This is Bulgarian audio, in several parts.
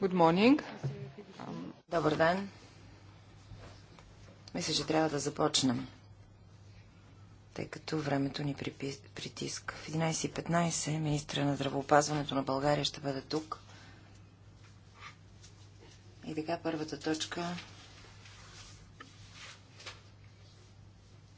Good, morning. Добър ден. Мисля, че трябва да започнем, тъй като времето ни притиска. В 11.15 министра на здравоопазването на България ще бъде тук. И така първата точка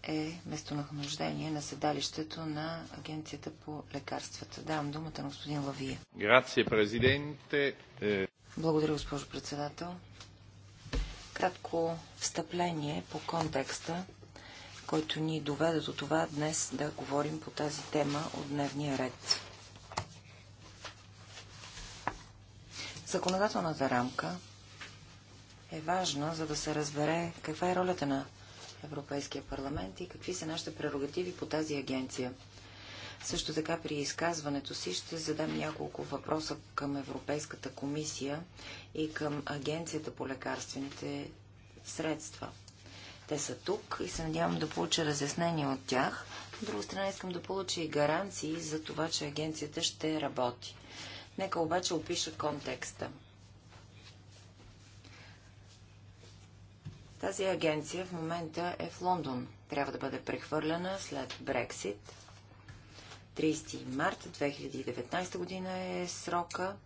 е местонахождение на седалището на Агенцията по лекарствата. Давам думата на господин Лавия. Грация, президенте. Е, Благодаря, госпожо председател. Кратко встъпление по контекста, който ни доведе до това днес да говорим по тази тема от дневния ред. Законодателната рамка е важна, за да се разбере каква е ролята на Европейския парламент и какви са нашите прерогативи по тази агенция. Също така при изказването си ще задам няколко въпроса към Европейската комисия и към Агенцията по лекарствените средства. Те са тук и се надявам да получа разяснение от тях. От друга страна искам да получа и гаранции за това, че агенцията ще работи. Нека обаче опиша контекста. Тази агенция в момента е в Лондон. Трябва да бъде прехвърлена след Брексит. 30 март 2019 година е срока,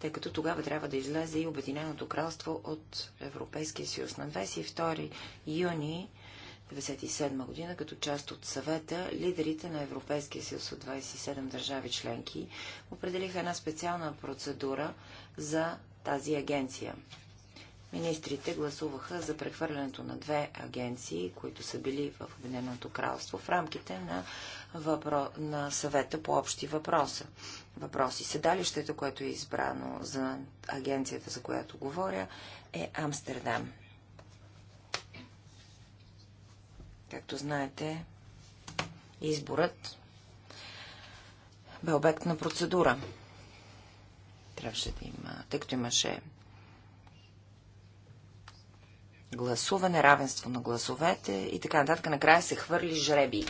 тъй като тогава трябва да излезе и Обединеното кралство от Европейския съюз. На 22 юни 1997 година, като част от съвета, лидерите на Европейския съюз от 27 държави членки определиха една специална процедура за тази агенция. Министрите гласуваха за прехвърлянето на две агенции, които са били в Обединеното кралство, в рамките на, въпро... на съвета по общи въпроса. въпроси. Седалището, което е избрано за агенцията, за която говоря, е Амстердам. Както знаете, изборът бе обект на процедура. Трябваше да има, тъй като имаше гласуване, равенство на гласовете и така нататък. Накрая се хвърли жреби.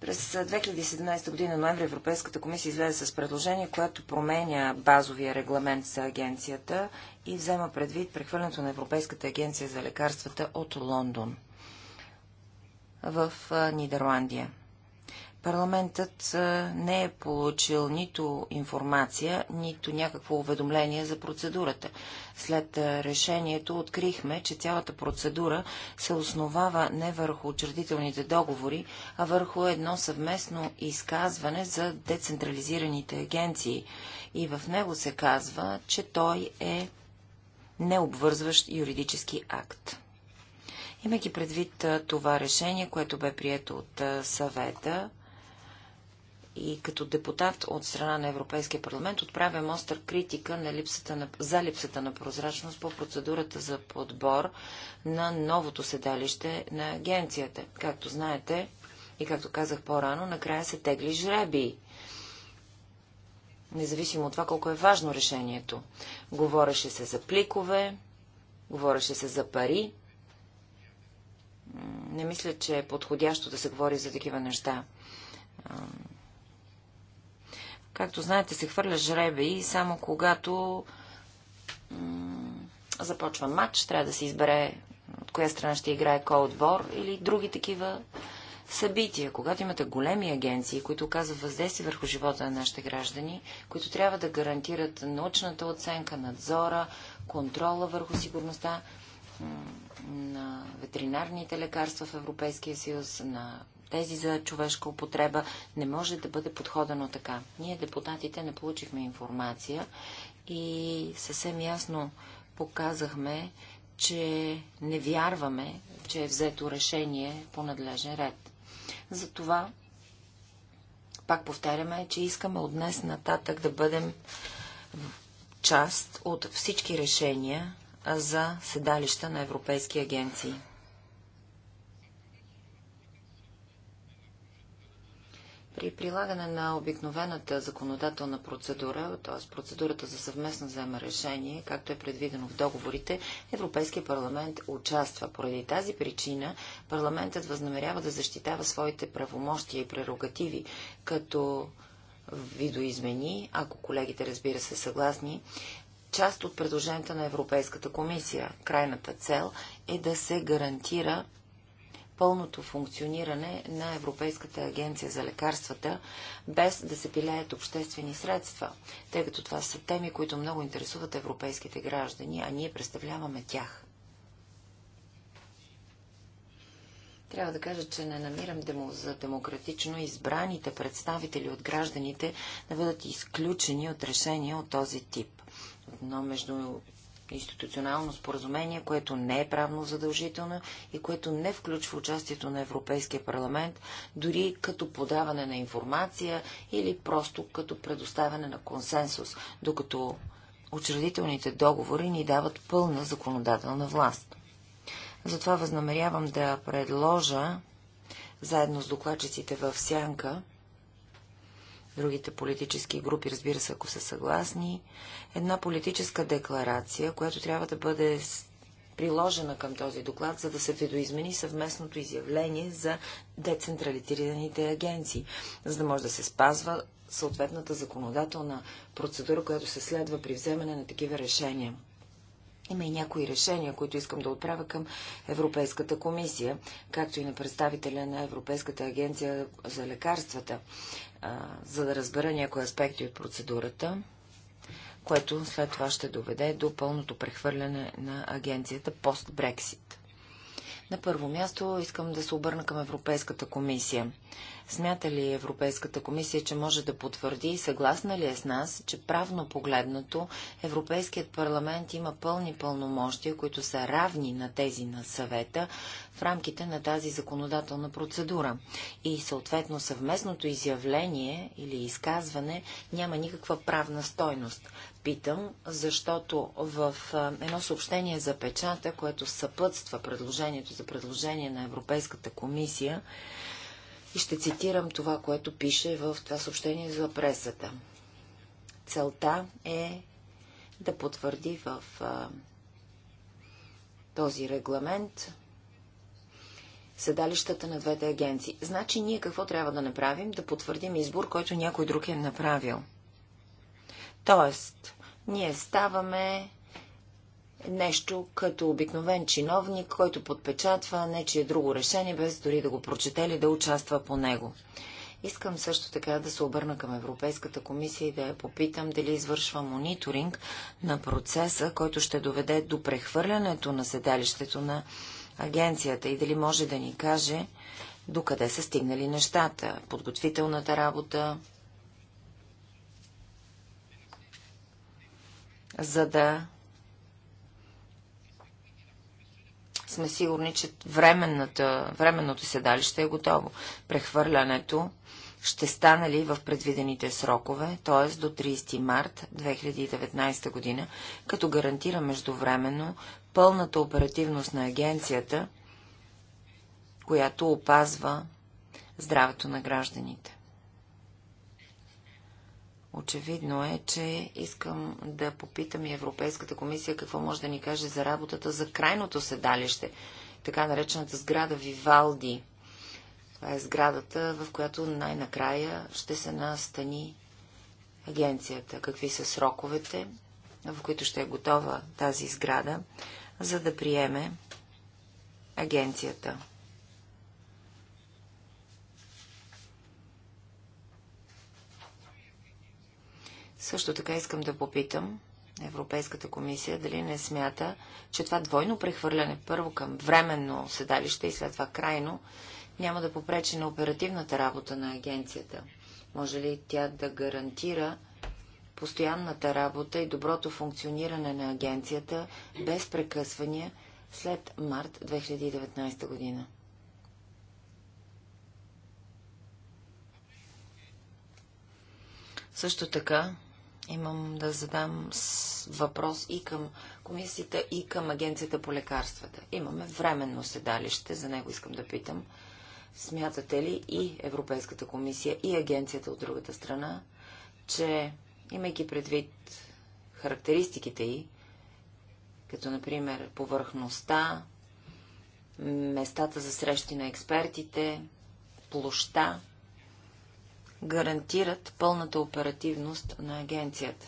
През 2017 година ноември Европейската комисия излезе с предложение, което променя базовия регламент за агенцията и взема предвид прехвърлянето на Европейската агенция за лекарствата от Лондон в Нидерландия. Парламентът не е получил нито информация, нито някакво уведомление за процедурата. След решението открихме, че цялата процедура се основава не върху учредителните договори, а върху едно съвместно изказване за децентрализираните агенции. И в него се казва, че той е необвързващ юридически акт. Имайки предвид това решение, което бе прието от съвета, и като депутат от страна на Европейския парламент отправям остър критика на липсата на, за липсата на прозрачност по процедурата за подбор на новото седалище на агенцията. Както знаете и както казах по-рано, накрая се тегли жребий. Независимо от това колко е важно решението. Говореше се за пликове, говореше се за пари. Не мисля, че е подходящо да се говори за такива неща Както знаете, се хвърля жребе и само когато започва матч, трябва да се избере от коя страна ще играе кой отбор или други такива събития. Когато имате големи агенции, които оказват въздействие върху живота на нашите граждани, които трябва да гарантират научната оценка, надзора, контрола върху сигурността на ветеринарните лекарства в Европейския съюз, на тези за човешка употреба, не може да бъде подходено така. Ние, депутатите, не получихме информация и съвсем ясно показахме, че не вярваме, че е взето решение по надлежен ред. Затова, пак повтаряме, че искаме от днес нататък да бъдем част от всички решения за седалища на европейски агенции. При прилагане на обикновената законодателна процедура, т.е. процедурата за съвместно взема решение, както е предвидено в договорите, Европейския парламент участва. Поради тази причина парламентът възнамерява да защитава своите правомощия и прерогативи, като видоизмени, ако колегите разбира се съгласни, част от предложенията на Европейската комисия. Крайната цел е да се гарантира пълното функциониране на Европейската агенция за лекарствата, без да се пилеят обществени средства, тъй като това са теми, които много интересуват европейските граждани, а ние представляваме тях. Трябва да кажа, че не намирам демо за демократично избраните представители от гражданите да бъдат изключени от решения от този тип. Но между институционално споразумение, което не е правно задължително и което не включва участието на Европейския парламент, дори като подаване на информация или просто като предоставяне на консенсус, докато учредителните договори ни дават пълна законодателна власт. Затова възнамерявам да предложа, заедно с докладчиците в Сянка, другите политически групи, разбира се, ако са съгласни, една политическа декларация, която трябва да бъде приложена към този доклад, за да се видоизмени съвместното изявление за децентрализираните агенции, за да може да се спазва съответната законодателна процедура, която се следва при вземане на такива решения. Има и някои решения, които искам да отправя към Европейската комисия, както и на представителя на Европейската агенция за лекарствата за да разбера някои аспекти от процедурата, което след това ще доведе до пълното прехвърляне на агенцията пост-Брексит. На първо място искам да се обърна към Европейската комисия. Смята ли Европейската комисия, че може да потвърди и съгласна ли е с нас, че правно погледнато Европейският парламент има пълни пълномощия, които са равни на тези на съвета в рамките на тази законодателна процедура? И съответно съвместното изявление или изказване няма никаква правна стойност питам, защото в едно съобщение за печата, което съпътства предложението за предложение на Европейската комисия, и ще цитирам това, което пише в това съобщение за пресата. Целта е да потвърди в а, този регламент седалищата на двете агенции. Значи ние какво трябва да направим? Да потвърдим избор, който някой друг е направил. Тоест, ние ставаме нещо като обикновен чиновник, който подпечатва нечие друго решение, без дори да го прочете или да участва по него. Искам също така да се обърна към Европейската комисия и да я попитам дали извършва мониторинг на процеса, който ще доведе до прехвърлянето на седалището на агенцията и дали може да ни каже докъде са стигнали нещата, подготвителната работа, за да сме сигурни, че временното седалище е готово. Прехвърлянето ще стане ли в предвидените срокове, т.е. до 30 март 2019 година, като гарантира междувременно пълната оперативност на агенцията, която опазва здравето на гражданите. Очевидно е, че искам да попитам и Европейската комисия какво може да ни каже за работата за крайното седалище, така наречената сграда Вивалди. Това е сградата, в която най-накрая ще се настани агенцията. Какви са сроковете, в които ще е готова тази сграда, за да приеме агенцията. Също така искам да попитам Европейската комисия дали не смята, че това двойно прехвърляне първо към временно седалище и след това крайно няма да попречи на оперативната работа на агенцията. Може ли тя да гарантира постоянната работа и доброто функциониране на агенцията без прекъсвания след март 2019 година? Също така, Имам да задам въпрос и към комисията, и към агенцията по лекарствата. Имаме временно седалище, за него искам да питам. Смятате ли и Европейската комисия, и агенцията от другата страна, че имайки предвид характеристиките й, като например повърхността, местата за срещи на експертите, площа, гарантират пълната оперативност на агенцията.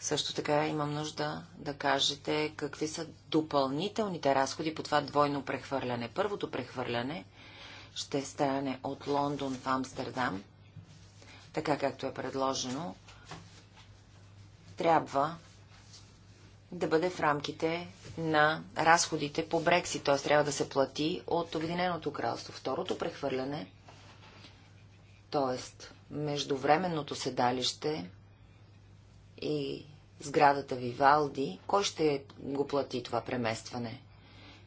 Също така имам нужда да кажете какви са допълнителните разходи по това двойно прехвърляне. Първото прехвърляне ще стане от Лондон в Амстердам, така както е предложено. Трябва да бъде в рамките на разходите по Брексит, т.е. трябва да се плати от Обединеното кралство. Второто прехвърляне Тоест, между временното седалище и сградата Вивалди, кой ще го плати това преместване?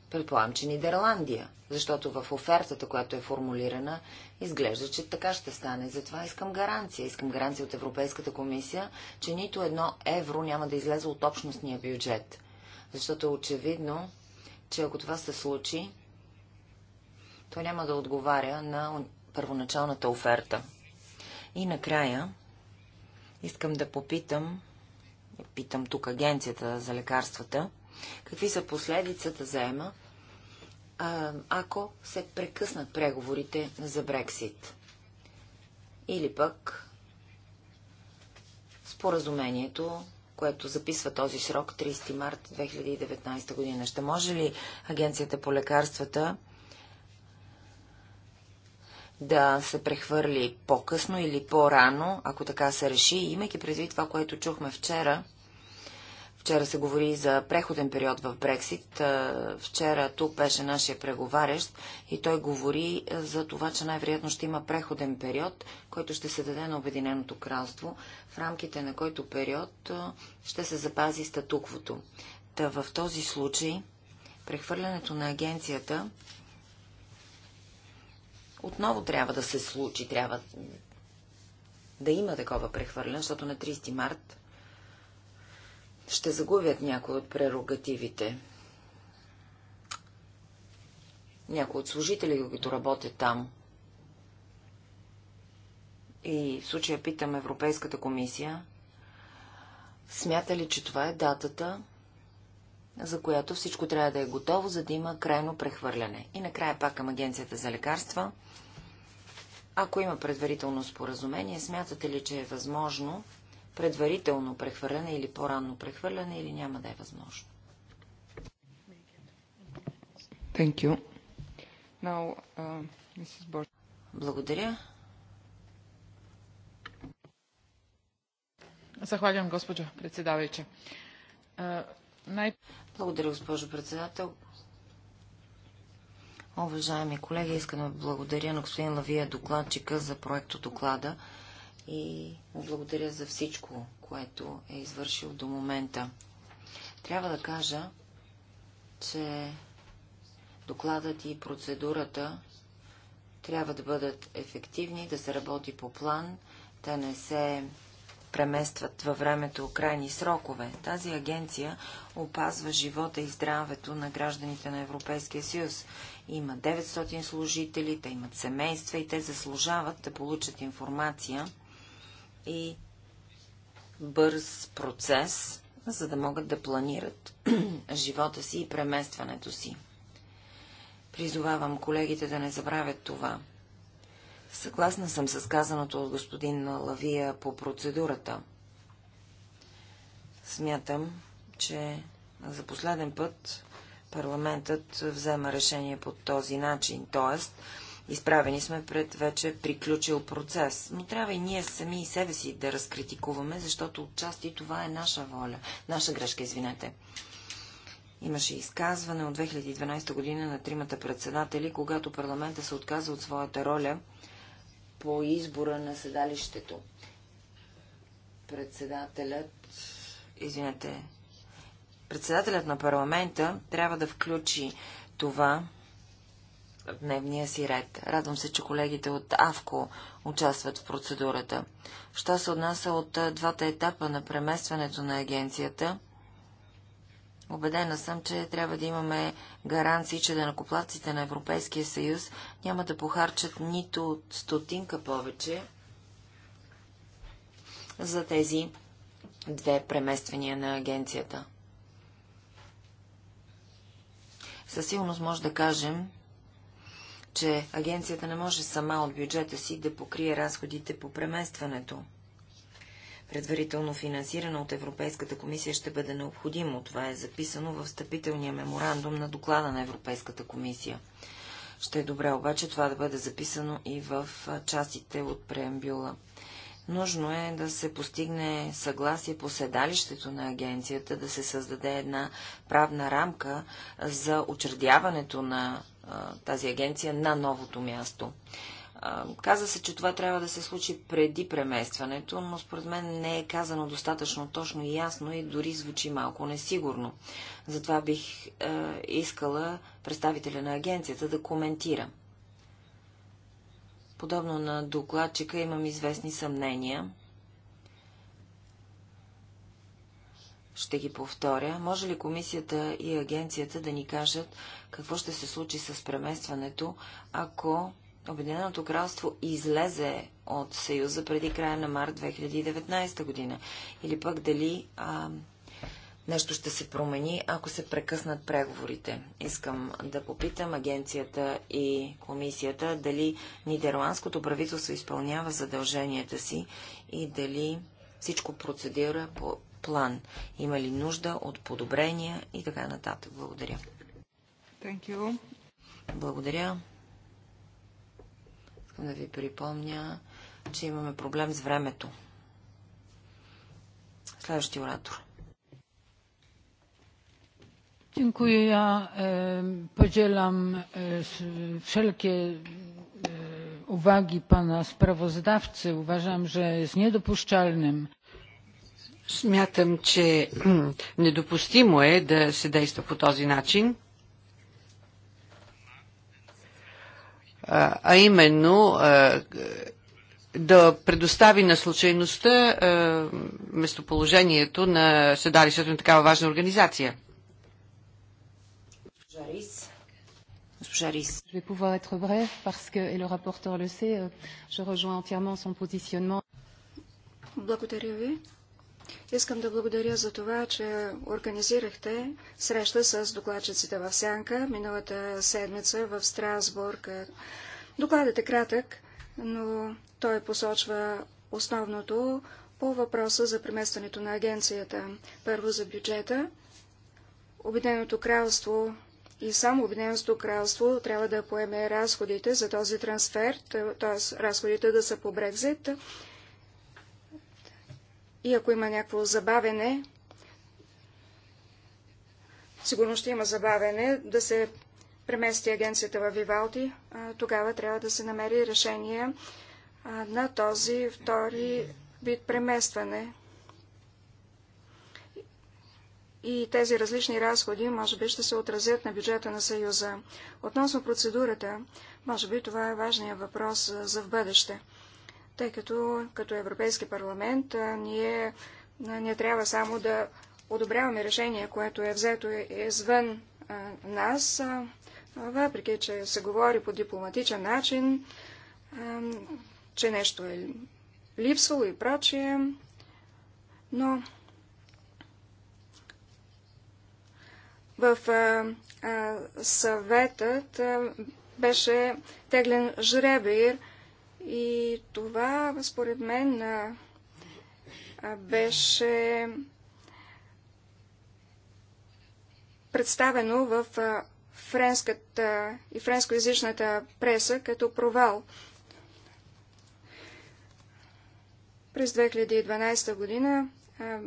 Предполагам, че Нидерландия, защото в офертата, която е формулирана, изглежда, че така ще стане. Затова искам гаранция. Искам гаранция от Европейската комисия, че нито едно евро няма да излезе от общностния бюджет. Защото е очевидно, че ако това се случи, то няма да отговаря на първоначалната оферта. И накрая искам да попитам, питам тук агенцията за лекарствата, какви са последицата за ЕМА, ако се прекъснат преговорите за Брексит. Или пък споразумението, което записва този срок 30 март 2019 година. Ще може ли Агенцията по лекарствата да се прехвърли по-късно или по-рано, ако така се реши, имайки предвид това, което чухме вчера. Вчера се говори за преходен период в Брексит. Вчера тук беше нашия преговарящ и той говори за това, че най-вероятно ще има преходен период, който ще се даде на Обединеното кралство, в рамките на който период ще се запази статуквото. Та в този случай прехвърлянето на агенцията отново трябва да се случи, трябва да има такова прехвърляне, защото на 30 март ще загубят някои от прерогативите. Някои от служители, които работят там. И в случая питам Европейската комисия, смята ли, че това е датата, за която всичко трябва да е готово, за да има крайно прехвърляне. И накрая пак към Агенцията за лекарства. Ако има предварително споразумение, смятате ли, че е възможно предварително прехвърляне или по-ранно прехвърляне или няма да е възможно? Thank you. Now, uh, Mrs. Благодаря. Захвалям, госпожо председавайче. Uh, най... Благодаря, госпожо председател. Уважаеми колеги, искам да благодаря на господин Лавия докладчика за проекто доклада и му благодаря за всичко, което е извършил до момента. Трябва да кажа, че докладът и процедурата трябва да бъдат ефективни, да се работи по план, да не се преместват във времето крайни срокове. Тази агенция опазва живота и здравето на гражданите на Европейския съюз. Има 900 служители, те имат семейства и те заслужават да получат информация и бърз процес, за да могат да планират живота си и преместването си. Призовавам колегите да не забравят това. Съгласна съм с казаното от господин Лавия по процедурата. Смятам, че за последен път парламентът взема решение по този начин, т.е. изправени сме пред вече приключил процес. Но трябва и ние сами и себе си да разкритикуваме, защото отчасти това е наша воля, наша грешка, извинете. Имаше изказване от 2012 година на тримата председатели, когато парламента се отказа от своята роля – по избора на седалището. Председателят, извинете, председателят на парламента трябва да включи това в дневния си ред. Радвам се, че колегите от АВКО участват в процедурата. Що се отнася от двата етапа на преместването на агенцията – Обедена съм, че трябва да имаме гаранции, че данакоплаците на Европейския съюз няма да похарчат нито от стотинка повече за тези две премествания на агенцията. Със сигурност може да кажем, че агенцията не може сама от бюджета си да покрие разходите по преместването предварително финансиране от Европейската комисия ще бъде необходимо. Това е записано в встъпителния меморандум на доклада на Европейската комисия. Ще е добре обаче това да бъде записано и в частите от преамбюла. Нужно е да се постигне съгласие по седалището на агенцията, да се създаде една правна рамка за учредяването на а, тази агенция на новото място. Каза се, че това трябва да се случи преди преместването, но според мен не е казано достатъчно точно и ясно и дори звучи малко несигурно. Затова бих е, искала представителя на агенцията да коментира. Подобно на докладчика имам известни съмнения. Ще ги повторя. Може ли комисията и агенцията да ни кажат какво ще се случи с преместването, ако Обединеното кралство излезе от Съюза преди края на март 2019 година? Или пък дали а, нещо ще се промени, ако се прекъснат преговорите? Искам да попитам агенцията и комисията дали нидерландското правителство изпълнява задълженията си и дали всичко процедира по план. Има ли нужда от подобрения и така нататък? Благодаря. Thank you. Благодаря. Искам да ви припомня, че имаме проблем с времето. Следващия оратор. Dziękuję. Ja e, podzielam e, wszelkie e, uwagi pana sprawozdawcy. Uważam, że jest niedopuszczalnym. Смятам, че недопустимо е да се действа по този начин. а именно да предостави на случайността местоположението на седалището на такава важна организация. Euh, Благодаря ви. Искам да благодаря за това, че организирахте среща с докладчиците в Сянка миналата седмица в Страсбург. Докладът е кратък, но той посочва основното по въпроса за преместването на агенцията. Първо за бюджета. Обединеното кралство и само Обединеното кралство трябва да поеме разходите за този трансфер, т.е. разходите да са по Брекзит. И ако има някакво забавене, сигурно ще има забавене да се премести агенцията във Вивалди, тогава трябва да се намери решение на този втори вид преместване. И тези различни разходи, може би, ще се отразят на бюджета на Съюза. Относно процедурата, може би това е важният въпрос за в бъдеще тъй като като Европейски парламент ние не трябва само да одобряваме решение, което е взето извън нас, въпреки че се говори по дипломатичен начин, че нещо е липсвало и прочие, но в съветът беше теглен жребир и това, според мен, беше представено в френската и френскоязичната преса като провал. През 2012 година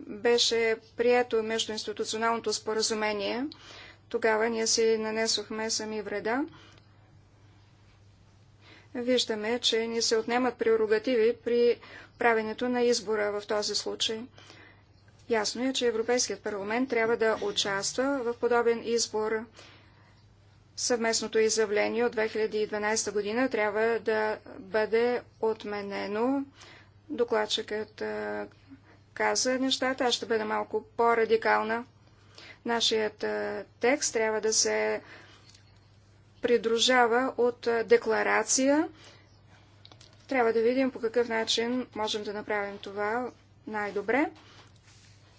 беше прието междуинституционалното споразумение. Тогава ние си нанесохме сами вреда виждаме, че ни се отнемат прерогативи при правенето на избора в този случай. Ясно е, че Европейският парламент трябва да участва в подобен избор. Съвместното изявление от 2012 година трябва да бъде отменено. Докладчикът каза нещата, аз ще бъда малко по-радикална. Нашият текст трябва да се придружава от декларация. Трябва да видим по какъв начин можем да направим това най-добре.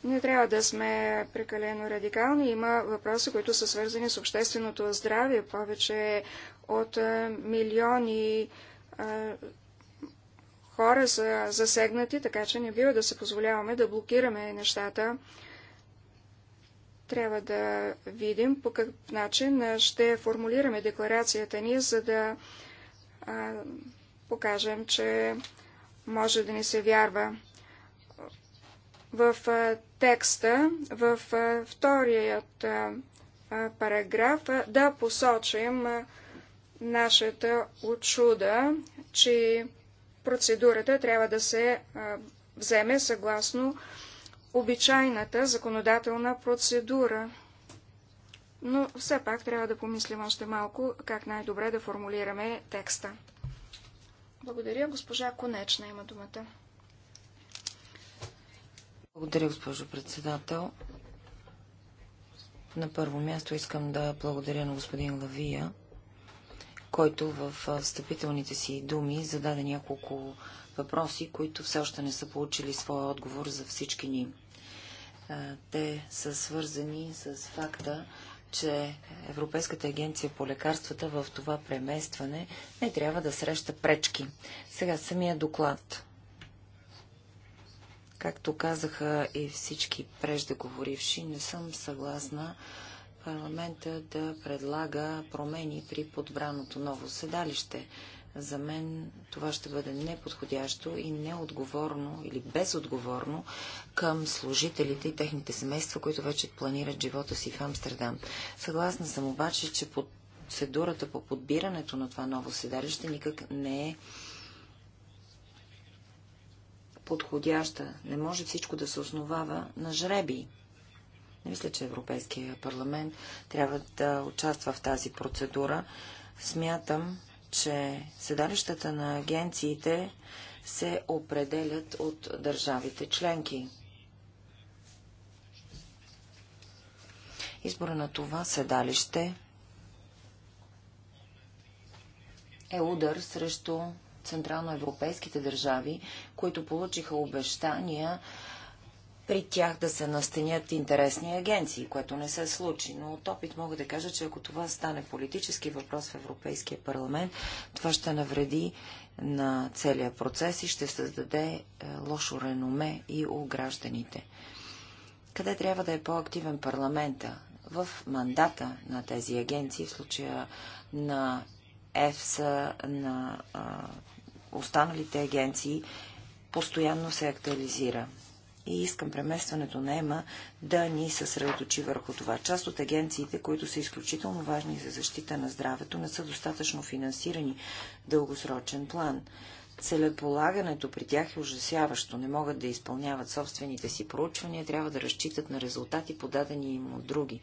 Не трябва да сме прекалено радикални. Има въпроси, които са свързани с общественото здраве. Повече от милиони хора са засегнати, така че не бива да се позволяваме да блокираме нещата. Трябва да видим по какъв начин ще формулираме декларацията ни, за да а, покажем, че може да ни се вярва. В а, текста, в а, вторият а, параграф, да посочим нашата очуда, че процедурата трябва да се вземе съгласно обичайната законодателна процедура. Но все пак трябва да помислим още малко как най-добре да формулираме текста. Благодаря. Госпожа Конечна има думата. Благодаря, госпожо председател. На първо място искам да благодаря на господин Лавия, който в встъпителните си думи зададе няколко въпроси, които все още не са получили своя отговор за всички ни. Те са свързани с факта, че Европейската агенция по лекарствата в това преместване не трябва да среща пречки. Сега самия доклад. Както казаха и всички преждеговоривши, не съм съгласна парламента да предлага промени при подбраното ново седалище. За мен това ще бъде неподходящо и неотговорно или безотговорно към служителите и техните семейства, които вече планират живота си в Амстердам. Съгласна съм обаче, че процедурата по подбирането на това ново седалище никак не е подходяща. Не може всичко да се основава на жреби. Не мисля, че Европейския парламент трябва да участва в тази процедура. Смятам, че седалищата на агенциите се определят от държавите членки. Избора на това седалище е удар срещу централноевропейските държави, които получиха обещания при тях да се настанят интересни агенции, което не се случи. Но от опит мога да кажа, че ако това стане политически въпрос в Европейския парламент, това ще навреди на целия процес и ще създаде е, лошо реноме и у гражданите. Къде трябва да е по-активен парламента? В мандата на тези агенции, в случая на ЕФСА, на а, останалите агенции, постоянно се актуализира и искам преместването на ЕМА да ни съсредоточи върху това. Част от агенциите, които са изключително важни за защита на здравето, не са достатъчно финансирани дългосрочен план целеполагането при тях е ужасяващо. Не могат да изпълняват собствените си проучвания, трябва да разчитат на резултати, подадени им от други.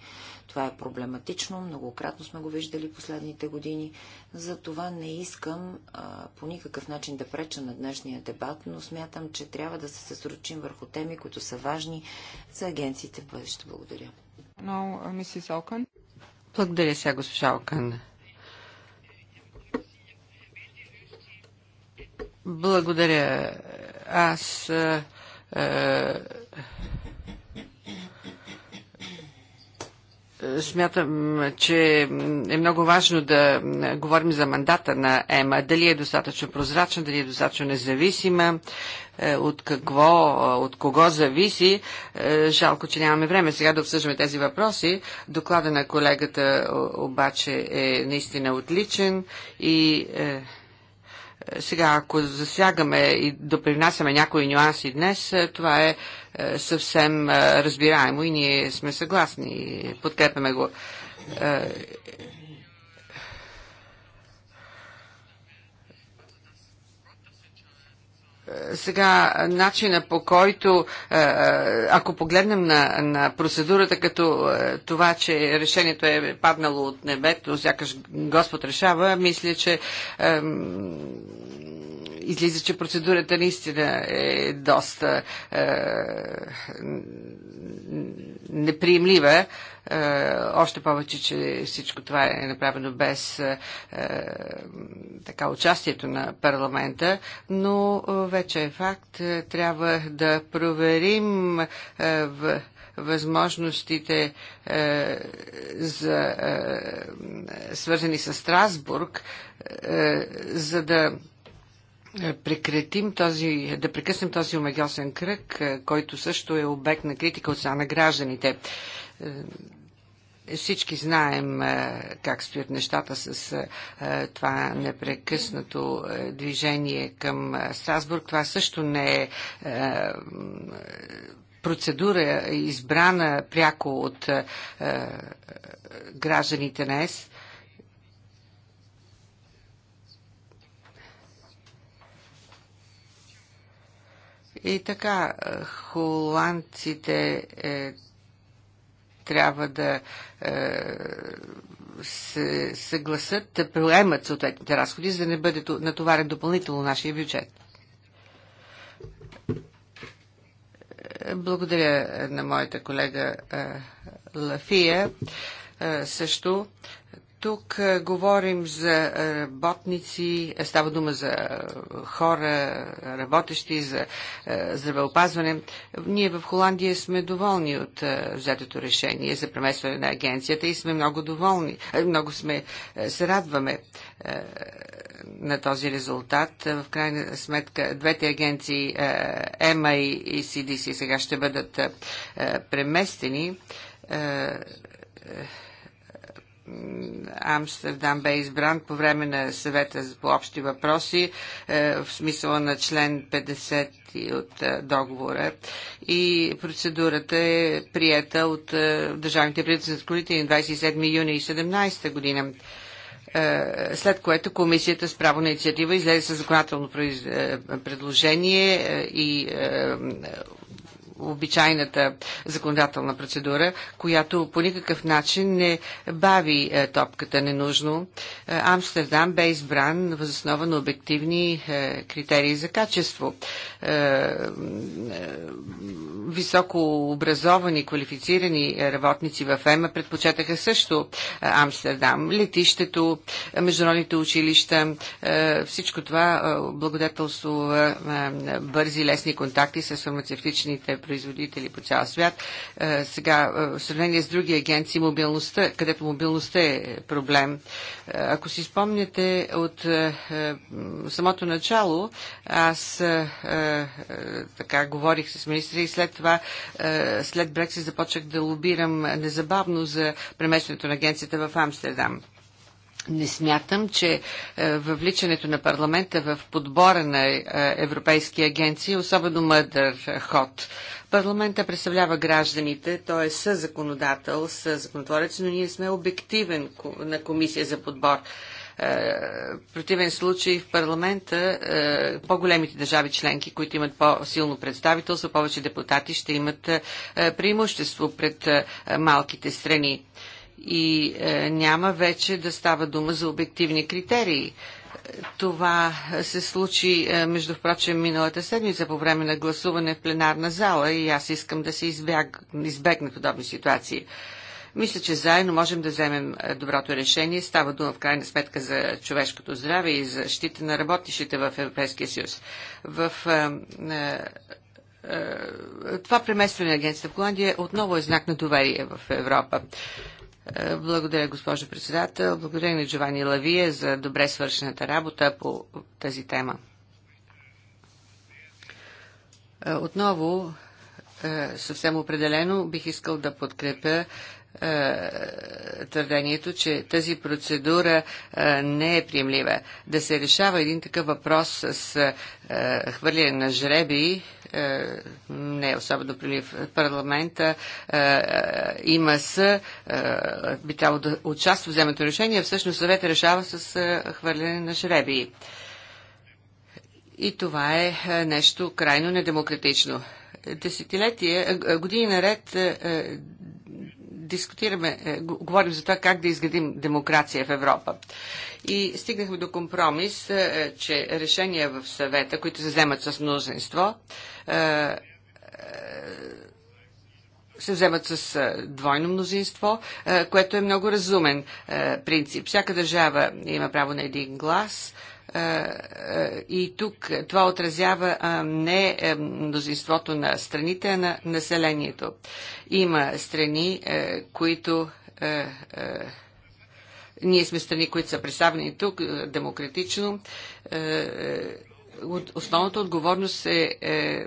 Това е проблематично, многократно сме го виждали последните години. Затова не искам а, по никакъв начин да преча на днешния дебат, но смятам, че трябва да се съсредоточим върху теми, които са важни за агенциите в бъдеще. Благодаря. Uh, Благодаря сега, госпожа Окан. Благодаря. Аз е, е, смятам, че е много важно да говорим за мандата на ЕМА. Дали е достатъчно прозрачна, дали е достатъчно независима, е, от какво, от кого зависи. жалко, че нямаме време сега да обсъждаме тези въпроси. Доклада на колегата обаче е наистина отличен и е, сега, ако засягаме и допринасяме някои нюанси днес, е, това е, е съвсем е, разбираемо и ние сме съгласни и подкрепяме го. сега начина по който, е, е, ако погледнем на, на процедурата като е, това, че решението е паднало от небето, сякаш Господ решава, мисля, че излиза, че процедурата наистина е доста е, неприемлива. Е, още повече, че всичко това е направено без е, е така участието на парламента, но е, вече е факт. Е, трябва да проверим е, в възможностите е, за, е, свързани с Страсбург, е, за да е, прекратим този, да прекъснем този омагиосен кръг, е, който също е обект на критика от страна на гражданите. Е, всички знаем как стоят нещата с това непрекъснато движение към Страсбург. Това също не е процедура, избрана пряко от гражданите на ЕС И така, е, холандците е, трябва да е, се съгласат да приемат съответните разходи, за да не бъде натоварен допълнително нашия бюджет. Е, благодаря е, на моята колега Лафия също тук е, говорим за е, работници, е, става дума за хора, работещи, за здравеопазване. Ние в Холандия сме доволни от взетото решение за преместване на агенцията и сме много доволни, много сме, се радваме на този резултат. В крайна сметка двете агенции ЕМА и CDC сега ще бъдат преместени Амстердам бе избран по време на съвета по общи въпроси е, в смисъла на член 50 от е, договора и процедурата е приета от е, държавните председатели на 27 юни 17 година след което комисията с право на инициатива излезе с законодателно предложение и обичайната законодателна процедура, която по никакъв начин не бави е, топката ненужно. Е, Амстердам бе избран възоснова на обективни е, критерии за качество. Високо образовани, квалифицирани работници в ЕМА предпочетаха също Амстердам. Летището, международните училища, всичко това благодетелство бързи лесни контакти с фармацевтичните производители по цял свят. Е, сега, е, в сравнение с други агенции, мобилността, където мобилността е проблем. Е, ако си спомняте от самото начало, аз така говорих с министра и след това, след Брексит започнах да лобирам незабавно за преместването на агенцията в Амстердам. Не смятам, че е, въвличането на парламента в подбора на е, европейски агенции е особено мъдър ход. Парламента представлява гражданите, той е със законодател, със законотворец, но ние сме обективен на комисия за подбор. В противен случай в парламента по-големите държави членки, които имат по-силно представителство, повече депутати ще имат преимущество пред малките страни и е, няма вече да става дума за обективни критерии. Това се случи, е, между впрочем, миналата седмица по време на гласуване в пленарна зала и аз искам да се избег, избегна подобни ситуации. Мисля, че заедно можем да вземем е, доброто решение. Става дума в крайна сметка за човешкото здраве и за щита на работещите в Европейския съюз. В е, е, е това преместване на агенцията в Голандия отново е знак на доверие в Европа. Благодаря, госпожо председател. Благодаря на Джовани Лавие за добре свършената работа по тази тема. Е, отново е, съвсем определено бих искал да подкрепя е, твърдението, че тази процедура е, не е приемлива. Да се решава един такъв въпрос с хвърляне на жреби, не особено прилив. Парламента има с, би трябвало да участва в вземето решение, всъщност съвета решава с хвърляне на жреби. И това е нещо крайно недемократично десетилетия, е, е, години наред е, дискутираме, говорим за това как да изградим демокрация в Европа. И стигнахме до компромис, че решения в съвета, които се вземат с мнозинство, се вземат с двойно мнозинство, което е много разумен принцип. Всяка държава има право на един глас, и тук това отразява не е, мнозинството на страните, а на населението. Има страни, е, които е, ние сме страни, които са представени тук демократично основната отговорност е, е, е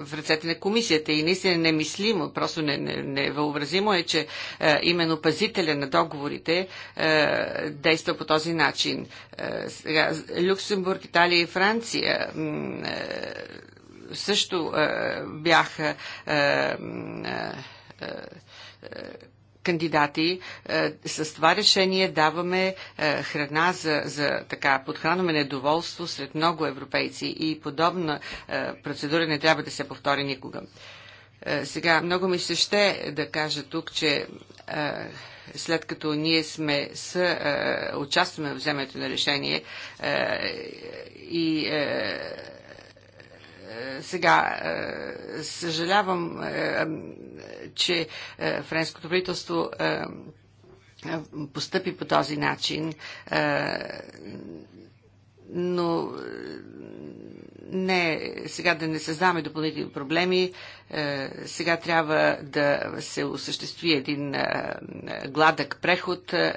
в ръцете на комисията и наистина немислимо, просто невъобразимо не, не е, че е, именно пазителя на договорите е, действа по този начин. Е, сега, Люксембург, Италия и Франция е, също е, бяха е, е, е кандидати. Е, с това решение даваме е, храна за, за така, подхранваме недоволство сред много европейци и подобна е, процедура не трябва да се повтори никога. Сега, много ми се ще да кажа тук, че след като ние сме с, участваме в вземането на решение и е, сега е, съжалявам, е, че френското правителство постъпи по този начин, но не, сега да не създаваме допълнителни проблеми, е, сега трябва да се осъществи един е, гладък преход е,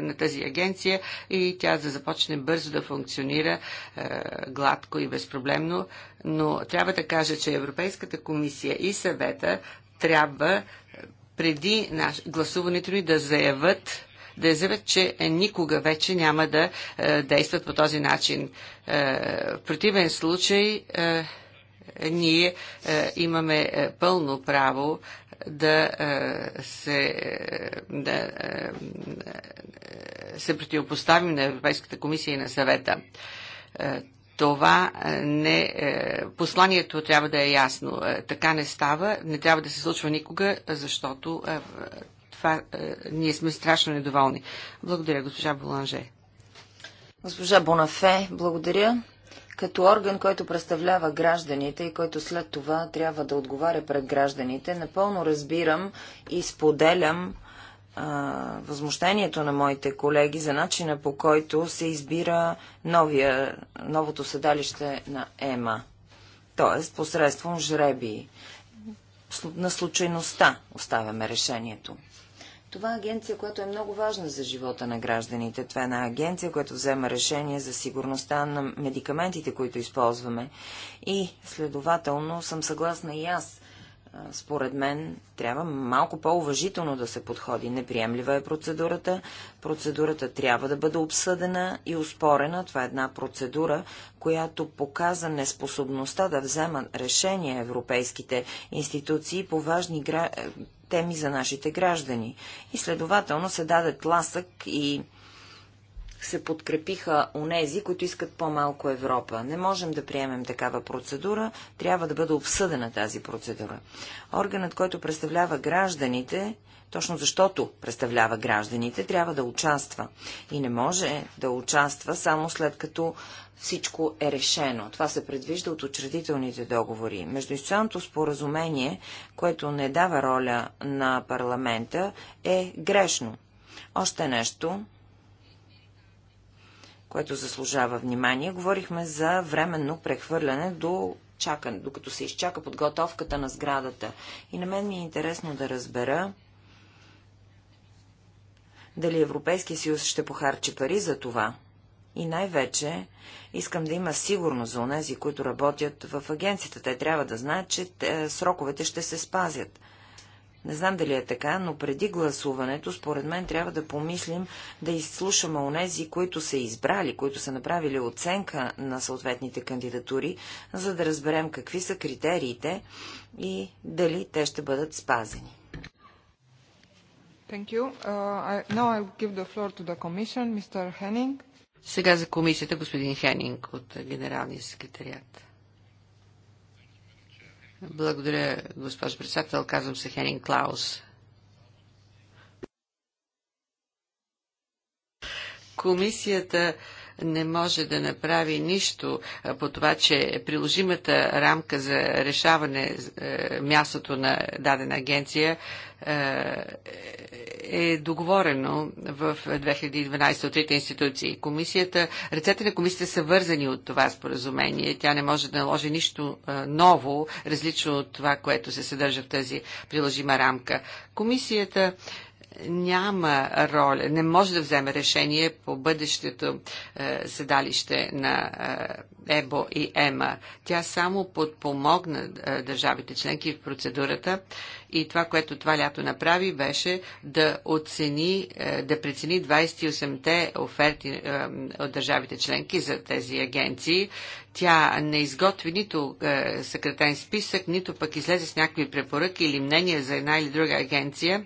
на тази агенция и тя да започне бързо да функционира гладко и безпроблемно. Но трябва да кажа, че Европейската комисия и съвета трябва преди гласуването ни да заявят да заявят, че никога вече няма да е, действат по този начин. Е, в противен случай е, ние имаме пълно право да се, да се противопоставим на Европейската комисия и на съвета. Това не. Посланието трябва да е ясно. Така не става, не трябва да се случва никога, защото това е, ние сме страшно недоволни. Благодаря, госпожа Боланже. Госпожа Бонафе, благодаря. Като орган, който представлява гражданите и който след това трябва да отговаря пред гражданите, напълно разбирам и споделям а, възмущението на моите колеги за начина по който се избира новия, новото седалище на ЕМА, т.е. посредством жребии. На случайността оставяме решението. Това е агенция, която е много важна за живота на гражданите. Това е една агенция, която взема решение за сигурността на медикаментите, които използваме. И, следователно, съм съгласна и аз. Според мен трябва малко по-уважително да се подходи. Неприемлива е процедурата. Процедурата трябва да бъде обсъдена и успорена. Това е една процедура, която показа неспособността да взема решения европейските институции по важни гра теми за нашите граждани. И следователно се даде тласък и се подкрепиха онези, които искат по-малко Европа. Не можем да приемем такава процедура, трябва да бъде обсъдена тази процедура. Органът, който представлява гражданите, точно защото представлява гражданите, трябва да участва. И не може да участва само след като всичко е решено. Това се предвижда от учредителните договори. Междуинституционното споразумение, което не дава роля на парламента, е грешно. Още нещо, което заслужава внимание. Говорихме за временно прехвърляне до чакан, докато се изчака подготовката на сградата. И на мен ми е интересно да разбера дали Европейския съюз ще похарчи пари за това. И най-вече искам да има сигурност за онези, които работят в агенцията. Те трябва да знаят, че е, сроковете ще се спазят. Не знам дали е така, но преди гласуването, според мен, трябва да помислим да изслушаме онези, които са избрали, които са направили оценка на съответните кандидатури, за да разберем какви са критериите и дали те ще бъдат спазени. Uh, Сега за комисията господин Хенинг от Генералния секретариат. Благодаря, госпожо председател. Казвам се Хенинг Клаус. Комисията не може да направи нищо по това, че приложимата рамка за решаване е, мястото на дадена агенция е, е договорено в 2012 от трите институции. Комисията, ръцете на комисията са вързани от това споразумение. Тя не може да наложи нищо е, ново, различно от това, което се съдържа в тази приложима рамка. Комисията няма роля, не може да вземе решение по бъдещето е, седалище на е, ЕБО и ЕМА. Тя само подпомогна е, държавите членки в процедурата и това, което това лято направи, беше да оцени, е, да прецени 28-те оферти е, от държавите членки за тези агенции. Тя не изготви нито е, съкретен списък, нито пък излезе с някакви препоръки или мнения за една или друга агенция.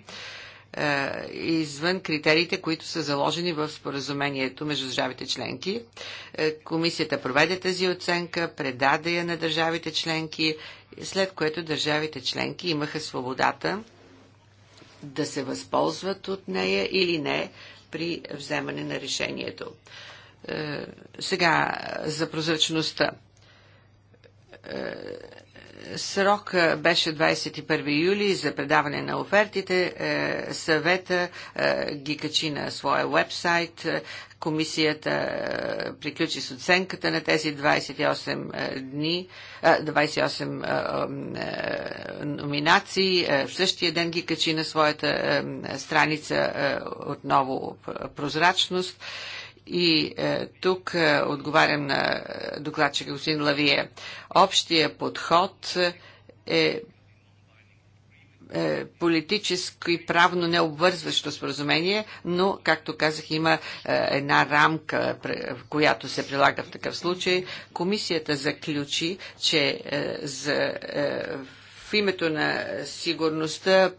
Е, извън критериите, които са заложени в споразумението между държавите членки. Е, комисията проведе тази оценка, предаде я на държавите членки, след което държавите членки имаха свободата да се възползват от нея или не при вземане на решението. Е, сега за прозрачността Срок беше 21 юли за предаване на офертите. Е, съвета е, ги качи на своя вебсайт. Е, комисията приключи с оценката на тези 28 дни, 28 номинации. В същия ден ги качи на своята страница отново прозрачност. И е, тук е, отговарям на е, докладчика господин Лавие. Общия подход е, е политическо и правно необвързващо споразумение, но, както казах, има е, една рамка, в която се прилага в такъв случай. Комисията заключи, че за в името на сигурността,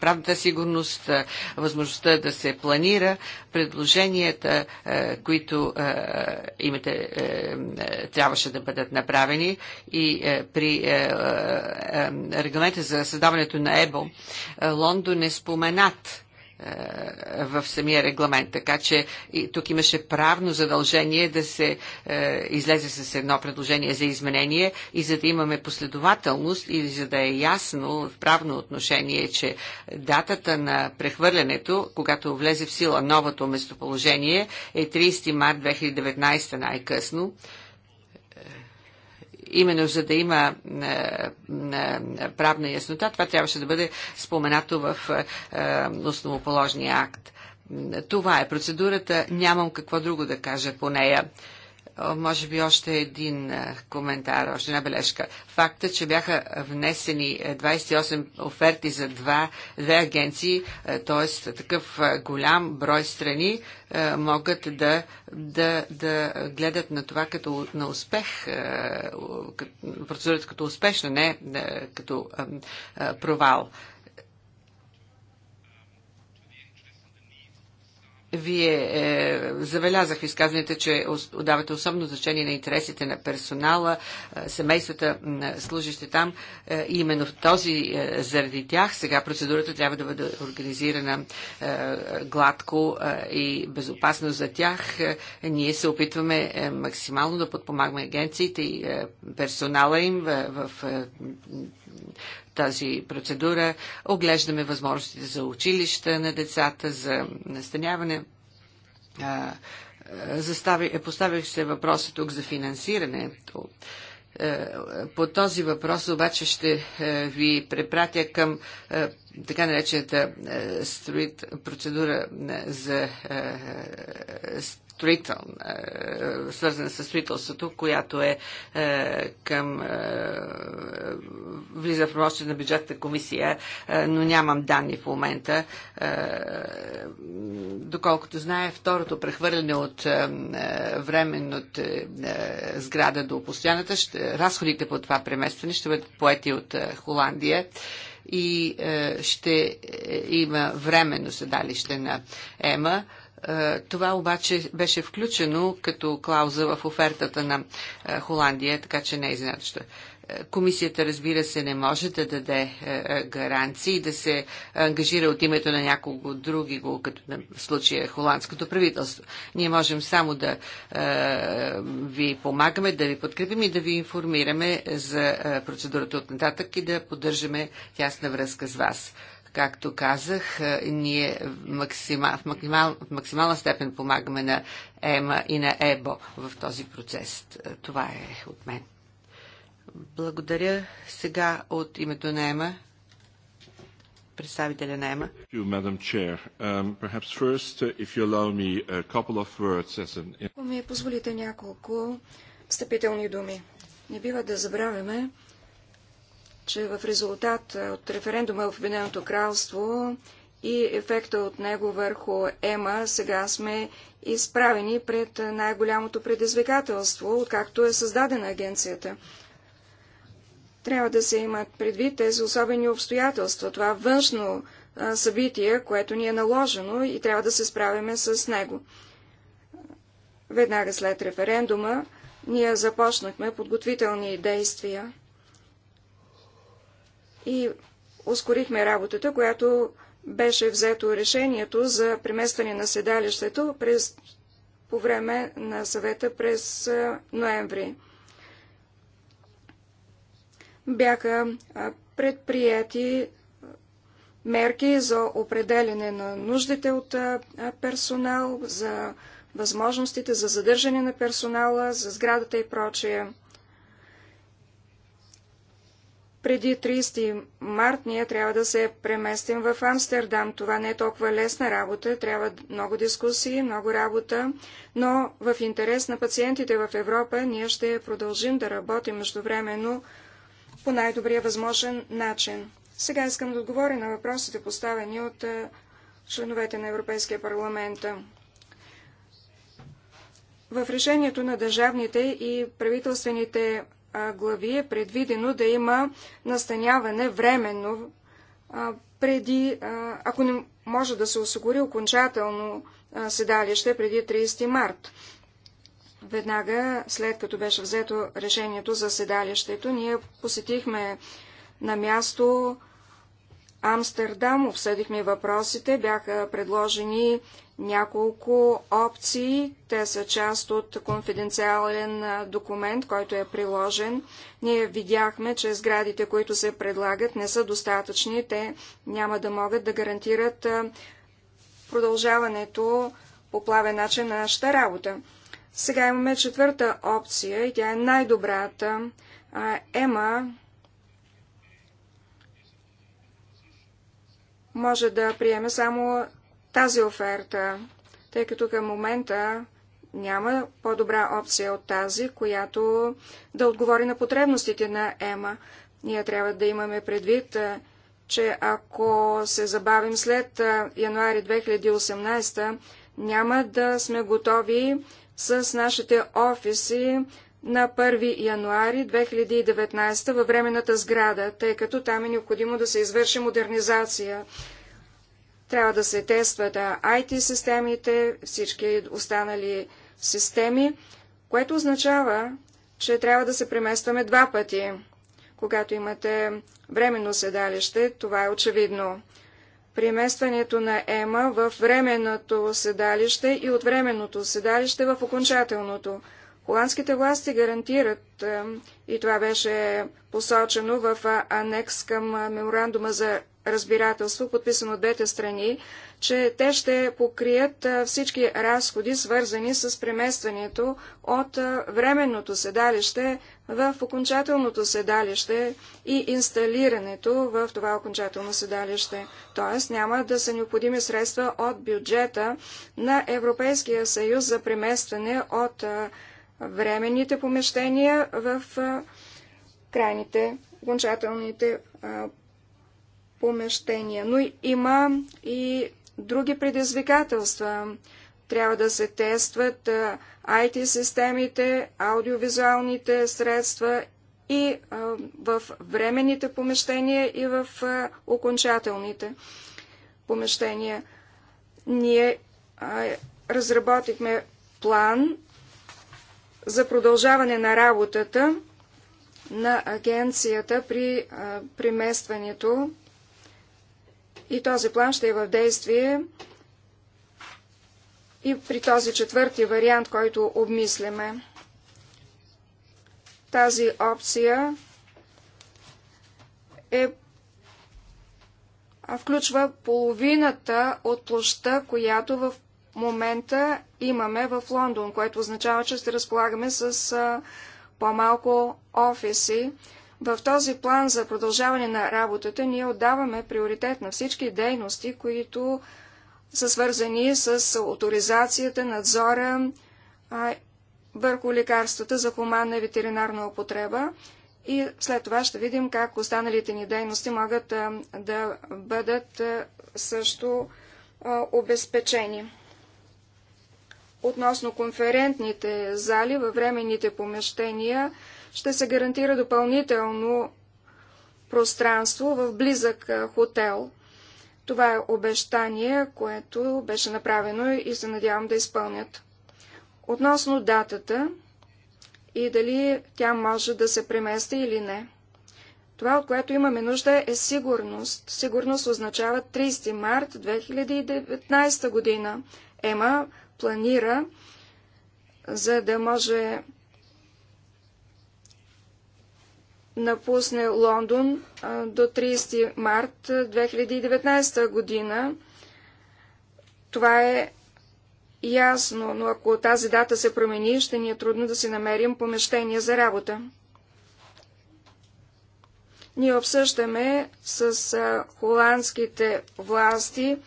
правната сигурност, възможността да се планира, предложенията, които имате, трябваше да бъдат направени и при регламента за създаването на ЕБО, Лондон е споменат е, в самия регламент. Така че и тук имаше правно задължение да се е, излезе с едно предложение за изменение и за да имаме последователност и за да е ясно в правно отношение, че датата на прехвърлянето, когато влезе в сила новото местоположение, е 30 март 2019 най-късно именно за да има е, е, правна яснота, това трябваше да бъде споменато в е, основоположния акт. Това е процедурата. Нямам какво друго да кажа по нея. Може би още един е, коментар, още една бележка. Факта, че бяха внесени 28 е, оферти за два, две агенции, т.е. такъв е, голям брой страни, могат да, да, да гледат на това като на успех, процедурата като успешна, не като провал. Вие е, забелязах в изказването, че отдавате особено значение на интересите на персонала, е, семействата, е, служащи там. Е, именно в този, е, заради тях, сега процедурата трябва да бъде организирана е, гладко е, и безопасно за тях. Е, ние се опитваме е, максимално да подпомагаме агенциите и е, персонала им в, в е, тази процедура. Оглеждаме възможностите за училища на децата, за настаняване. Застави, е, поставих се въпроса тук за финансирането. Е, по този въпрос обаче ще е, ви препратя към така наречената строит процедура за строител, е, свързана с строителството, която е, е към е, влиза в още на бюджетната комисия, но нямам данни в момента. Доколкото знае, второто прехвърляне от временната сграда до постоянната, разходите по това преместване ще бъдат поети от Холандия и ще има временно седалище на ЕМА е, това обаче беше включено като клауза в офертата на е, Холандия, така че не е изненадващо. Е, комисията, разбира се, не може да даде гаранции да се ангажира от името на някого други, като в случая холандското правителство. Ние можем само да ви помагаме, да ви подкрепим и да ви информираме за процедурата от нататък и да поддържаме тясна връзка с вас. Както казах, е, ние максимал, в, максимал, в максимална степен помагаме на ЕМА и на ЕБО в този процес. Е, това е от мен. Благодаря сега от името на ЕМА представителя на ЕМА. Um, uh, Ако ми позволите няколко встъпителни думи. Не бива да забравяме, че в резултат от референдума в Обединеното кралство и ефекта от него върху ЕМА, сега сме изправени пред най-голямото предизвикателство, откакто е създадена агенцията. Трябва да се имат предвид тези особени обстоятелства, това външно събитие, което ни е наложено и трябва да се справяме с него. Веднага след референдума ние започнахме подготвителни действия – и ускорихме работата, която беше взето решението за преместване на седалището през, по време на съвета през ноември. Бяха предприяти мерки за определене на нуждите от персонал, за възможностите за задържане на персонала, за сградата и прочее. Преди 30 март ние трябва да се преместим в Амстердам. Това не е толкова лесна работа, трябва много дискусии, много работа, но в интерес на пациентите в Европа ние ще продължим да работим междувременно по най-добрия възможен начин. Сега искам да отговоря на въпросите, поставени от членовете на Европейския парламент. В решението на държавните и правителствените глави е предвидено да има настаняване временно, преди, ако не може да се осигури окончателно седалище преди 30 март. Веднага след като беше взето решението за седалището, ние посетихме на място Амстердам обсъдихме въпросите, бяха предложени няколко опции. Те са част от конфиденциален документ, който е приложен. Ние видяхме, че сградите, които се предлагат, не са достатъчни. Те няма да могат да гарантират продължаването по плавен начин на нашата работа. Сега имаме четвърта опция и тя е най-добрата. Ема може да приеме само тази оферта, тъй като към момента няма по-добра опция от тази, която да отговори на потребностите на ЕМА. Ние трябва да имаме предвид, че ако се забавим след януари 2018, няма да сме готови с нашите офиси на 1 януари 2019 във временната сграда, тъй като там е необходимо да се извърши модернизация. Трябва да се тестват IT-системите, всички останали системи, което означава, че трябва да се преместваме два пъти. Когато имате временно седалище, това е очевидно. Преместването на ЕМА в временното седалище и от временното седалище в окончателното – Холандските власти гарантират, и това беше посочено в анекс към меморандума за разбирателство, подписано от двете страни, че те ще покрият всички разходи, свързани с преместването от временното седалище в окончателното седалище и инсталирането в това окончателно седалище. Тоест няма да са необходими средства от бюджета на Европейския съюз за преместване от временните помещения в крайните, окончателните помещения. Но има и други предизвикателства. Трябва да се тестват IT-системите, аудиовизуалните средства и в временните помещения и в окончателните помещения. Ние разработихме план за продължаване на работата на агенцията при а, приместването и този план ще е в действие и при този четвърти вариант, който обмисляме. Тази опция е включва половината от площа, която в момента имаме в Лондон, което означава, че ще разполагаме с по-малко офиси. В този план за продължаване на работата ние отдаваме приоритет на всички дейности, които са свързани с авторизацията, надзора а, върху лекарствата за хуманна и ветеринарна употреба. И след това ще видим как останалите ни дейности могат а, да бъдат а, също обезпечени. Относно конферентните зали във временните помещения ще се гарантира допълнително пространство в близък хотел. Това е обещание, което беше направено и се надявам да изпълнят. Относно датата и дали тя може да се премести или не. Това, от което имаме нужда, е сигурност. Сигурност означава 30 март 2019 година. Ема планира, за да може напусне Лондон до 30 март 2019 година. Това е ясно, но ако тази дата се промени, ще ни е трудно да си намерим помещение за работа. Ние обсъждаме с холандските власти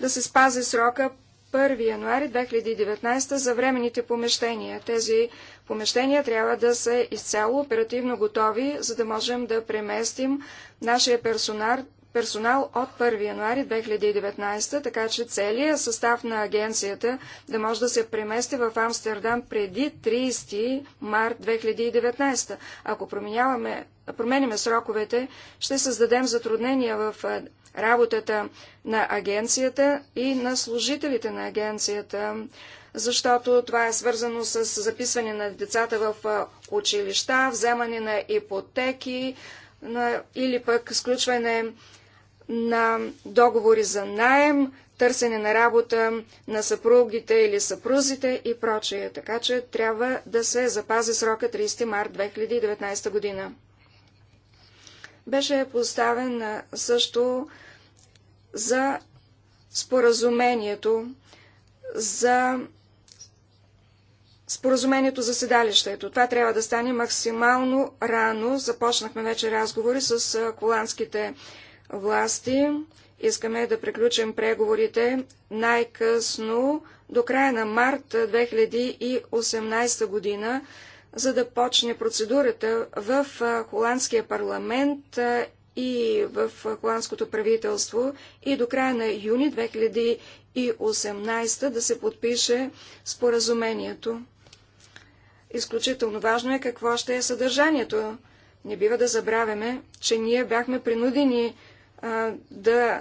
да се спази срока 1 януари 2019 за временните помещения. Тези помещения трябва да са изцяло оперативно готови, за да можем да преместим нашия персонал, персонал от 1 януари 2019, така че целият състав на агенцията да може да се премести в Амстердам преди 30 март 2019. Ако променяме сроковете, ще създадем затруднения в работата на агенцията и на служителите на агенцията, защото това е свързано с записване на децата в училища, вземане на ипотеки на, или пък сключване на договори за найем, търсене на работа на съпругите или съпрузите и прочее. Така че трябва да се запази срока 30 март 2019 година беше поставен също за споразумението за споразумението за седалището. Това трябва да стане максимално рано. Започнахме вече разговори с коланските власти. Искаме да приключим преговорите най-късно до края на март 2018 година, за да почне процедурата в холандския парламент и в холандското правителство и до края на юни 2018 да се подпише споразумението. Изключително важно е какво ще е съдържанието. Не бива да забравяме, че ние бяхме принудени а, да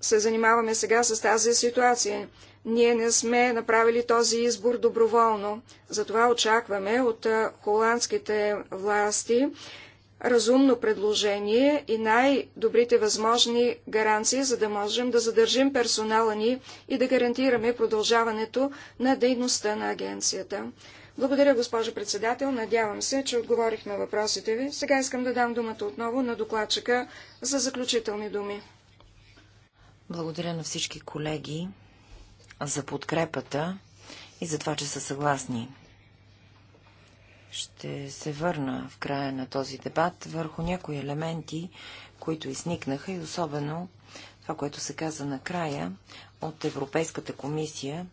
се занимаваме сега с тази ситуация. Ние не сме направили този избор доброволно. Затова очакваме от холандските власти разумно предложение и най-добрите възможни гаранции, за да можем да задържим персонала ни и да гарантираме продължаването на дейността на агенцията. Благодаря, госпожо председател. Надявам се, че отговорих на въпросите ви. Сега искам да дам думата отново на докладчика за заключителни думи. Благодаря на всички колеги за подкрепата и за това, че са съгласни. Ще се върна в края на този дебат върху някои елементи, които изникнаха и особено това, което се каза накрая от Европейската комисия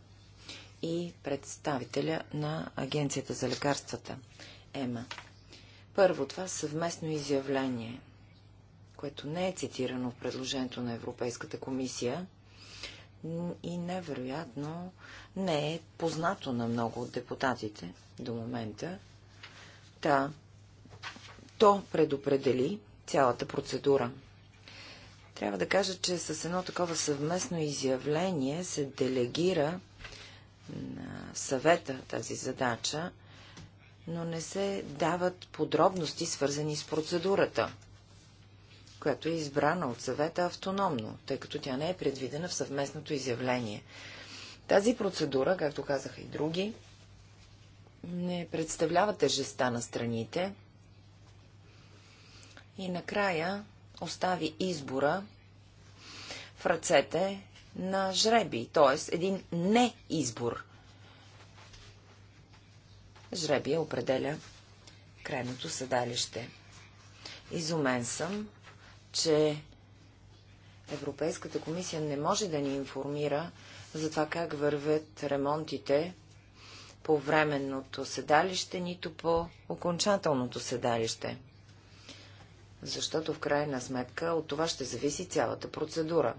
и представителя на Агенцията за лекарствата, ЕМА. Първо, това съвместно изявление, което не е цитирано в предложението на Европейската комисия, и невероятно не е познато на много от депутатите до момента. Та, то предопредели цялата процедура. Трябва да кажа, че с едно такова съвместно изявление се делегира на съвета тази задача, но не се дават подробности, свързани с процедурата която е избрана от съвета автономно, тъй като тя не е предвидена в съвместното изявление. Тази процедура, както казаха и други, не представлява тежеста на страните и накрая остави избора в ръцете на жреби, т.е. един не-избор. Жребия определя крайното седалище. Изумен съм, че Европейската комисия не може да ни информира за това как вървят ремонтите по временното седалище, нито по окончателното седалище. Защото в крайна сметка от това ще зависи цялата процедура.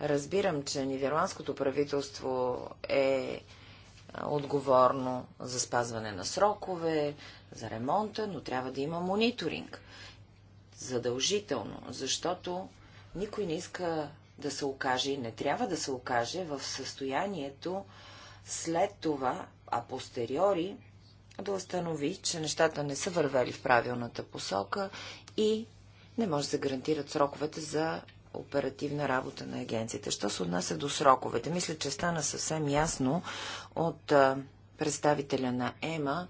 Разбирам, че нидерландското правителство е, е отговорно за спазване на срокове, за ремонта, но трябва да има мониторинг задължително, защото никой не иска да се окаже и не трябва да се окаже в състоянието след това, а постериори, да установи, че нещата не са вървели в правилната посока и не може да се гарантират сроковете за оперативна работа на агенцията. Що се отнася до сроковете? Мисля, че стана съвсем ясно от представителя на ЕМА,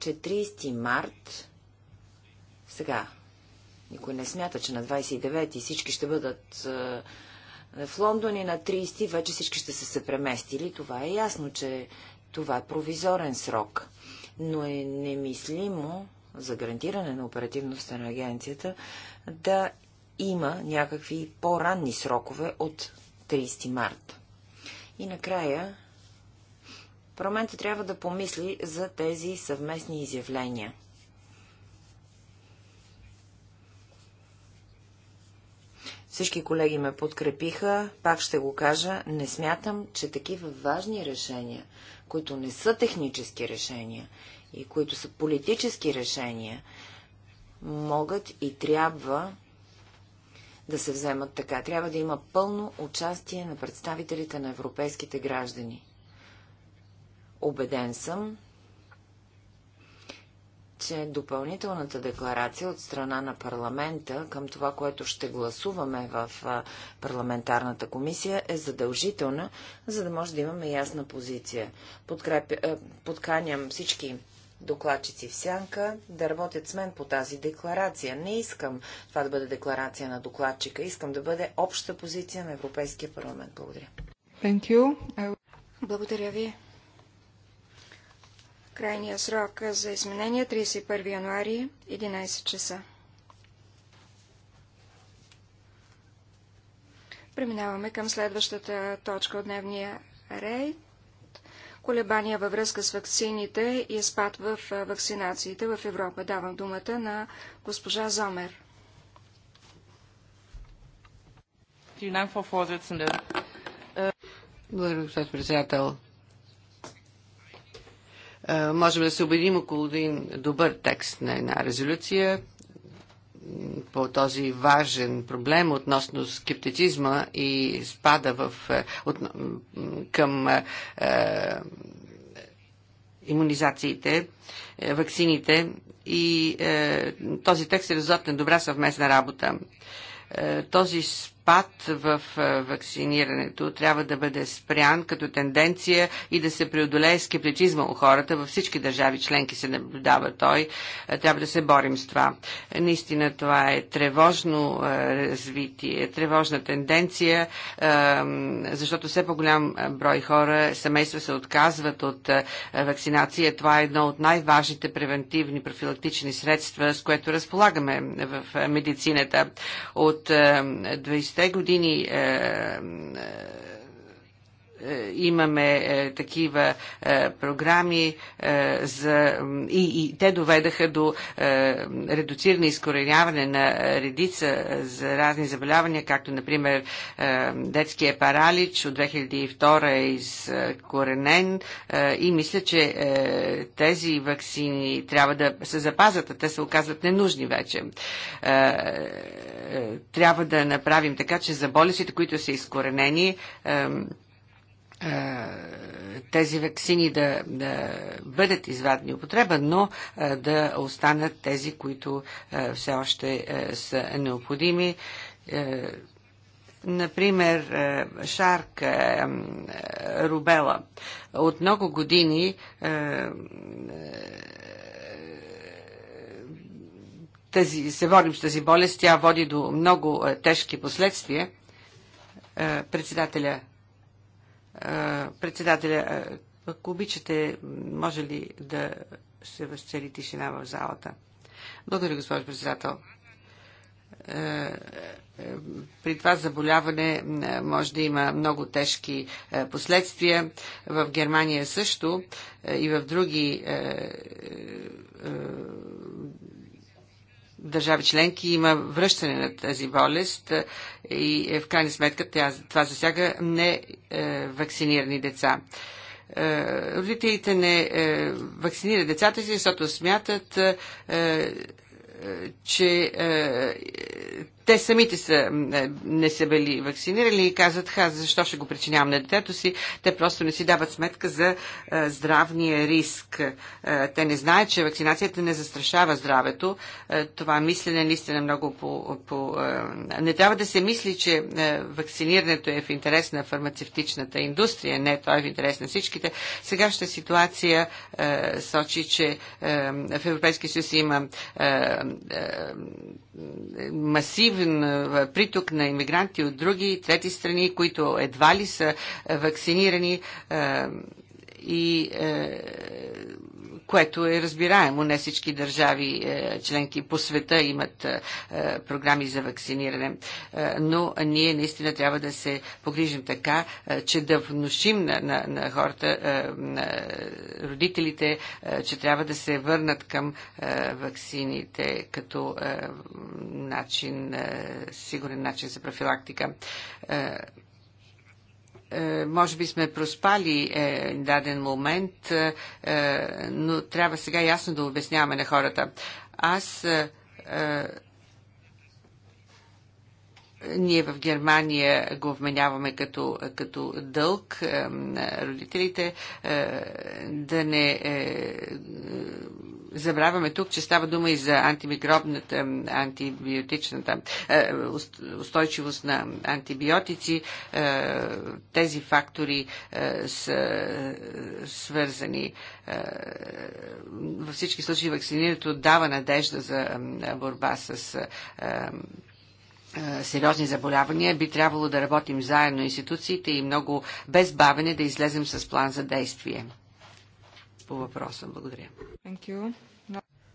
че 30 март, сега никой не смята, че на 29 ти всички ще бъдат е, в Лондон и на 30 ти вече всички ще са се преместили. Това е ясно, че това е провизорен срок. Но е немислимо за гарантиране на оперативността на агенцията да има някакви по-ранни срокове от 30 март. И накрая парламентът трябва да помисли за тези съвместни изявления – Всички колеги ме подкрепиха, пак ще го кажа, не смятам, че такива важни решения, които не са технически решения и които са политически решения, могат и трябва да се вземат така. Трябва да има пълно участие на представителите на европейските граждани. Обеден съм, че допълнителната декларация от страна на парламента към това, което ще гласуваме в парламентарната комисия, е задължителна, за да може да имаме ясна позиция. Подкреп... Подканям всички докладчици в сянка да работят с мен по тази декларация. Не искам това да бъде декларация на докладчика, искам да бъде обща позиция на Европейския парламент. Благодаря. Thank you. I... Благодаря ви. Крайния срок за изменение 31 е януари 11 часа. Преминаваме към следващата точка от дневния рейд. Колебания във връзка с вакцините и спад в вакцинациите в Европа. Давам думата на госпожа Зомер. Äh, Благодаря, госпожа председател. Е, можем да се убедим около един добър текст на една резолюция по този важен проблем относно скептицизма и спада в, е, от, към е, иммунизациите, е, е вакцините. и е, този текст е резултат на добра съвместна работа. Е, този спад в е, вакцинирането трябва да бъде спрян като тенденция и да се преодолее скептицизма у хората. Във всички държави членки се наблюдава той. Е, трябва да се борим с това. Е, наистина това е тревожно развитие, тревожна тенденция, защото все по-голям брой хора, семейства се отказват от вакцинация. Това е едно от най-важните превентивни профилактични средства, с което разполагаме в медицината. От 20 60-те години е, е е, имаме е, такива е, програми за... И, и те доведаха до редуциране и изкореняване на редица за разни заболявания, както например детския паралич от 2002 е изкоренен и мисля, че тези вакцини трябва да се запазят, а те се оказват ненужни вече. Трябва да направим така, че за болестите, които са изкоренени, тези вакцини да, да бъдат извадени употреба, но да останат тези, които все още са необходими. Например, шарк, рубела. От много години тази, се борим с тази болест. Тя води до много тежки последствия. Председателя Председателя, ако обичате, може ли да се възцели тишина в залата? Благодаря, госпожо председател при това заболяване може да има много тежки последствия. В Германия също и в други държави членки има връщане на тази болест е, и е, в крайна сметка това засяга не е, вакцинирани деца. Родителите не вакцинират децата си, защото смятат, че те самите са, е, не са били вакцинирали и казват, ха, защо ще го причинявам на детето си? Те просто не си дават сметка за е, здравния риск. Е, те не знаят, че вакцинацията не застрашава здравето. Това мислене наистина много по, по... Не трябва да се мисли, че вакцинирането е в интерес на фармацевтичната индустрия. Не, то е в интерес на всичките. Сегашната ситуация сочи, че в Европейския съюз има е, масивен е, приток на иммигранти от други трети страни, които едва ли са е, вакцинирани и което е разбираемо. Не всички държави е, членки по света имат е, е, програми за вакциниране. Но ние наистина трябва да се погрижим така, че да внушим на, на, на хората, на родителите, че трябва да се върнат към ваксините като начин, сигурен начин за профилактика. Е, може би сме проспали е, даден момент, е, е, но трябва сега ясно да обясняваме на хората. Аз е, е ние в Германия го вменяваме като, като дълг на родителите да не забравяме тук, че става дума и за антимикробната, антибиотичната е, устойчивост на антибиотици. Е, тези фактори е, са свързани. Във всички случаи вакцинирането дава надежда за борба с сериозни заболявания, би трябвало да работим заедно институциите и много без бавене да излезем с план за действие по въпроса. Благодаря.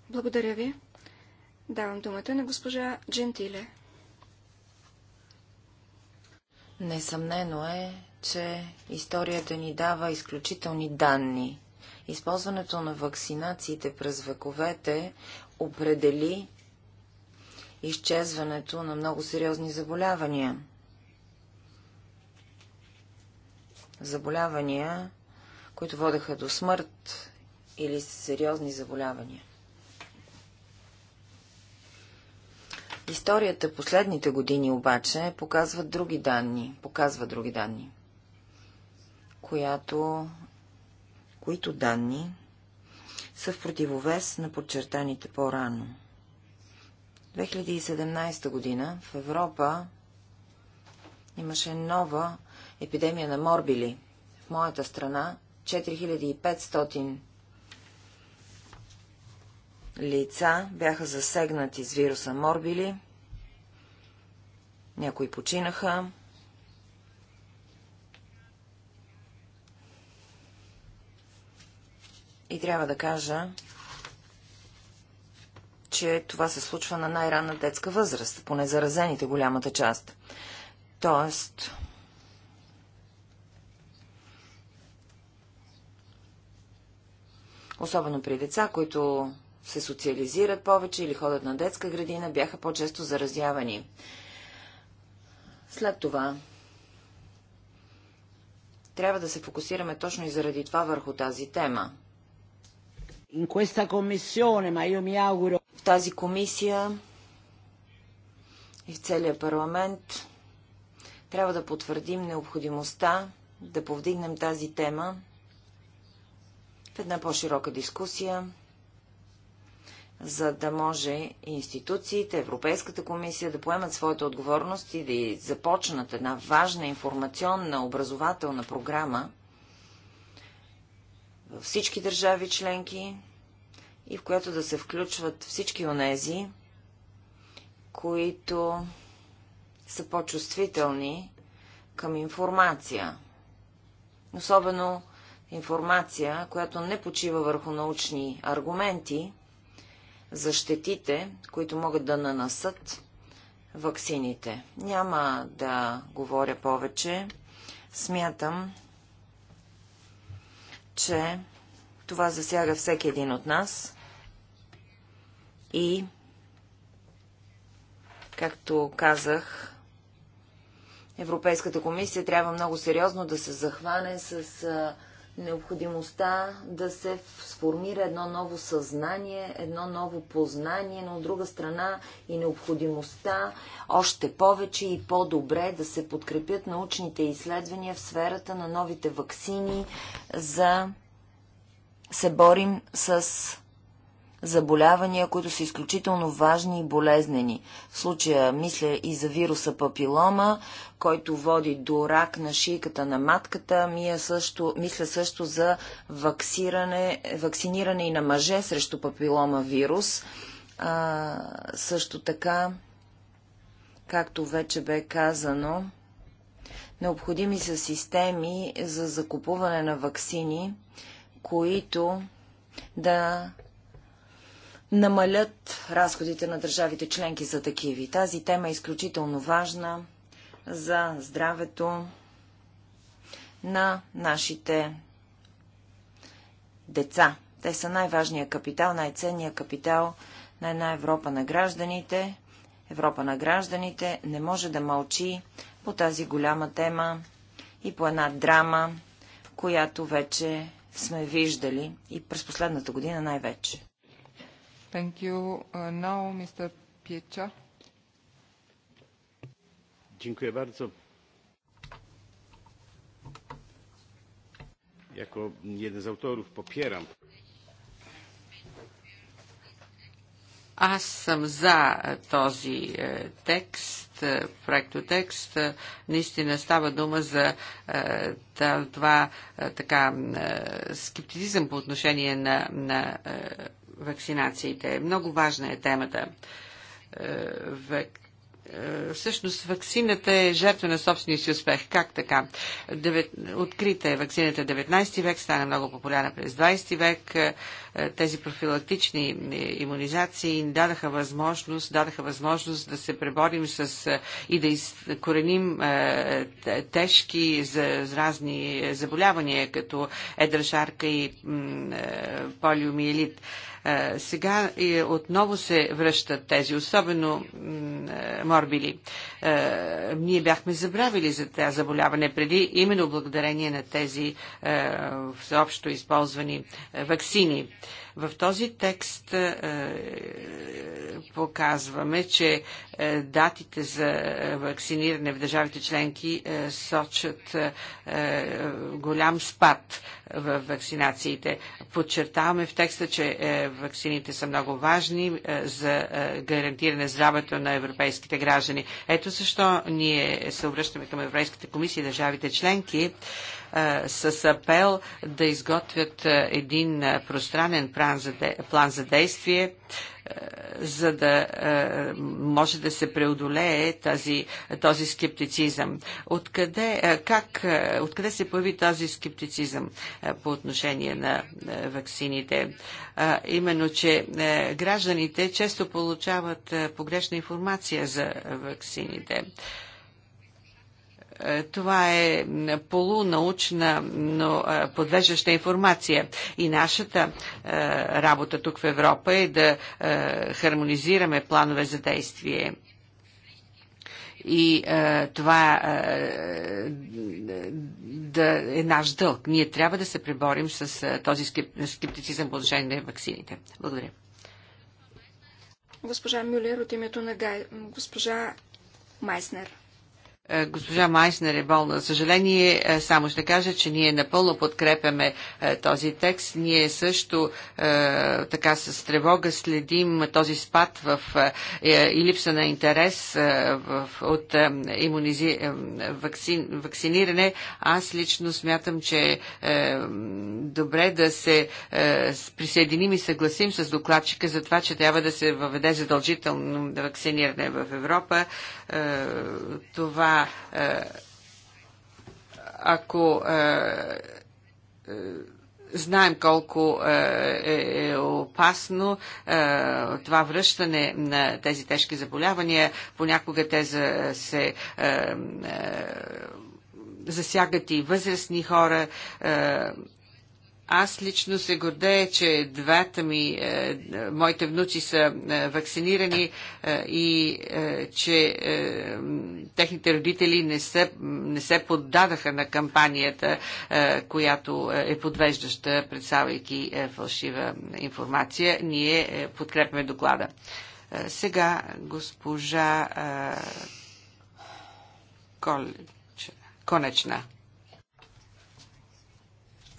Благодаря ви. Давам думата на госпожа Джентиле. Несъмнено е, че историята ни дава изключителни данни. Използването на вакцинациите през вековете определи изчезването на много сериозни заболявания. Заболявания, които водеха до смърт или сериозни заболявания. Историята последните години обаче показва други данни, показва други данни, която, които данни са в противовес на подчертаните по-рано. 2017 година в Европа имаше нова епидемия на морбили. В моята страна 4500 лица бяха засегнати с вируса морбили, някои починаха. И трябва да кажа, че това се случва на най-ранна детска възраст, поне заразените голямата част. Тоест, особено при деца, които се социализират повече или ходят на детска градина, бяха по-често заразявани. След това трябва да се фокусираме точно и заради това върху тази тема. В тази комисия и в целия парламент трябва да потвърдим необходимостта да повдигнем тази тема в една по-широка дискусия, за да може институциите, Европейската комисия да поемат своята отговорност и да започнат една важна информационна, образователна програма във всички държави членки и в която да се включват всички онези, които са по-чувствителни към информация. Особено информация, която не почива върху научни аргументи за щетите, които могат да нанасат ваксините. Няма да говоря повече. Смятам, че това засяга всеки един от нас и, както казах, Европейската комисия трябва много сериозно да се захване с необходимостта да се сформира едно ново съзнание, едно ново познание, но от друга страна и необходимостта още повече и по-добре да се подкрепят научните изследвания в сферата на новите вакцини за се борим с заболявания, които са изключително важни и болезнени. В случая мисля и за вируса папилома, който води до рак на шийката на матката. Мия също, мисля също за вакциниране и на мъже срещу папилома вирус. А, също така, както вече бе казано, необходими са системи за закупуване на вакцини, които да намалят разходите на държавите членки за такиви. Тази тема е изключително важна за здравето на нашите деца. Те са най-важният капитал, най-ценният капитал на една Европа на гражданите. Европа на гражданите не може да мълчи по тази голяма тема и по една драма, която вече сме виждали и през последната година най-вече. Thank you. Uh, now, Mr. Piecha. Dziękuję bardzo. Jako jeden z autorów popieram. Аз съм за е, този е, текст, е, проектотекст. Наистина става дума за това така скептицизъм по отношение на, на вакцинациите. Много важна е темата. Е, е, всъщност вакцината е жертва на собствения си успех. Как така? Открита е вакцината 19 век, стана много популярна през 20 век. Е, тези профилактични иммунизации дадаха възможност, дадаха възможност да се преборим с и да изкореним тежки заразни заболявания, като едрашарка и полиомиелит е, сега отново се връщат тези, особено е, морбили. Е, ние бяхме забравили за това заболяване преди, именно благодарение на тези всеобщо използвани вакцини. В този текст е, е, показваме, че е, датите за вакциниране в държавите членки сочат голям спад в вакцинациите. Подчертаваме в текста, че вакцините са много важни за гарантиране здравето на европейските граждани. Ето защо ние се обръщаме към Европейската комисия и държавите членки с апел да изготвят един пространен план за действие, за да може да се преодолее тази, този скептицизъм. Откъде, как, откъде се появи този скептицизъм по отношение на ваксините? Именно, че гражданите често получават погрешна информация за ваксините. Е, това е полунаучна, но е, подвеждаща информация. И нашата е, работа тук в Европа е да хармонизираме планове за действие и е, това е, да е наш дълг. Ние трябва да се преборим с е, този скеп, скептицизъм по отношение на вакцините. Благодаря. Госпожа Мюлер от името на Гай... госпожа Майснер. Е, госпожа Майснер е болна. за Съжаление, е, само ще кажа, че ние напълно подкрепяме е, този текст. Ние също така с тревога следим този спад в, и липса на интерес от имунизи, вакцин, вакциниране. Аз лично смятам, че е добре да се присъединим и съгласим с докладчика за това, че трябва да се въведе задължително вакциниране в Европа. Това е, ако е, е, знаем колко е, е опасно е, това връщане на тези тежки заболявания. Понякога те за, се е, засягат и възрастни хора аз лично се гордея, че двата ми, е, е, моите внуци са е, вакцинирани е, и е, че е, техните родители не се, не се поддадаха на кампанията, е, която е, е подвеждаща, представяйки е, фалшива информация. Ние е, подкрепяме доклада. Е, сега госпожа е, Кол... Конечна.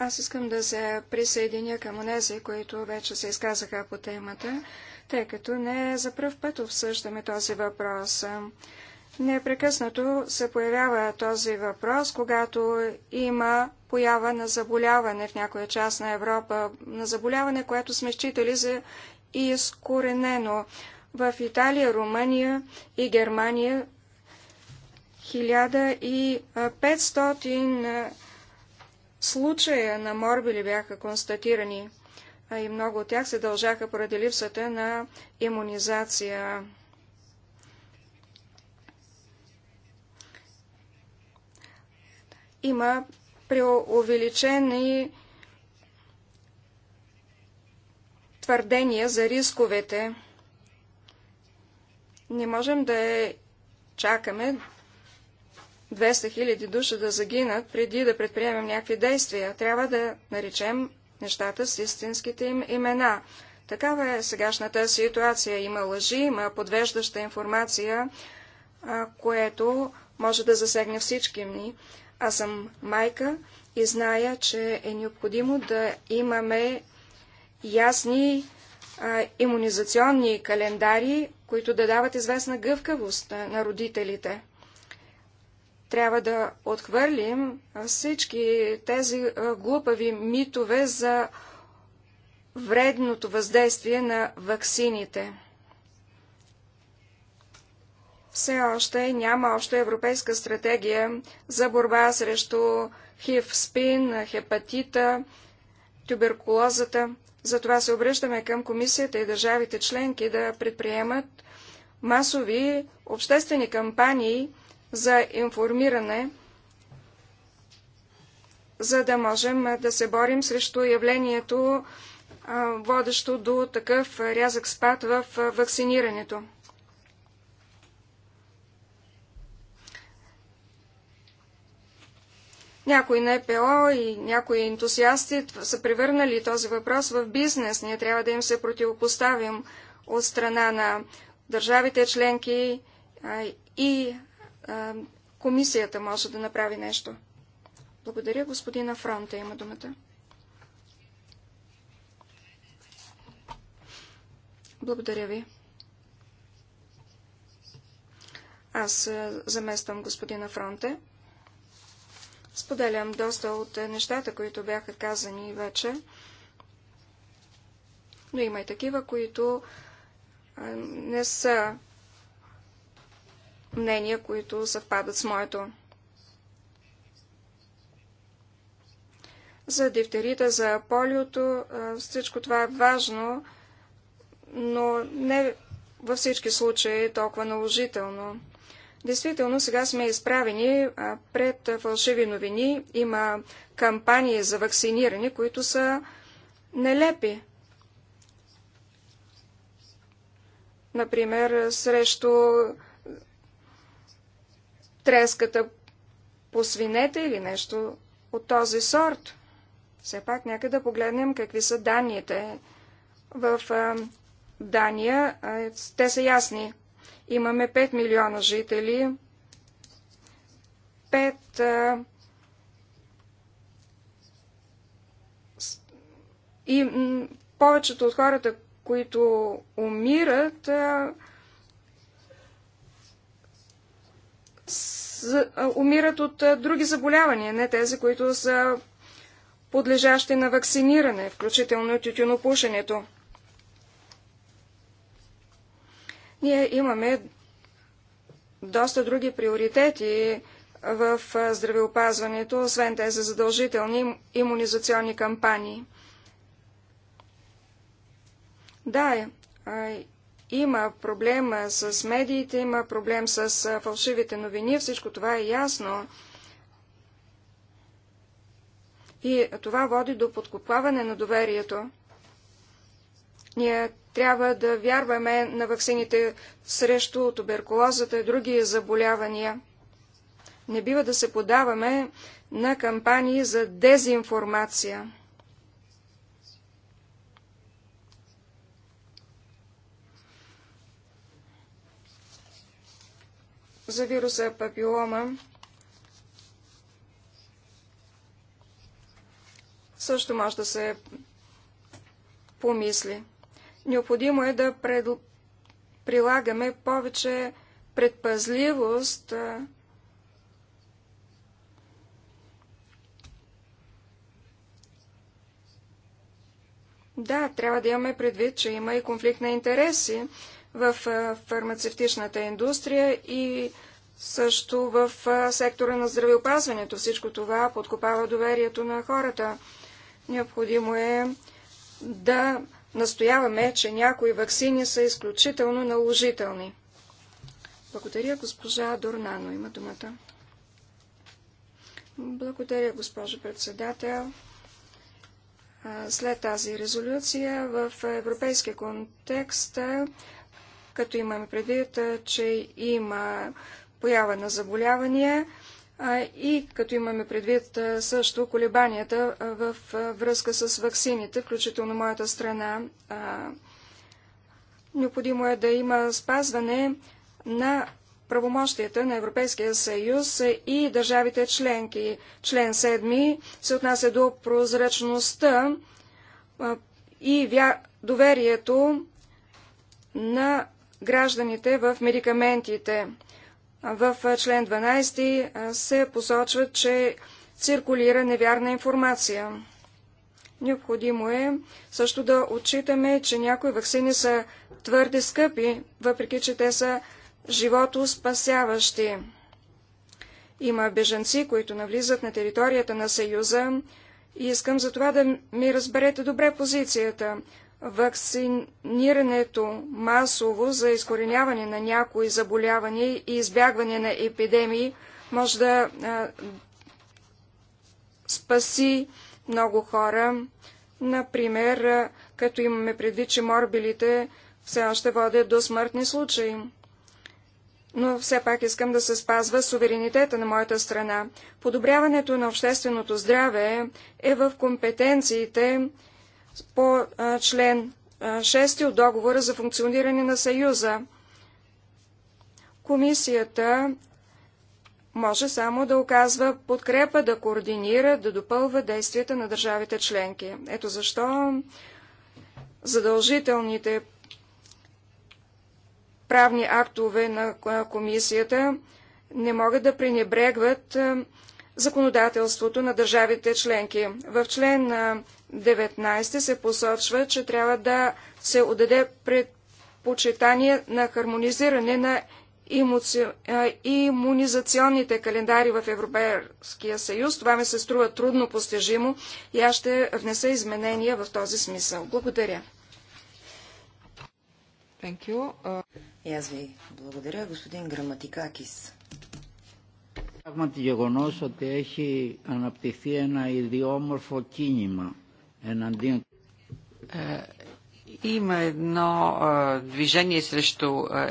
Аз искам да се присъединя към онези, които вече се изказаха по темата, тъй като не за пръв път обсъждаме този въпрос. Непрекъснато се появява този въпрос, когато има поява на заболяване в някоя част на Европа, на заболяване, което сме считали за изкоренено. В Италия, Румъния и Германия 1500 случая на морбили бяха констатирани, а и много от тях се дължаха поради липсата на иммунизация. Има преувеличени твърдения за рисковете. Не можем да чакаме 200 хиляди души да загинат, преди да предприемем някакви действия. Трябва да наречем нещата с истинските им имена. Такава е сегашната ситуация. Има лъжи, има подвеждаща информация, което може да засегне всички ни. Аз съм майка и зная, че е необходимо да имаме ясни имунизационни календари, които да дават известна гъвкавост на родителите трябва да отхвърлим всички тези е, глупави митове за вредното въздействие на ваксините. Все още няма още европейска стратегия за борба срещу хив, спин, хепатита, туберкулозата. Затова се обръщаме към комисията и държавите членки да предприемат масови обществени кампании за информиране, за да можем да се борим срещу явлението, водещо до такъв рязък спад в вакцинирането. Някои НПО и някои ентусиасти са превърнали този въпрос в бизнес. Ние трябва да им се противопоставим от страна на държавите членки и комисията може да направи нещо. Благодаря. Господина Фронта има думата. Благодаря ви. Аз замествам господина Фронте. Споделям доста от нещата, които бяха казани вече, но има и такива, които не са мнения, които съвпадат с моето. За дифтерита, за полиото, всичко това е важно, но не във всички случаи е толкова наложително. Действително, сега сме изправени пред фалшиви новини. Има кампании за вакциниране, които са нелепи. Например, срещу треската по свинете или нещо от този сорт. Все пак нека да погледнем какви са данните. В а, Дания а, те са ясни. Имаме 5 милиона жители, 5 а, и повечето от хората, които умират, а, умират от други заболявания, не тези, които са подлежащи на вакциниране, включително и тютюнопушенето. Ние имаме доста други приоритети в здравеопазването, освен тези задължителни иммунизационни кампании. Да, е, има проблем с медиите, има проблем с фалшивите новини, всичко това е ясно. И това води до подкопаване на доверието. Ние трябва да вярваме на вакцините срещу туберкулозата и други заболявания. Не бива да се подаваме на кампании за дезинформация. за вируса папилома. Също може да се помисли. Необходимо е да пред... прилагаме повече предпазливост Да, трябва да имаме предвид, че има и конфликт на интереси в фармацевтичната индустрия и също в сектора на здравеопазването. Всичко това подкопава доверието на хората. Необходимо е да настояваме, че някои вакцини са изключително наложителни. Благодаря, госпожа Дорнано. Има думата. Благодаря, госпожо председател. След тази резолюция в европейския контекст като имаме предвид, че има поява на заболявания и като имаме предвид също колебанията в връзка с ваксините, включително моята страна. Необходимо е да има спазване на правомощията на Европейския съюз и държавите членки. Член 7 се отнася до прозрачността и доверието на гражданите в медикаментите. В член 12 се посочва, че циркулира невярна информация. Необходимо е също да отчитаме, че някои вакцини са твърде скъпи, въпреки че те са живото спасяващи. Има беженци, които навлизат на територията на Съюза и искам за това да ми разберете добре позицията вакцинирането масово за изкореняване на някои заболявания и избягване на епидемии може да а, спаси много хора. Например, а, като имаме предвид, че морбилите все още водят до смъртни случаи. Но все пак искам да се спазва суверенитета на моята страна. Подобряването на общественото здраве е в компетенциите по член 6 от договора за функциониране на Съюза. Комисията може само да оказва подкрепа, да координира, да допълва действията на държавите членки. Ето защо задължителните правни актове на комисията не могат да пренебрегват законодателството на държавите членки. В член 19 се посочва, че трябва да се отдаде предпочитание на хармонизиране на имунизационните календари в Европейския съюз. Това ми се струва трудно постижимо и аз ще внеса изменения в този смисъл. Благодаря. Thank you. Uh... И аз ви благодаря, господин Граматикакис. Πράγματι γεγονός ότι έχει αναπτυχθεί ένα ιδιόμορφο κίνημα е, има едно а, е, движение срещу а,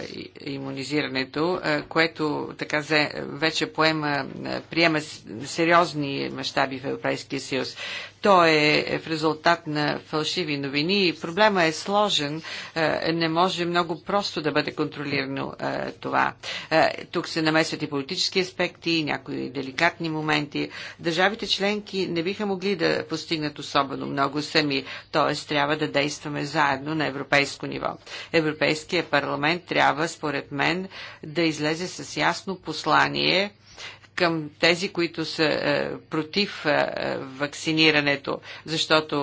е, иммунизирането, а, което така вече поема, а, приема сериозни мащаби в Европейския съюз. Той е, е в резултат на фалшиви новини и проблема е сложен. Е, не може много просто да бъде контролирано е, това. Тук се намесват и политически аспекти, и някои деликатни моменти. Държавите членки не биха могли да постигнат особено много сами, т.е. трябва да действаме заедно на европейско ниво. Европейския парламент трябва, според мен, да излезе с ясно послание, към тези, които са е, против е, вакцинирането, защото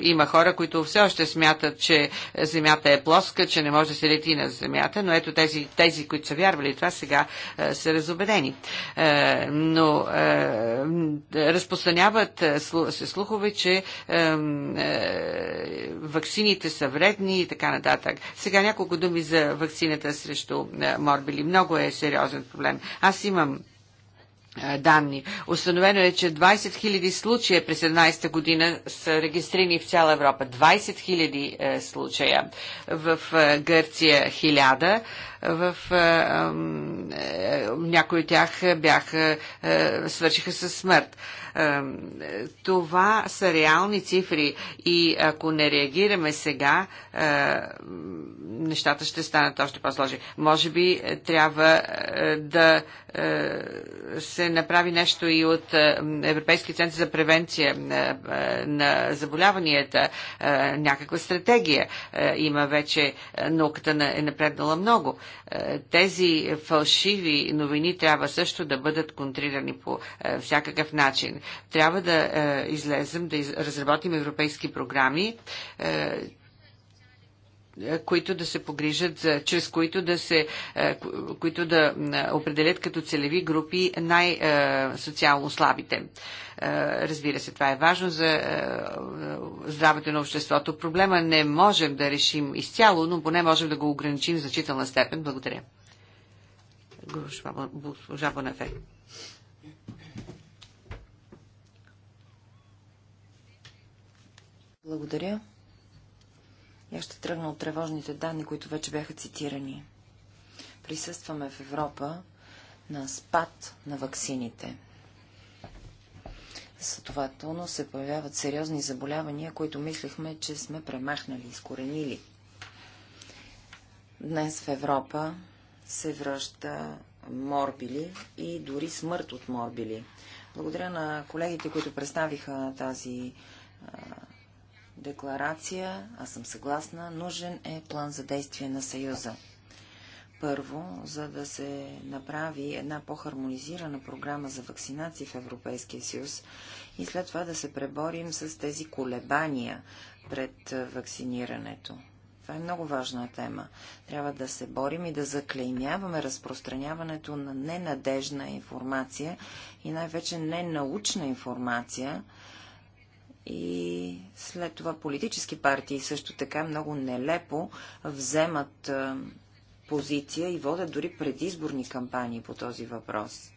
е, има хора, които все още смятат, че земята е плоска, че не може да се лети на земята, но ето тези, тези които са вярвали това, сега е, са разобедени. Е, но е, разпространяват е, се слухове, че е, е, вакцините са вредни и така нататък. Сега няколко думи за вакцината срещу е, морбили. Много е сериозен проблем. Аз имам е, данни. Установено е, че 20 000 случая през 17 година са регистрирани в цяла Европа. 20 000 е, случая. В е, Гърция 1000, в е, някои от тях бяха, свършиха със смърт. Това са реални цифри и ако не реагираме сега, нещата ще станат още по-сложни. Може би е, трябва е, да е, се направи нещо и от Европейски център за превенция на заболяванията, някаква стратегия. Има вече, науката е напреднала много. Тези фалшиви новини трябва също да бъдат контрирани по всякакъв начин. Трябва да е, излезем, да из, разработим европейски програми, е, е които да се погрижат, чрез които да се, е, които да е, определят като целеви групи най-социално слабите. Разбира се, това е важно за здравето на обществото. Проблема не можем да решим изцяло, но поне можем да го ограничим в значителна степен. Благодаря. Госпожа Бонафе. Благодаря. Я ще тръгна от тревожните данни, които вече бяха цитирани. Присъстваме в Европа на спад на ваксините. Следователно се появяват сериозни заболявания, които мислехме, че сме премахнали, изкоренили. Днес в Европа се връща морбили и дори смърт от морбили. Благодаря на колегите, които представиха тази а, декларация, аз съм съгласна, нужен е план за действие на Съюза. Първо, за да се направи една по-хармонизирана програма за вакцинации в Европейския съюз и след това да се преборим с тези колебания пред вакцинирането. Това е много важна тема. Трябва да се борим и да заклеймяваме разпространяването на ненадежна информация и най-вече ненаучна информация, и след това политически партии също така много нелепо вземат позиция и водят дори предизборни кампании по този въпрос.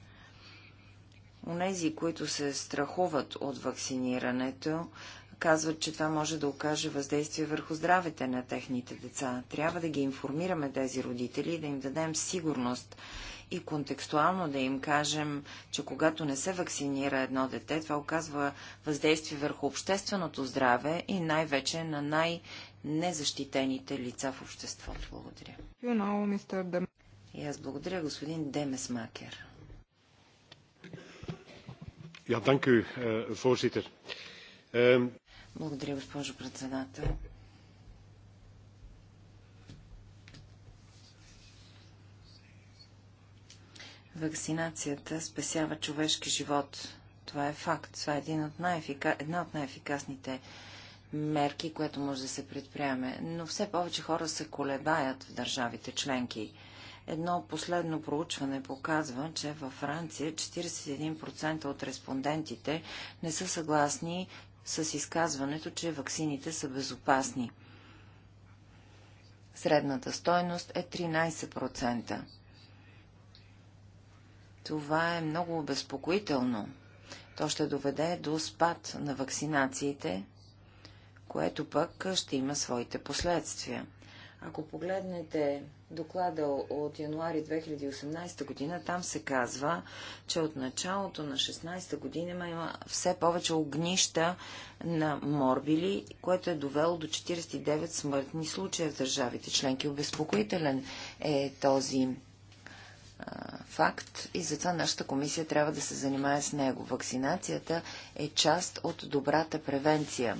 Унези, които се страхуват от вакцинирането, казват, че това може да окаже въздействие върху здравете на техните деца. Трябва да ги информираме тези родители и да им дадем сигурност и контекстуално да им кажем, че когато не се вакцинира едно дете, това оказва въздействие върху общественото здраве и най-вече на най-незащитените лица в обществото. Благодаря. You know, Mr. Dem... И аз благодаря, господин Демес Макер. Yeah, uh, um... Благодаря, госпожо председател. Вакцинацията спасява човешки живот. Това е факт. Това е един от най-ефика... една от най-ефикасните мерки, което може да се предприеме. Но все повече хора се колебаят в държавите членки. Едно последно проучване показва, че във Франция 41% от респондентите не са съгласни с изказването, че ваксините са безопасни. Средната стойност е 13%. Това е много обезпокоително. То ще доведе до спад на вакцинациите, което пък ще има своите последствия. Ако погледнете доклада от януари 2018 година, там се казва, че от началото на 16 година има все повече огнища на морбили, което е довело до 49 смъртни случая в държавите членки. Обезпокоителен е този факт и затова нашата комисия трябва да се занимае с него. Вакцинацията е част от добрата превенция.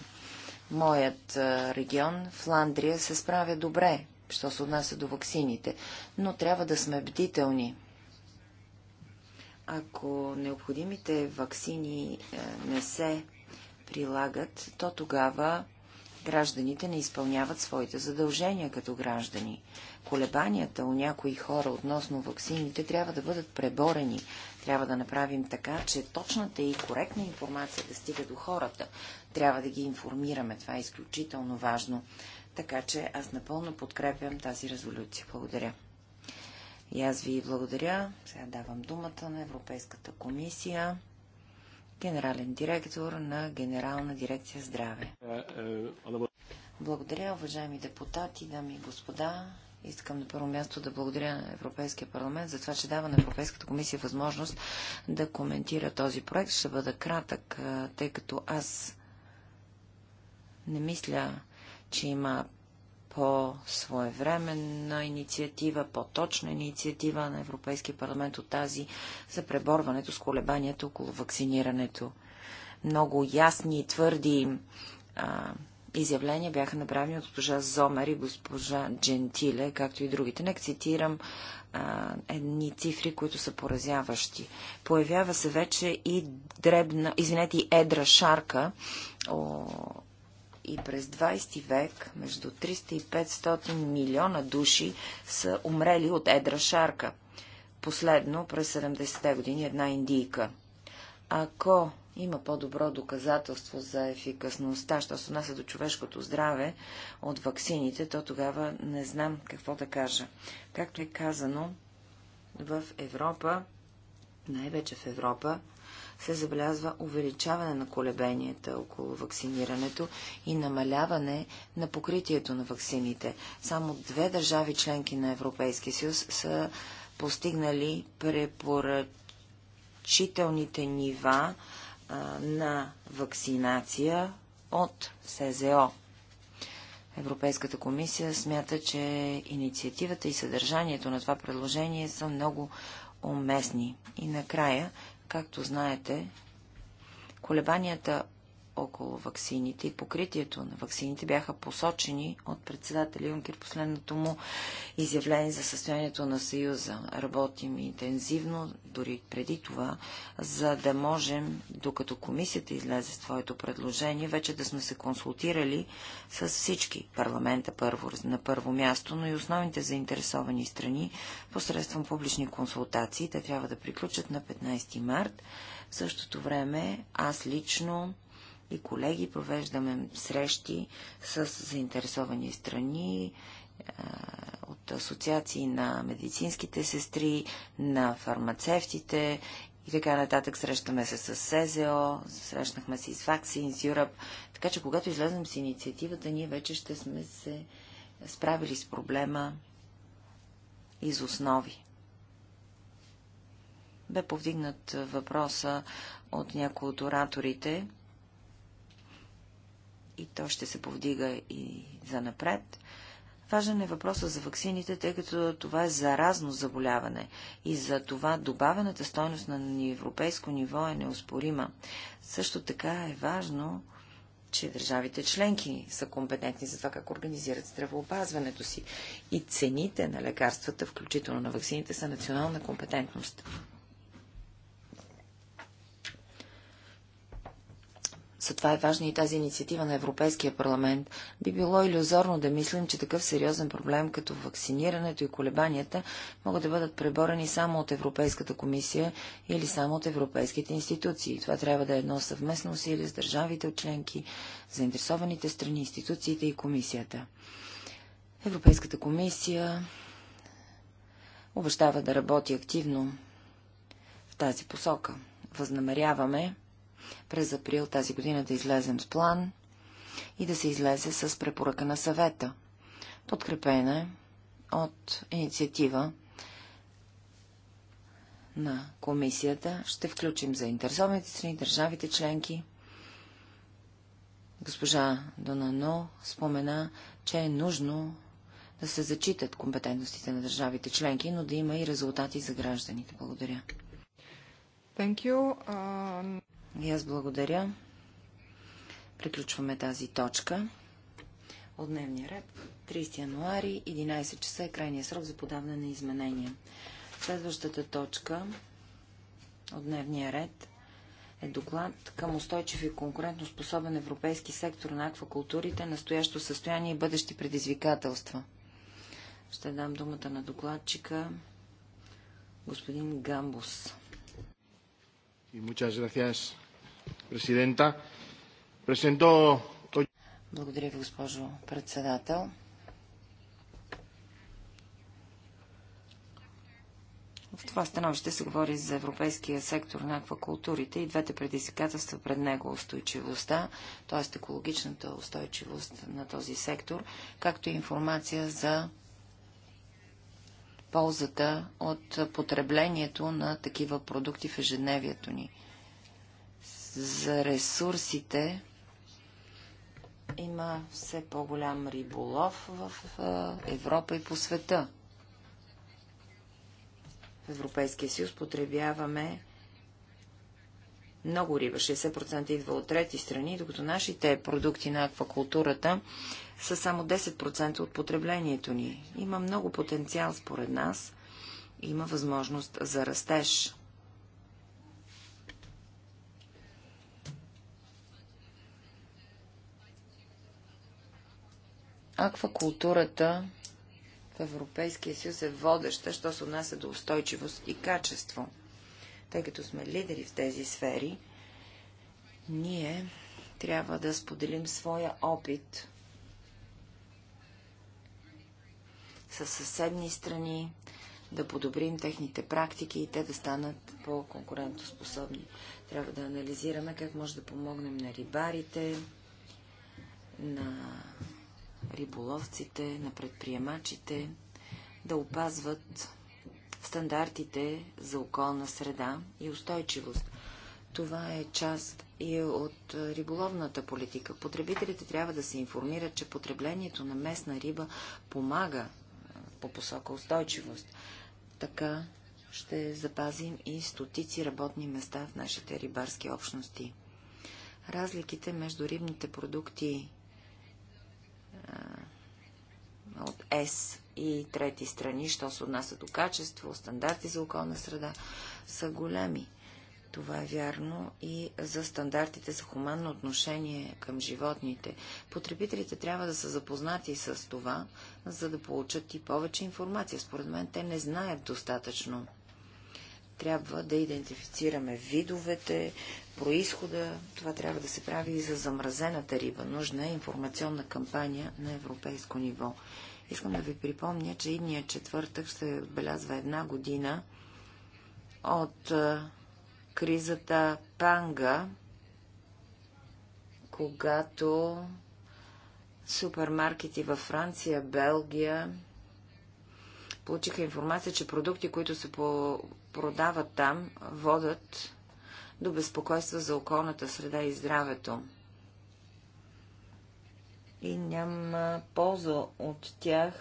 Моят регион, Фландрия, се справя добре, що се отнася до ваксините, но трябва да сме бдителни. Ако необходимите ваксини не се прилагат, то тогава гражданите не изпълняват своите задължения като граждани. Колебанията у някои хора относно ваксините трябва да бъдат преборени. Трябва да направим така, че точната и коректна информация да стига до хората. Трябва да ги информираме. Това е изключително важно. Така че аз напълно подкрепям тази резолюция. Благодаря. И аз ви благодаря. Сега давам думата на Европейската комисия генерален директор на Генерална дирекция Здраве. Благодаря, уважаеми депутати, дами и господа. Искам на първо място да благодаря на Европейския парламент за това, че дава на Европейската комисия възможност да коментира този проект. Ще бъда кратък, тъй като аз не мисля, че има по-своевременна инициатива, по-точна инициатива на Европейския парламент от тази за преборването с колебанията около вакцинирането. Много ясни и твърди а, изявления бяха направени от госпожа Зомер и госпожа Джентиле, както и другите. Нека цитирам а, едни цифри, които са поразяващи. Появява се вече и дребна, извинете, и едра шарка, о, и през 20 век между 300 и 500 милиона души са умрели от едра шарка. Последно през 70-те години една индийка. Ако има по-добро доказателство за ефикасността, що се отнася до човешкото здраве от ваксините, то тогава не знам какво да кажа. Както е казано, в Европа, най-вече в Европа, се забелязва увеличаване на колебенията около вакцинирането и намаляване на покритието на вакцините. Само две държави членки на Европейския съюз са постигнали препоръчителните нива а, на вакцинация от СЗО. Европейската комисия смята, че инициативата и съдържанието на това предложение са много уместни. И накрая Както знаете, колебанията около ваксините и покритието на ваксините бяха посочени от председателя Юнкер последното му изявление за състоянието на Съюза. Работим интензивно, дори преди това, за да можем, докато комисията излезе с твоето предложение, вече да сме се консултирали с всички парламента първо, на първо място, но и основните заинтересовани страни посредством публични консултации. Те трябва да приключат на 15 март. В същото време аз лично и колеги провеждаме срещи с заинтересовани страни, е, от асоциации на медицинските сестри, на фармацевтите и така нататък. Срещаме се с СЗО, срещнахме се и с Vaccines Europe. Така че, когато излезем с инициативата, ние вече ще сме се справили с проблема из основи. Бе повдигнат въпроса от някои от ораторите – и то ще се повдига и за напред. Важен е въпросът за ваксините, тъй като това е заразно заболяване и за това добавената стойност на европейско ниво е неоспорима. Също така е важно, че държавите членки са компетентни за това как организират здравеопазването си и цените на лекарствата, включително на ваксините, са национална компетентност. Затова е важна и тази инициатива на Европейския парламент. Би било иллюзорно да мислим, че такъв сериозен проблем като вакцинирането и колебанията могат да бъдат преборени само от Европейската комисия или само от европейските институции. Това трябва да е едно съвместно усилие с държавите от членки, заинтересованите страни, институциите и комисията. Европейската комисия обещава да работи активно в тази посока. Възнамеряваме през април тази година да излезем с план и да се излезе с препоръка на съвета, подкрепена от инициатива на комисията. Ще включим заинтересованите страни, държавите членки. Госпожа Донано спомена, че е нужно да се зачитат компетентностите на държавите членки, но да има и резултати за гражданите. Благодаря. Thank you. Uh... И аз благодаря. Приключваме тази точка от дневния ред. 30 януари, 11 часа е крайния срок за подаване на изменения. Следващата точка от дневния ред е доклад към устойчив и конкурентоспособен европейски сектор на аквакултурите, настоящо състояние и бъдещи предизвикателства. Ще дам думата на докладчика господин Гамбус. И muchas gracias, Президента. Благодаря ви, госпожо председател. В това становище се говори за европейския сектор на аквакултурите и двете предизвикателства пред него устойчивостта, т.е. екологичната устойчивост на този сектор, както и информация за ползата от потреблението на такива продукти в ежедневието ни – за ресурсите има все по-голям риболов в Европа и по света. В Европейския съюз потребяваме много риба. 60% идва от трети страни, докато нашите продукти на аквакултурата са само 10% от потреблението ни. Има много потенциал според нас. Има възможност за растеж. Аквакултурата в Европейския съюз е водеща, що се отнася до устойчивост и качество. Тъй като сме лидери в тези сфери, ние трябва да споделим своя опит с съседни страни, да подобрим техните практики и те да станат по-конкурентоспособни. Трябва да анализираме как може да помогнем на рибарите, на риболовците, на предприемачите да опазват стандартите за околна среда и устойчивост. Това е част и от риболовната политика. Потребителите трябва да се информират, че потреблението на местна риба помага по посока устойчивост. Така ще запазим и стотици работни места в нашите рибарски общности. Разликите между рибните продукти от ЕС и трети страни, що се отнася до качество, стандарти за околна среда, са големи. Това е вярно и за стандартите за хуманно отношение към животните. Потребителите трябва да са запознати с това, за да получат и повече информация. Според мен те не знаят достатъчно. Трябва да идентифицираме видовете, происхода. Това трябва да се прави и за замразената риба. Нужна е информационна кампания на европейско ниво. Искам да ви припомня, че идния четвъртък ще отбелязва една година от кризата Панга, когато супермаркети във Франция, Белгия получиха информация, че продукти, които се продават там, водат до безпокойства за околната среда и здравето и няма полза от тях,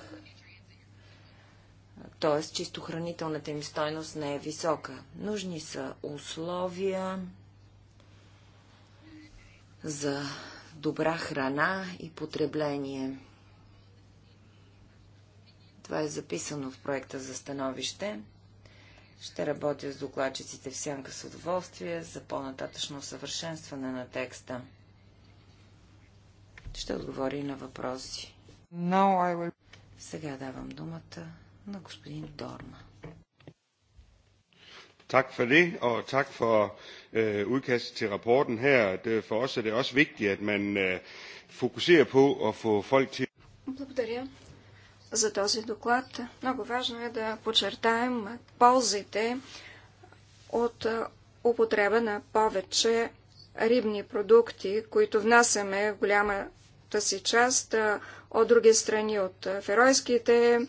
т.е. чисто хранителната им стойност не е висока. Нужни са условия за добра храна и потребление. Това е записано в проекта за становище. Ще работя с докладчиците в сянка с удоволствие за по-нататъчно усъвършенстване на текста ще отговори на въпроси. Сега давам думата на господин Дорма. Tak for det, og tak for øh, udkastet til rapporten her. Det, for os er det også vigtigt, at man øh, fokuserer på at få folk til. Благодаря за този доклад. Много важно е да подчертаем ползите от е, употреба на повече рибни продукти, които внасяме в голяма по си част от други страни, от Феройските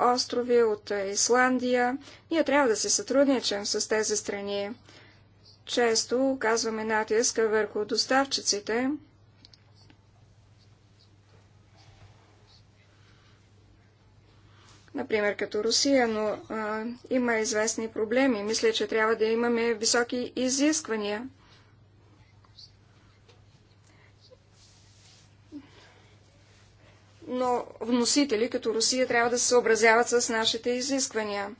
острови, от Исландия. Ние трябва да се сътрудничам с тези страни. Често оказваме натиска върху доставчиците, например като Русия, но а, има известни проблеми. Мисля, че трябва да имаме високи изисквания. но вносители като Русия трябва да се съобразяват с нашите изисквания.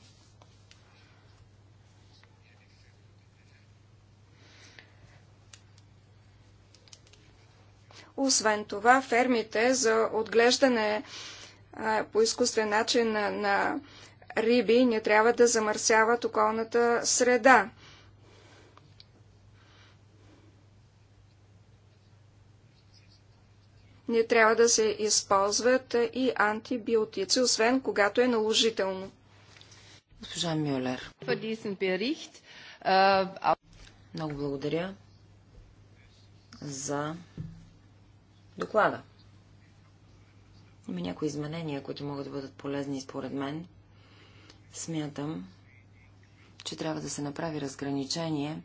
Освен това, фермите за отглеждане а, по изкуствен начин на, на риби не трябва да замърсяват околната среда. не трябва да се използват и антибиотици, освен когато е наложително. Госпожа Мюлер. Много благодаря за доклада. Има някои изменения, които могат да бъдат полезни според мен. Смятам, че трябва да се направи разграничение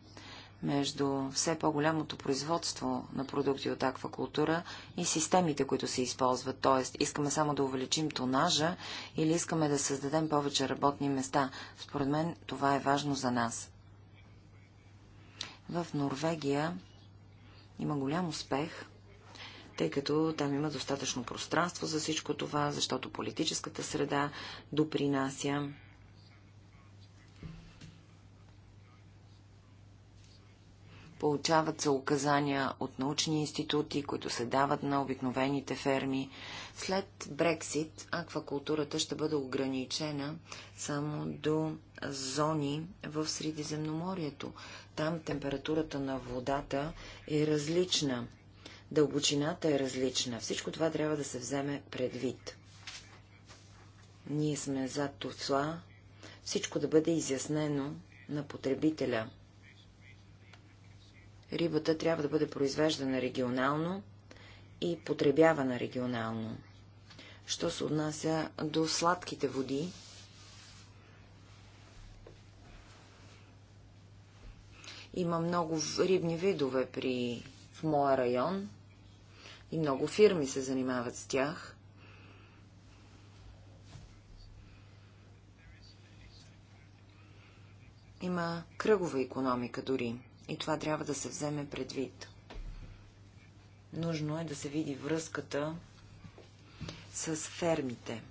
между все по-голямото производство на продукти от аквакултура и системите, които се използват. Тоест, искаме само да увеличим тонажа или искаме да създадем повече работни места. Според мен това е важно за нас. В Норвегия има голям успех тъй като там има достатъчно пространство за всичко това, защото политическата среда допринася. Получават се указания от научни институти, които се дават на обикновените ферми. След Брексит аквакултурата ще бъде ограничена само до зони в Средиземноморието. Там температурата на водата е различна, дълбочината е различна. Всичко това трябва да се вземе предвид. Ние сме за това всичко да бъде изяснено на потребителя рибата трябва да бъде произвеждана регионално и потребявана регионално. Що се отнася до сладките води, има много рибни видове при, в моя район и много фирми се занимават с тях. Има кръгова економика дори. И това трябва да се вземе предвид. Нужно е да се види връзката с фермите.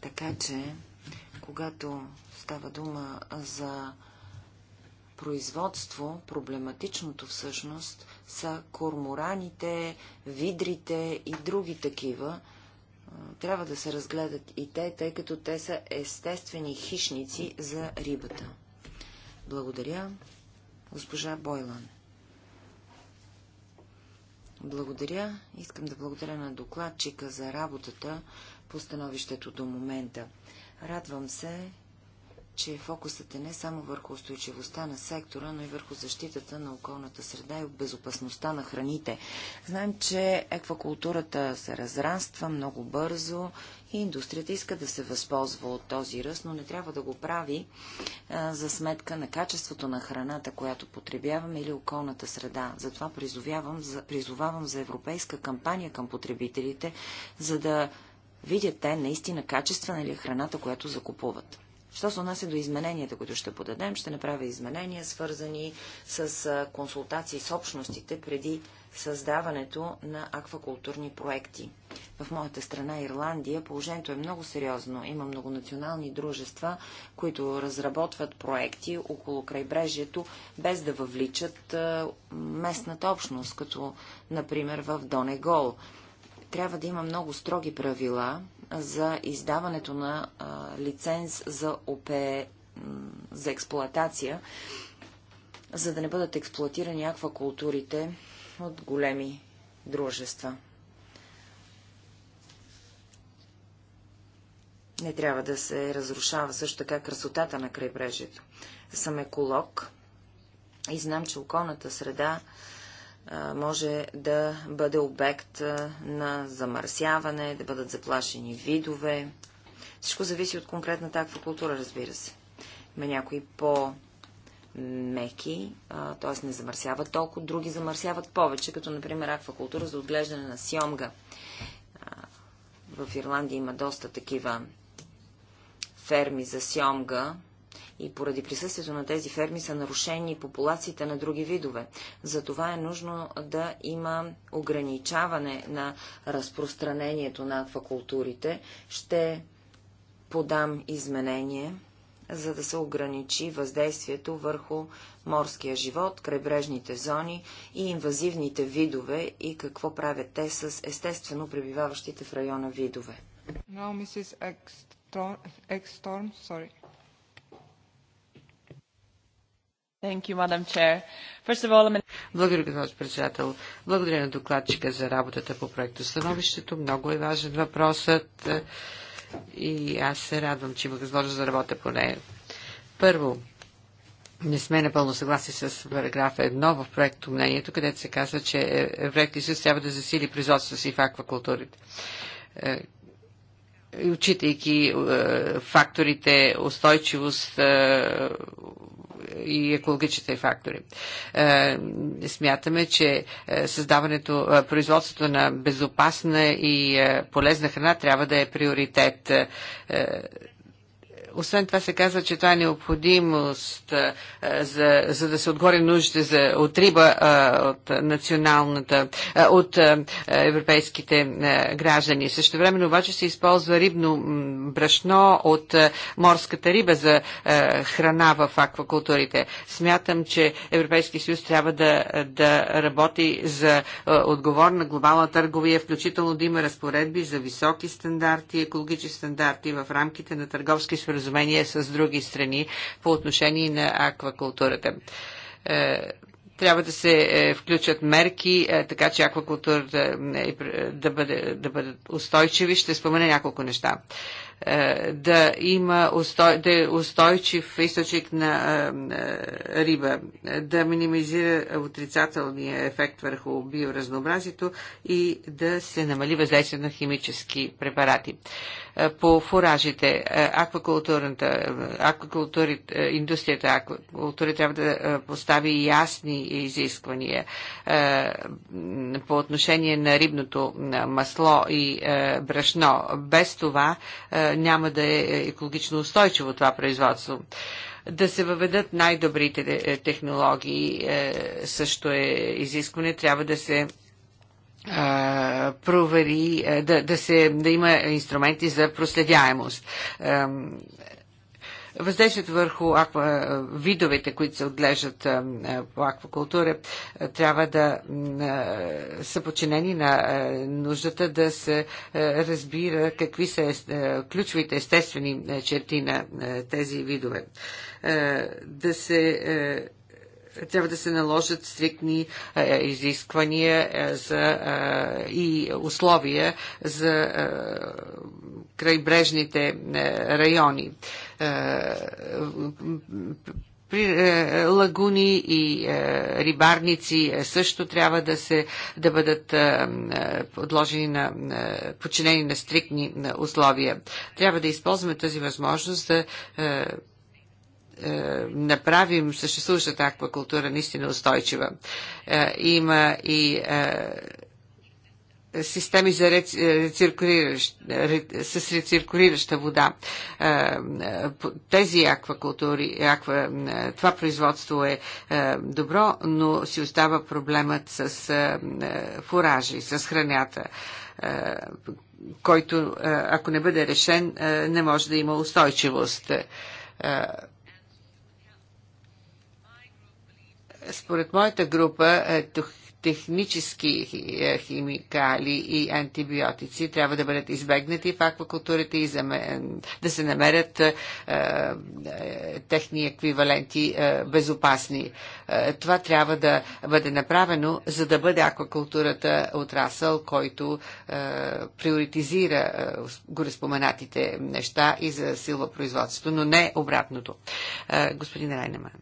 Така че, когато става дума за производство, проблематичното всъщност са кормораните, видрите и други такива, трябва да се разгледат и те, тъй като те са естествени хищници за рибата. Благодаря, госпожа Бойлан. Благодаря. Искам да благодаря на докладчика за работата по становището до момента. Радвам се, че фокусът е не само върху устойчивостта на сектора, но и върху защитата на околната среда и безопасността на храните. Знаем, че еквакултурата се разраства много бързо и индустрията иска да се възползва от този ръст, но не трябва да го прави а, за сметка на качеството на храната, която потребяваме или околната среда. Затова призовавам за, призовавам за европейска кампания към потребителите, за да видят те наистина качествена ли е храната, която закупуват. Що се отнася до измененията, които ще подадем, ще направя изменения, свързани с консултации с общностите преди създаването на аквакултурни проекти. В моята страна Ирландия положението е много сериозно. Има многонационални дружества, които разработват проекти около крайбрежието, без да въвличат местната общност, като например в Донегол. Трябва да има много строги правила, за издаването на лиценз за ОПЕ за експлоатация, за да не бъдат експлоатирани аквакултурите от големи дружества. Не трябва да се разрушава също така красотата на крайбрежието. Съм еколог и знам, че околната среда може да бъде обект на замърсяване, да бъдат заплашени видове. Всичко зависи от конкретната аквакултура, разбира се. Има някои по меки, т.е. не замърсяват толкова, други замърсяват повече, като например аквакултура за отглеждане на сьомга. В Ирландия има доста такива ферми за сьомга, и поради присъствието на тези ферми са нарушени популациите на други видове. Затова е нужно да има ограничаване на разпространението на аквакултурите. Ще подам изменение, за да се ограничи въздействието върху морския живот, крайбрежните зони и инвазивните видове и какво правят те с естествено пребиваващите в района видове. Now, Mrs. Eckstorm, sorry. Благодаря, госпожо председател. Благодаря на докладчика за работата по проекта становището. Много е важен въпросът е, и аз се радвам, че имах възможност да работя по нея. Първо, не сме напълно съгласни с параграф 1 в проекто мнението, където се казва, че е, Европейския съюз трябва да засили производството си в аквакултурите Учитайки е, факторите устойчивост, и екологичните фактори. Е, смятаме, че е, създаването, е, производството на безопасна и полезна храна трябва да е приоритет освен това се казва, че това е необходимост за, за да се отгори нуждите за отриба от националната, от европейските граждани. Също време обаче се използва рибно брашно от морската риба за храна в аквакултурите. Смятам, че Европейски съюз трябва да, да работи за отговор на глобална търговия, включително да има разпоредби за високи стандарти, екологични стандарти в рамките на търговски споразумения споразумение с други страни по отношение на аквакултурата е, трябва да се е, включат мерки, е, така че аквакултурата да, бъде, да бъдат устойчиви. Ще спомена няколко неща. Е, да има устой, да е устойчив източник на е, е, риба, да минимизира отрицателния ефект върху биоразнообразието и да се намали въздействието на химически препарати. По фуражите, аквакултурната, аквакултури, индустрията аквакултури трябва да постави ясни изисквания по отношение на рибното масло и брашно. Без това няма да е екологично устойчиво това производство. Да се въведат най-добрите е, технологии е, също е изискване. Трябва да се провери, е, да, да, се, да има инструменти за проследяемост. Въздействието върху аква, видовете, които се отглеждат по аквакултура, трябва да са подчинени на нуждата да се разбира какви са е, ключовите естествени черти на тези видове. Да се трябва да се наложат стриктни изисквания за, и условия за крайбрежните е, райони е, при, е, лагуни и рибарници също трябва да, се, да бъдат подложени на, подчинени на стриктни условия. Трябва да използваме тази възможност да направим съществуващата аквакултура наистина устойчива. Има и системи за рециркулиращ, е, с рециркулираща вода. Е, е, тези аквакултури, аква, това производство е добро, но си остава проблемът с фуражи, с храната, който, ако не бъде решен, не може да има устойчивост. Според моята група, тук технически е, химикали и антибиотици трябва да бъдат избегнати в аквакултурите и да се намерят е, е, техни еквиваленти безопасни. Това трябва да бъде направено, за да бъде аквакултурата отрасъл, който приоритизира гореспоменатите неща и засилва производството, но не обратното. Господин Райнеман.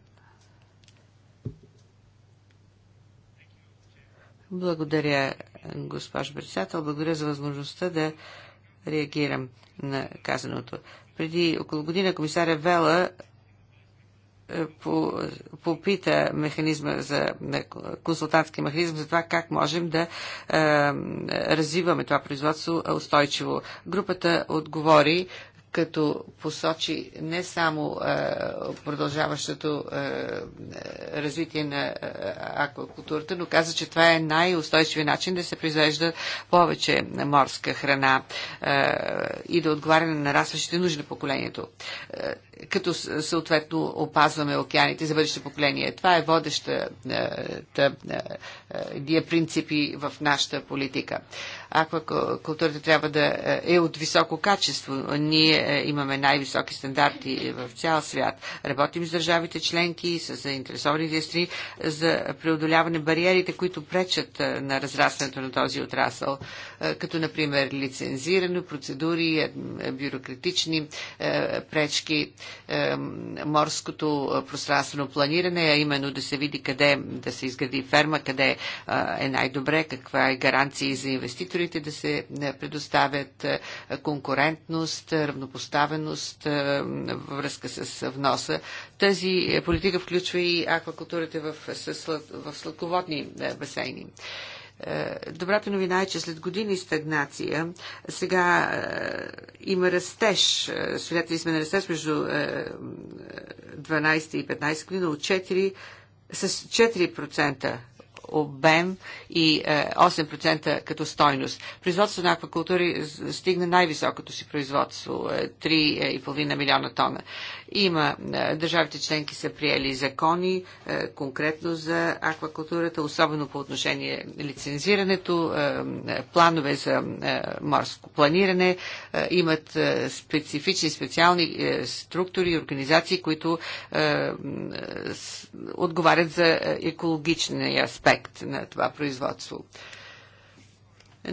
Благодаря, госпожо председател. Благодаря за възможността да реагирам на казаното. Преди около година комисаря Вела е, попита механизма за консултантски механизъм за това как можем да е, развиваме това производство устойчиво. Групата отговори като посочи не само а, продължаващото а, развитие на аквакултурата, но каза, че това е най-устойчивият начин да се произвежда повече морска храна а, и да отговаря на нарастващите нужди на поколението. А, като съответно опазваме океаните за бъдеще поколение. Това е водеща е, принципи в нашата политика. А, аквакултурата трябва да е, е от високо качество. Ние е, имаме най-високи стандарти в цял свят. Работим с държавите членки и с заинтересованите страни за преодоляване бариерите, които пречат е, на разрастването на този отрасъл, като например лицензиране, процедури, бюрократични пречки, морското пространствено планиране, а именно да се види къде да се изгради ферма, къде е най-добре, каква е гаранция за инвеститори секторите, да се е, предоставят е, конкурентност, е, равнопоставеност във връзка с вноса. Тази политика включва и аквакултурите в, в сладководни басейни. Добрата новина е, че след години стагнация сега има растеж. Свидетели сме на растеж между 12 и 15 години, от 4, с 4% обем и 8% е, като стойност. Производство на аквакултури стигна най-високото си производство 3,5 е, е, милиона тона. Има държавите членки са приели закони конкретно за аквакултурата, особено по отношение лицензирането, планове за морско планиране, имат специфични, специални структури и организации, които отговарят за екологичния аспект на това производство производство.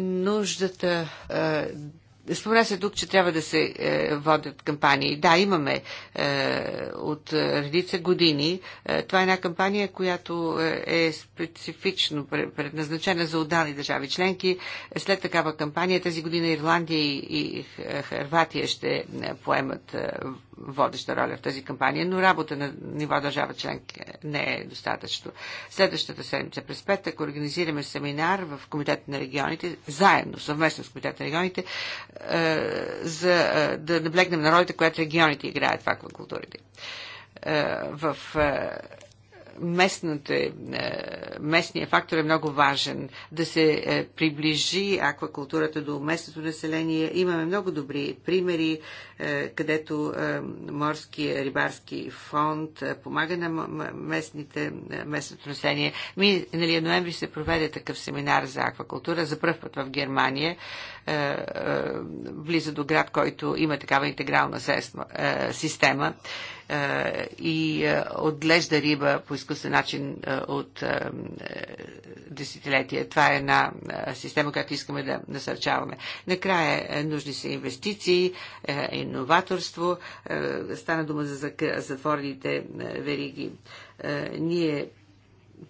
Нуждата е, Спомня се тук, че трябва да се е, водят кампании. Да, имаме е, от редица години. Е, това е една кампания, която е, е специфично предназначена за отдални държави членки. След такава кампания тази година Ирландия и, и Харватия ще е, поемат водеща роля в тази кампания, но работа на ниво държава член не е достатъчно. Следващата седмица през петък организираме семинар в Комитет на регионите, заедно, съвместно с Комитет на регионите, е, за е, да наблегнем на ролята, която регионите играят в аквакултурите. Е, в местната, е, местния фактор е много важен. Да се е, приближи аквакултурата до местното население. Имаме много добри примери, е, където морския рибарски фонд помага на местните, местното население. Миналия ноември се проведе такъв семинар за аквакултура за първ път в Германия. Е, е, близо до град, който има такава интегрална е, система и отглежда риба по изкуствен начин от десетилетия. Това е една система, която искаме да насърчаваме. Накрая нужни са инвестиции, иноваторство. Стана дума за затворените вериги. Ние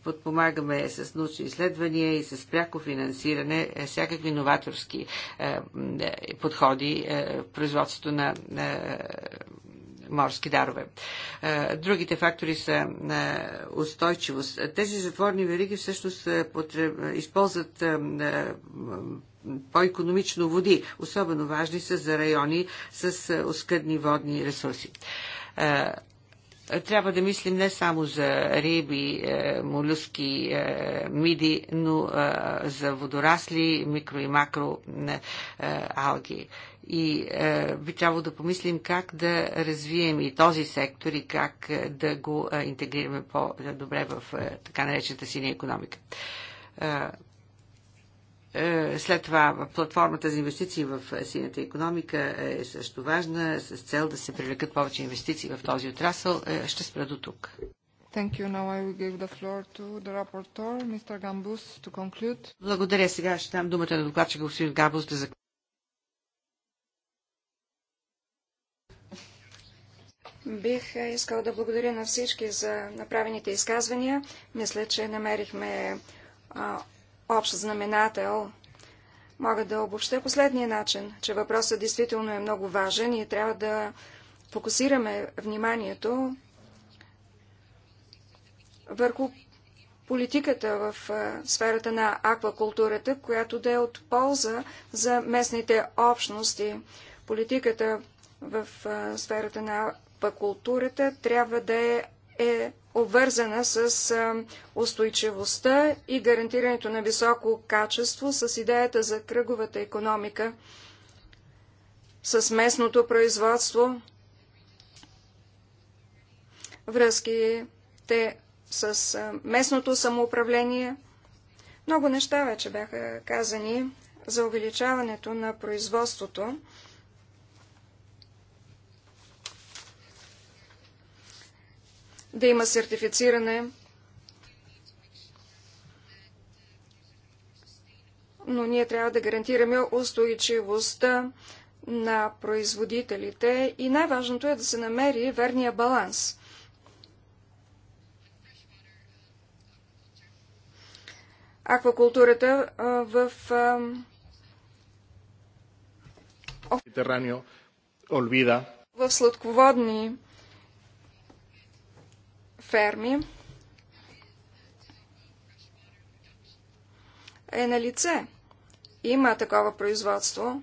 подпомагаме с научни изследвания и с пряко финансиране е, всякакви новаторски е, е, подходи в производството на морски дарове. Другите фактори са устойчивост. Тези затворни вериги всъщност използват по-економично води. Особено важни са за райони с оскъдни водни ресурси трябва да мислим не само за риби, е, молюски, е, миди, но е, за водорасли, микро и макро алги. И би трябвало да помислим как да развием и този сектор и как да го интегрираме по-добре в така наречената синя економика. Е, след това платформата за инвестиции в синята економика е също важна с цел да се привлекат повече инвестиции в този отрасъл. Е, ще спра до тук. Gambus, Благодаря. Сега ще дам думата на докладчика господин Габус да заключи. Бих искал да благодаря на всички за направените изказвания. Мисля, че намерихме а, общ знаменател, мога да обобща последния начин, че въпросът действително е много важен и трябва да фокусираме вниманието върху политиката в сферата на аквакултурата, която да е от полза за местните общности. Политиката в сферата на аквакултурата трябва да е, е обвързана с устойчивостта и гарантирането на високо качество с идеята за кръговата економика, с местното производство, връзките с местното самоуправление. Много неща вече бяха казани за увеличаването на производството да има сертифициране, но ние трябва да гарантираме устойчивостта на производителите и най-важното е да се намери верния баланс. Аквакултурата в в сладководни ферми е на лице. Има такова производство.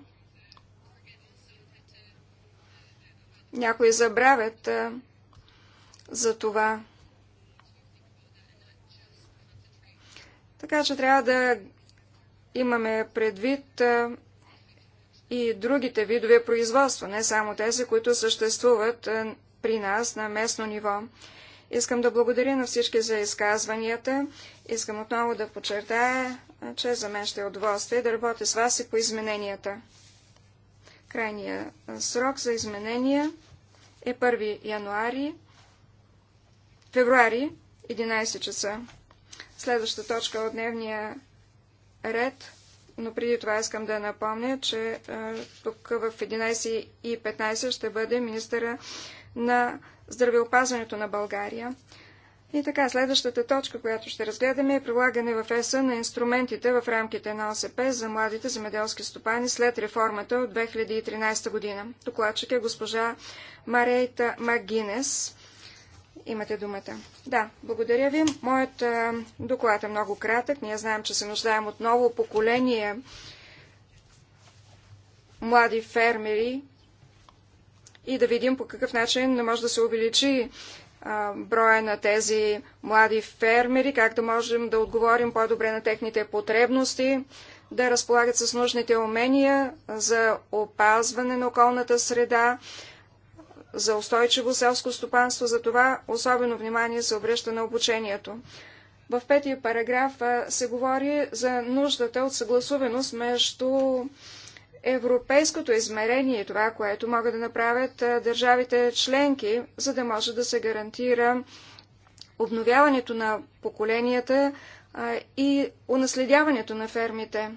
Някои забравят за това. Така че трябва да имаме предвид и другите видове производства, не само тези, които съществуват при нас на местно ниво. Искам да благодаря на всички за изказванията. Искам отново да подчертая, че за мен ще е удоволствие да работя с вас и по измененията. Крайният срок за изменения е 1 януари, февруари, 11 часа. Следваща точка от дневния ред, но преди това искам да напомня, че тук в 11.15 ще бъде министъра на здравеопазването на България. И така, следващата точка, която ще разгледаме е прилагане в ЕСА на инструментите в рамките на ОСП за младите земеделски стопани след реформата от 2013 година. Докладчик е госпожа Марейта Магинес. Имате думата. Да, благодаря ви. Моят а, доклад е много кратък. Ние знаем, че се нуждаем от ново поколение млади фермери, и да видим по какъв начин може да се увеличи броя на тези млади фермери, как да можем да отговорим по-добре на техните потребности, да разполагат с нужните умения за опазване на околната среда, за устойчиво селско стопанство. За това особено внимание се обръща на обучението. В петия параграф се говори за нуждата от съгласуваност между европейското измерение и това, което могат да направят държавите членки, за да може да се гарантира обновяването на поколенията и унаследяването на фермите.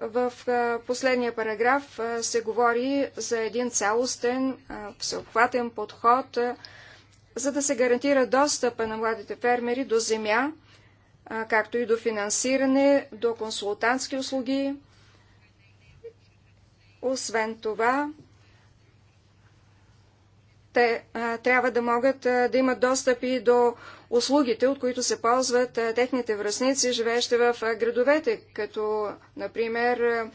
В последния параграф се говори за един цялостен, всеобхватен подход, за да се гарантира достъпа на младите фермери до земя, както и до финансиране, до консултантски услуги, освен това, те а, трябва да могат а, да имат достъп и до услугите, от които се ползват а, техните връзници, живеещи в а, градовете, като, например, а,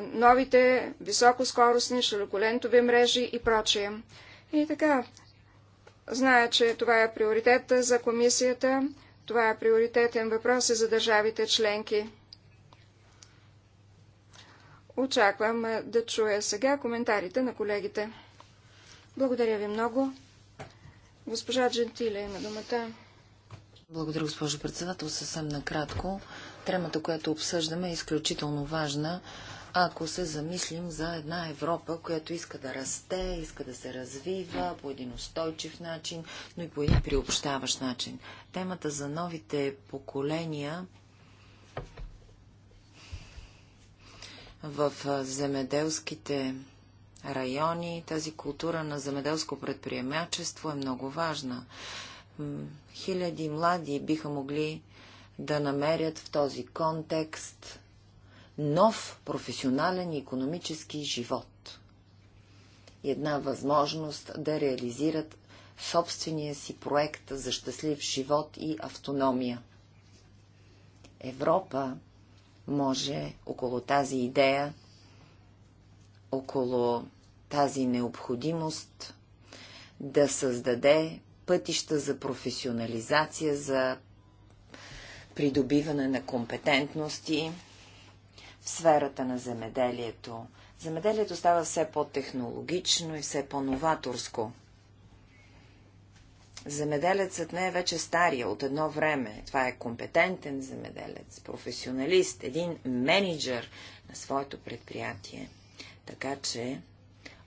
новите високоскоростни широколентови мрежи и прочие. И така, зная, че това е приоритет за комисията, това е приоритетен въпрос и за държавите членки. Очаквам е, да чуя сега коментарите на колегите. Благодаря ви много. Госпожа Джентиле има думата. Благодаря, госпожо председател. Съвсем накратко. Тремата, която обсъждаме, е изключително важна, ако се замислим за една Европа, която иска да расте, иска да се развива по един устойчив начин, но и по един приобщаващ начин. Темата за новите поколения в земеделските райони. Тази култура на земеделско предприемачество е много важна. Хиляди млади биха могли да намерят в този контекст нов професионален и економически живот. И една възможност да реализират собствения си проект за щастлив живот и автономия. Европа може около тази идея, около тази необходимост да създаде пътища за професионализация, за придобиване на компетентности в сферата на земеделието. Земеделието става все по-технологично и все по-новаторско. Земеделецът не е вече стария от едно време. Това е компетентен земеделец, професионалист, един менеджер на своето предприятие. Така че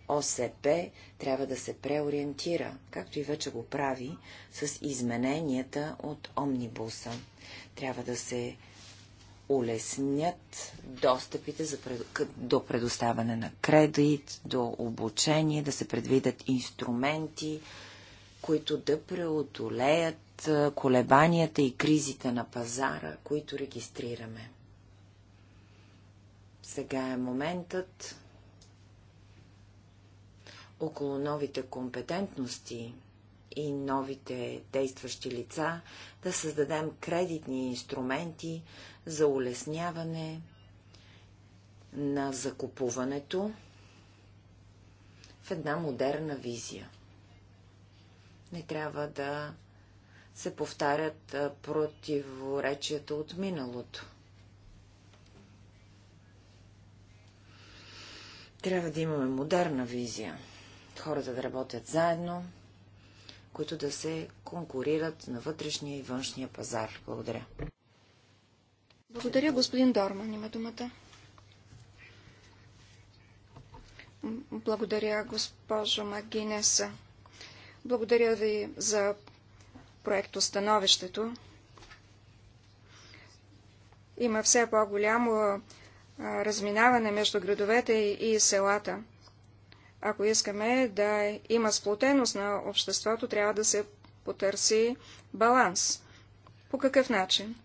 ОСП трябва да се преориентира, както и вече го прави, с измененията от омнибуса. Трябва да се улеснят достъпите за пред... до предоставане на кредит, до обучение, да се предвидят инструменти които да преодолеят колебанията и кризите на пазара, които регистрираме. Сега е моментът около новите компетентности и новите действащи лица да създадем кредитни инструменти за улесняване на закупуването в една модерна визия. Не трябва да се повтарят противоречията от миналото. Трябва да имаме модерна визия. Хората да работят заедно, които да се конкурират на вътрешния и външния пазар. Благодаря. Благодаря, господин Дорман. Има думата. Благодаря, госпожо Магинеса. Благодаря ви за проектостановището. Има все по-голямо разминаване между градовете и селата. Ако искаме да има сплотеност на обществото, трябва да се потърси баланс. По какъв начин?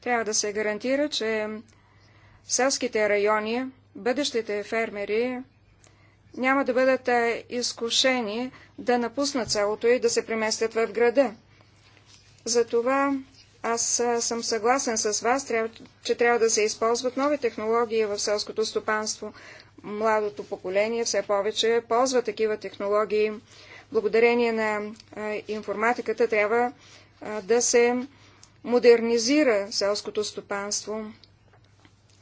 Трябва да се гарантира, че селските райони бъдещите фермери няма да бъдат е, изкушени да напуснат селото и да се преместят в града. Затова аз е, съм съгласен с вас, че трябва да се използват нови технологии в селското стопанство. Младото поколение все повече ползва такива технологии. Благодарение на е, информатиката трябва да се модернизира селското стопанство.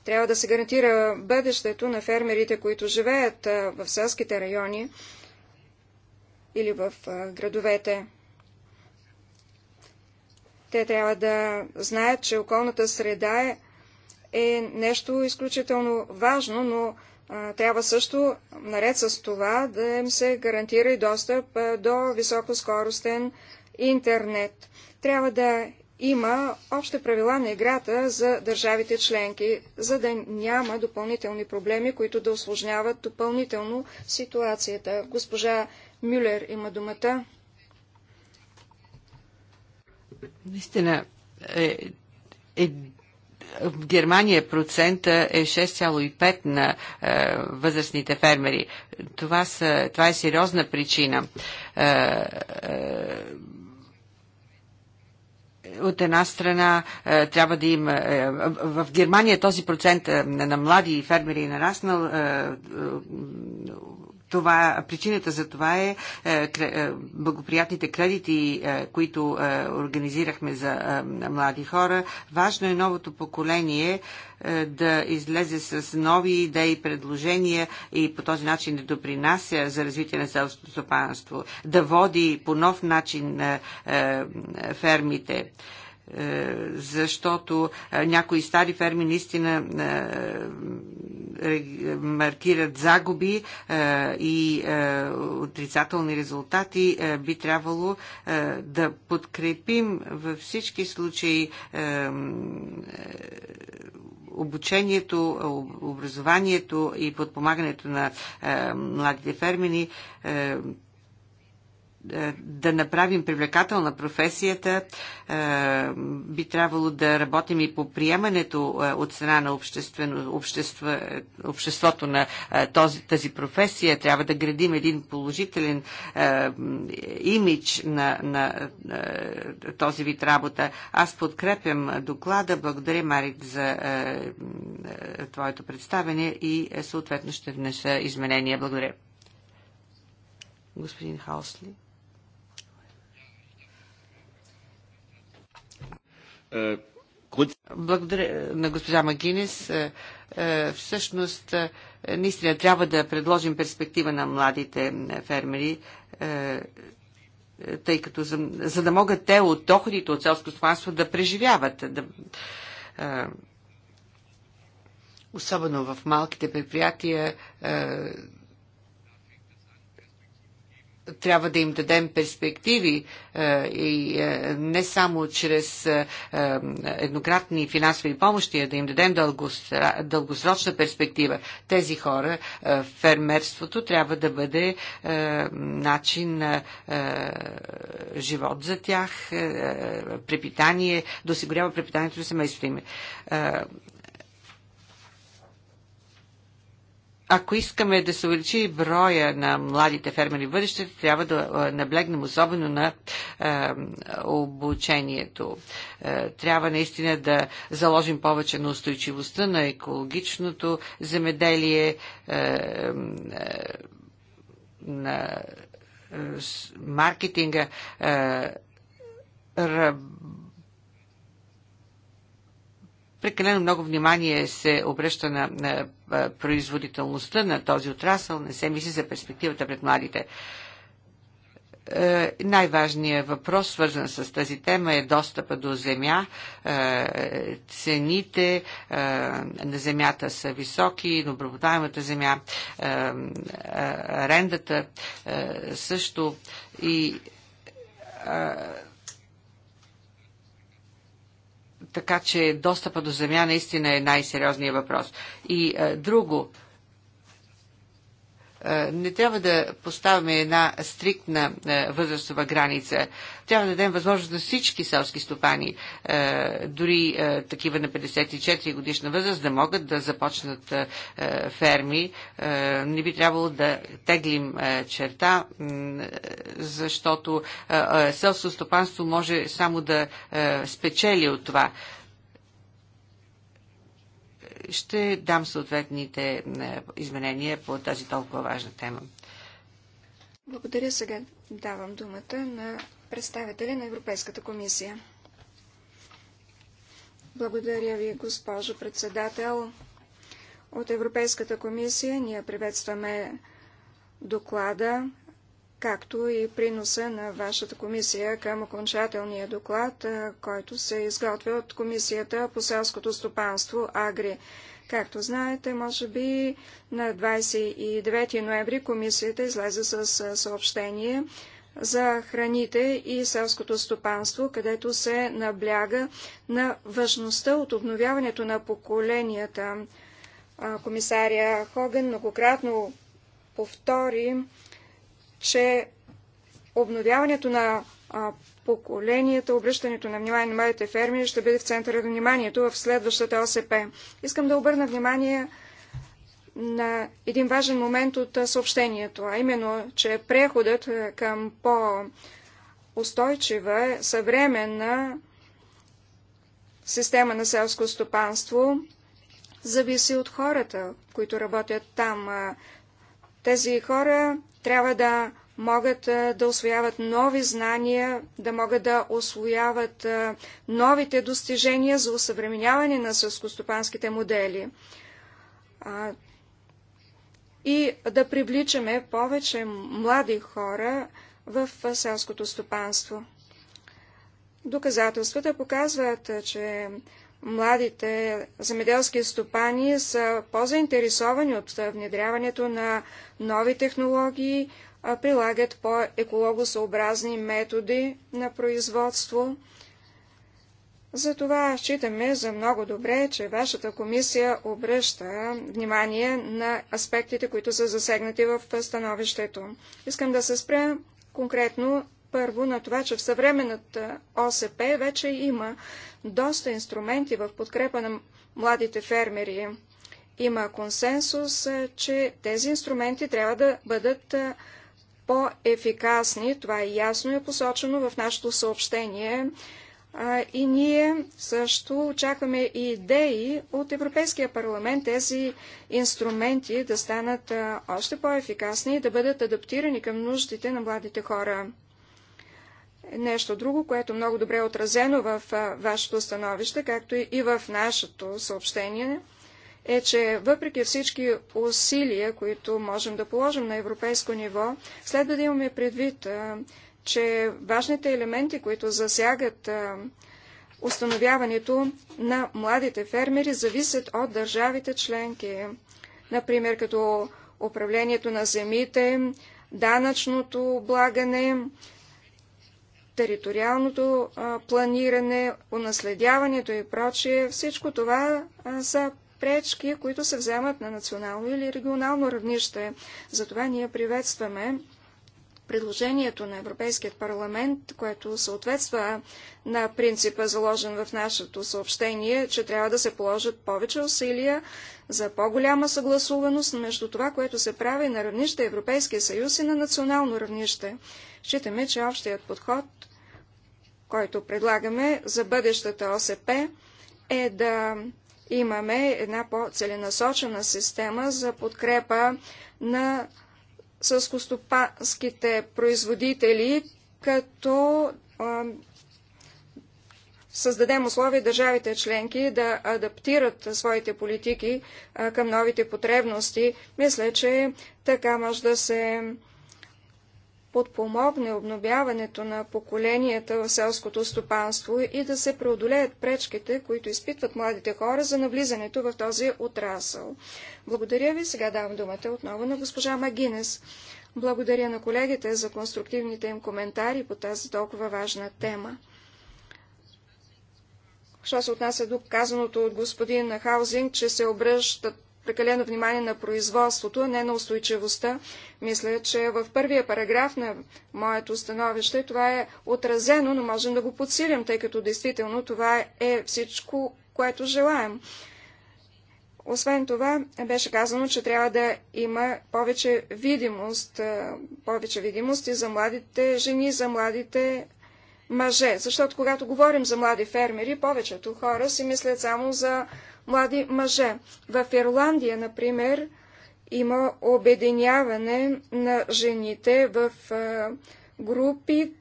Трябва да се гарантира бъдещето на фермерите, които живеят в селските райони или в градовете. Те трябва да знаят, че околната среда е, е нещо изключително важно, но а, трябва също, наред с това, да им се гарантира и достъп а, до високоскоростен интернет. Трябва да има общи правила на играта за държавите членки, за да няма допълнителни проблеми, които да осложняват допълнително ситуацията. Госпожа Мюлер има думата. Наистина, е, е, в Германия процента е 6,5 на е, възрастните фермери. Това, са, това е сериозна причина. Е, е, от една страна е, трябва да има... Е, в Германия този процент е, на млади фермери е нараснал това, причината за това е, е, е благоприятните кредити, е, които организирахме за млади хора. Важно е новото поколение да излезе с нови идеи, предложения и по този начин да допринася за развитие на селското стопанство, да води по нов начин фермите. Е, защото е, някои стари ферми наистина е, маркират загуби и отрицателни резултати. Би трябвало да подкрепим във всички случаи обучението, образованието и подпомагането на младите фермени е, да направим привлекателна професията, е, би трябвало да работим и по приемането е, от страна на обществено, общество, обществото на този, тази професия. Трябва да градим един положителен имидж на, на, този вид работа. Аз подкрепям доклада. Благодаря, Марик, за твоето представене и съответно ще внеса изменения. Благодаря. Господин Хаусли. Благодаря на госпожа Магинес. Е, е, всъщност, е, наистина трябва да предложим перспектива на младите фермери, тъй като за, за да могат те от доходите от селско стопанство да преживяват. Да, особено в малките предприятия трябва да им дадем перспективи е, и е, не само чрез е, еднократни финансови помощи, а да им дадем дългосрочна перспектива. Тези хора, фермерството трябва да бъде начин на живот за тях, препитание, да осигурява препитанието на семейството им. ако искаме да се увеличи броя на младите фермери в бъдеще, трябва да наблегнем особено на е, обучението. Е, трябва наистина да заложим повече на устойчивостта, на екологичното земеделие, е, на маркетинга. Раб Прекалено много внимание се обръща на, на производителността на този отрасъл, не се мисли за перспективата пред младите. Е, най-важният въпрос, свързан с тази тема, е достъпа до земя. Е, цените е, на земята са високи, но обработаемата земя, арендата също и така че достъпа до земя наистина е най-сериозният въпрос. И е, друго, е, не трябва да поставяме една стриктна е, възрастова граница. Трябва да дадем възможност на всички селски стопани, е, дори такива на 54 годишна възраст, да могат да започнат ферми. Не би трябвало да теглим черта, защото селско стопанство може само да спечели от това ще дам съответните е, изменения по тази толкова важна тема. Благодаря. Сега давам думата на представители на Европейската комисия. Благодаря ви, госпожо председател. От Европейската комисия ние приветстваме доклада както и приноса на вашата комисия към окончателния доклад, който се изготвя от Комисията по селското стопанство Агри. Както знаете, може би на 29 ноември комисията излезе с съобщение за храните и селското стопанство, където се набляга на важността от обновяването на поколенията. Комисария Хоген многократно повтори че обновяването на поколенията, обръщането на внимание на младите фермери ще бъде в центъра на вниманието в следващата ОСП. Искам да обърна внимание на един важен момент от съобщението, а именно, че преходът към по-устойчива, съвременна система на селско стопанство зависи от хората, които работят там. Тези хора трябва да могат да освояват нови знания, да могат да освояват новите достижения за усъвременяване на сълскостопанските модели и да привличаме повече млади хора в селското стопанство. Доказателствата показват, че младите земеделски стопани са по-заинтересовани от внедряването на нови технологии, прилагат по-екологосъобразни методи на производство. Затова считаме за много добре, че вашата комисия обръща внимание на аспектите, които са засегнати в становището. Искам да се спра конкретно първо на това, че в съвременната ОСП вече има доста инструменти в подкрепа на младите фермери. Има консенсус, е, че тези инструменти трябва да бъдат е, по-ефикасни. Това е ясно е посочено в нашето съобщение. И ние също очакваме и идеи от Европейския парламент тези инструменти да станат е, още по-ефикасни и да бъдат адаптирани към нуждите на младите хора. Нещо друго, което много добре е отразено в вашето становище, както и в нашето съобщение, е, че въпреки всички усилия, които можем да положим на европейско ниво, следва да имаме предвид, че важните елементи, които засягат установяването на младите фермери, зависят от държавите членки. Например, като управлението на земите, данъчното облагане, териториалното планиране, унаследяването и прочие, всичко това са пречки, които се вземат на национално или регионално равнище. Затова ние приветстваме предложението на Европейският парламент, което съответства на принципа, заложен в нашето съобщение, че трябва да се положат повече усилия за по-голяма съгласуваност между това, което се прави на равнище Европейския съюз и на национално равнище. Считаме, че общият подход който предлагаме за бъдещата ОСП, е да имаме една по-целенасочена система за подкрепа на съскостопанските производители, като създадем условия държавите членки да адаптират своите политики към новите потребности. Мисля, че така може да се подпомогне обновяването на поколенията в селското стопанство и да се преодолеят пречките, които изпитват младите хора за навлизането в този отрасъл. Благодаря ви. Сега давам думата отново на госпожа Магинес. Благодаря на колегите за конструктивните им коментари по тази толкова важна тема. Що се отнася до казаното от господин Хаузинг, че се обръщат прекалено внимание на производството, а не на устойчивостта. Мисля, че в първия параграф на моето становище това е отразено, но можем да го подсилим, тъй като действително това е всичко, което желаем. Освен това, беше казано, че трябва да има повече видимост, повече видимост и за младите жени, за младите мъже. Защото когато говорим за млади фермери, повечето хора си мислят само за млади мъже. В Ирландия, например, има обединяване на жените в групи,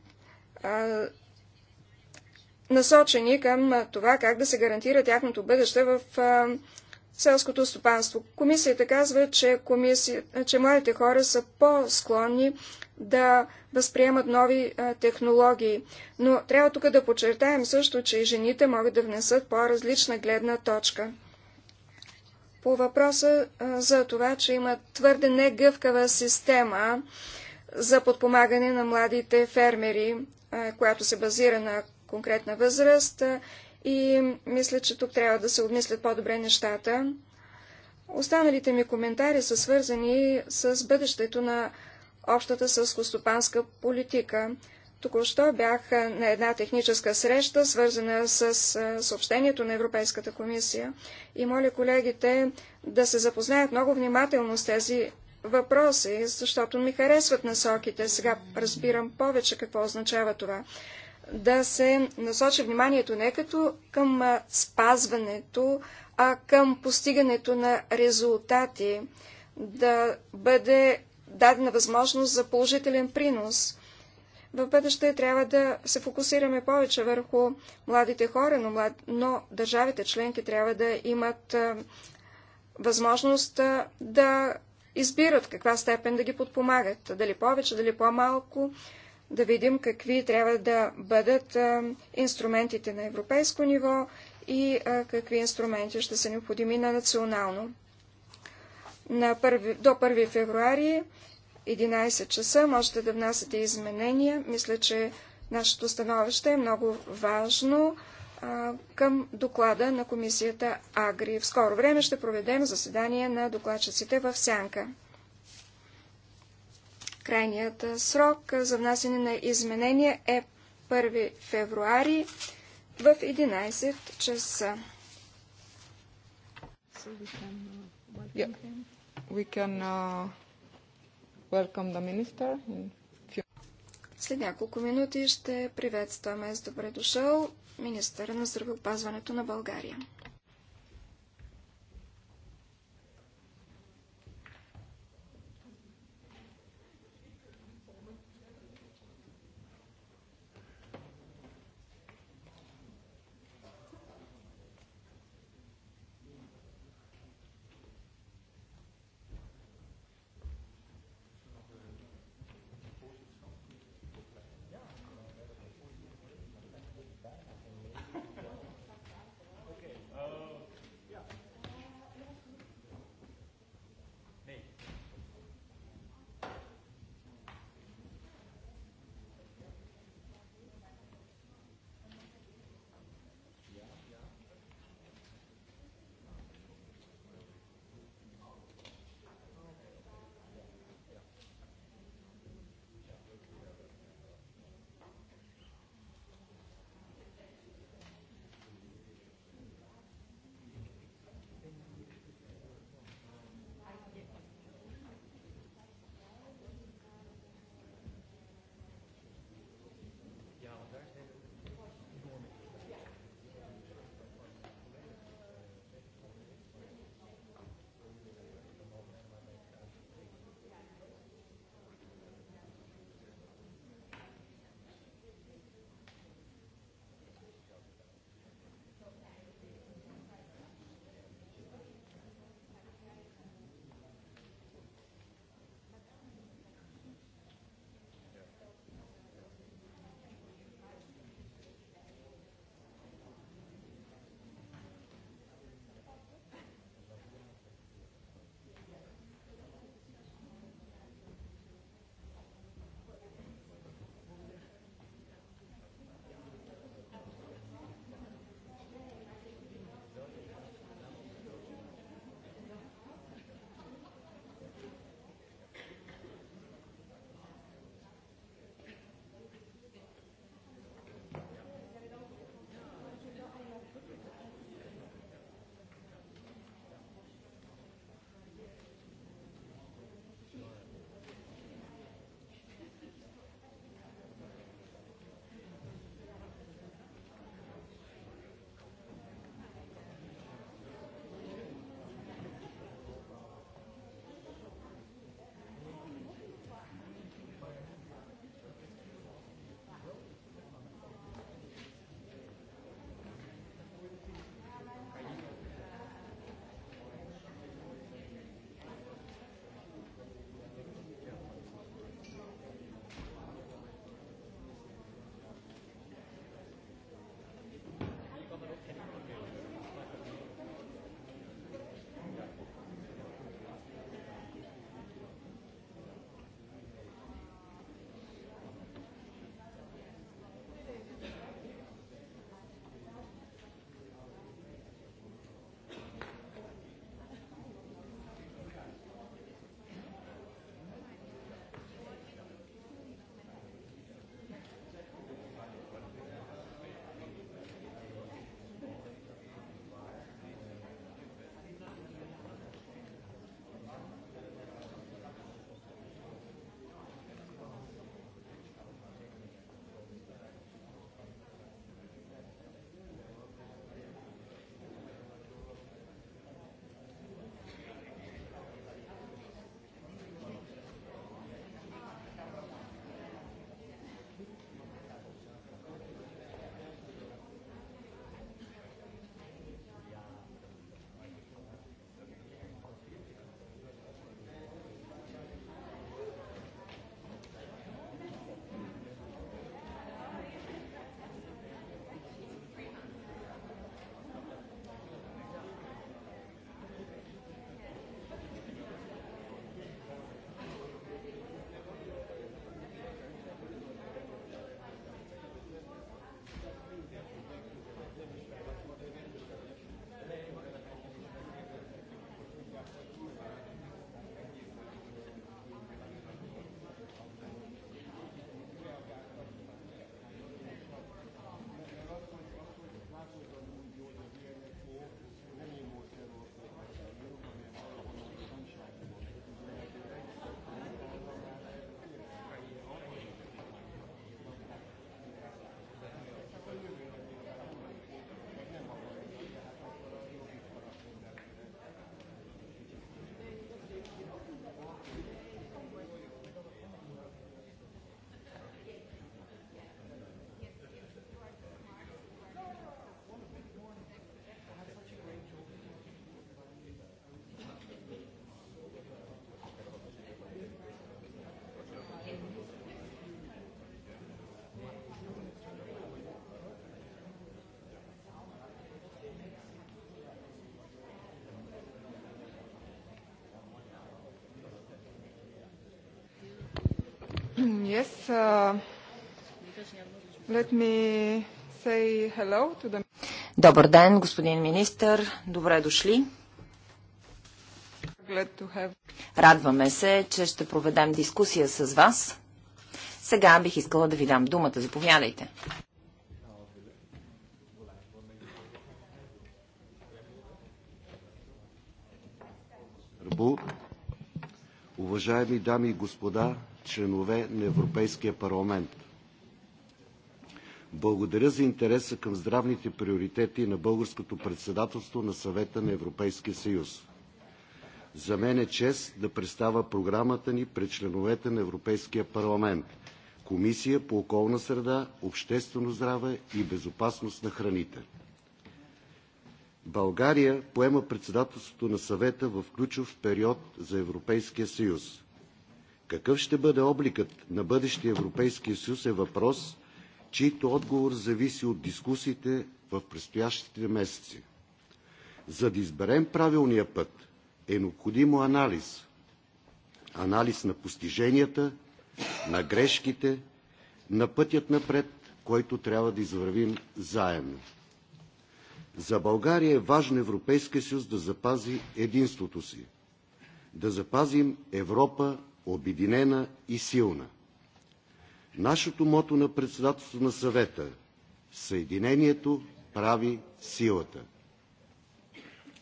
насочени към това как да се гарантира тяхното бъдеще в селското стопанство. Комисията казва, че, комисия, че младите хора са по-склонни да възприемат нови а, технологии. Но трябва тук да подчертаем също, че и жените могат да внесат по-различна гледна точка. По въпроса а, за това, че има твърде негъвкава система за подпомагане на младите фермери, а, която се базира на конкретна възраст и мисля, че тук трябва да се обмислят по-добре нещата. Останалите ми коментари са свързани с бъдещето на общата сълскостопанска политика. Току-що бях на една техническа среща, свързана с съобщението на Европейската комисия и моля колегите да се запознаят много внимателно с тези въпроси, защото ми харесват насоките. Сега разбирам повече какво означава това да се насочи вниманието не като към спазването, а към постигането на резултати, да бъде дадена възможност за положителен принос. В бъдеще трябва да се фокусираме повече върху младите хора, но, млад... но държавите членки трябва да имат а, възможност а, да избират каква степен да ги подпомагат, дали повече, дали по-малко да видим какви трябва да бъдат инструментите на европейско ниво и какви инструменти ще са необходими на национално. На първи, до 1 февруари 11 часа можете да внасяте изменения. Мисля, че нашето становище е много важно а, към доклада на комисията Агри. В скоро време ще проведем заседание на докладчиците в Сянка. Крайният срок за внасяне на изменения е 1 февруари в 11 часа. Uh, uh, След няколко минути ще приветстваме с добре дошъл министъра на здравеопазването на България. Uh, Добър ден, господин министър. Добре дошли. Радваме се, че ще проведем дискусия с вас. Сега бих искала да ви дам думата. Заповядайте. Уважаеми дами и господа членове на Европейския парламент. Благодаря за интереса към здравните приоритети на българското председателство на Съвета на Европейския съюз. За мен е чест да представя програмата ни пред членовете на Европейския парламент – Комисия по околна среда, обществено здраве и безопасност на храните. България поема председателството на Съвета в ключов период за Европейския съюз. Какъв ще бъде обликът на бъдещия Европейския съюз е въпрос, чийто отговор зависи от дискусиите в предстоящите месеци. За да изберем правилния път, е необходимо анализ. Анализ на постиженията, на грешките, на пътят напред, който трябва да извървим заедно. За България е важно Европейския съюз да запази единството си, да запазим Европа обединена и силна. Нашето мото на председателството на съвета – Съединението прави силата.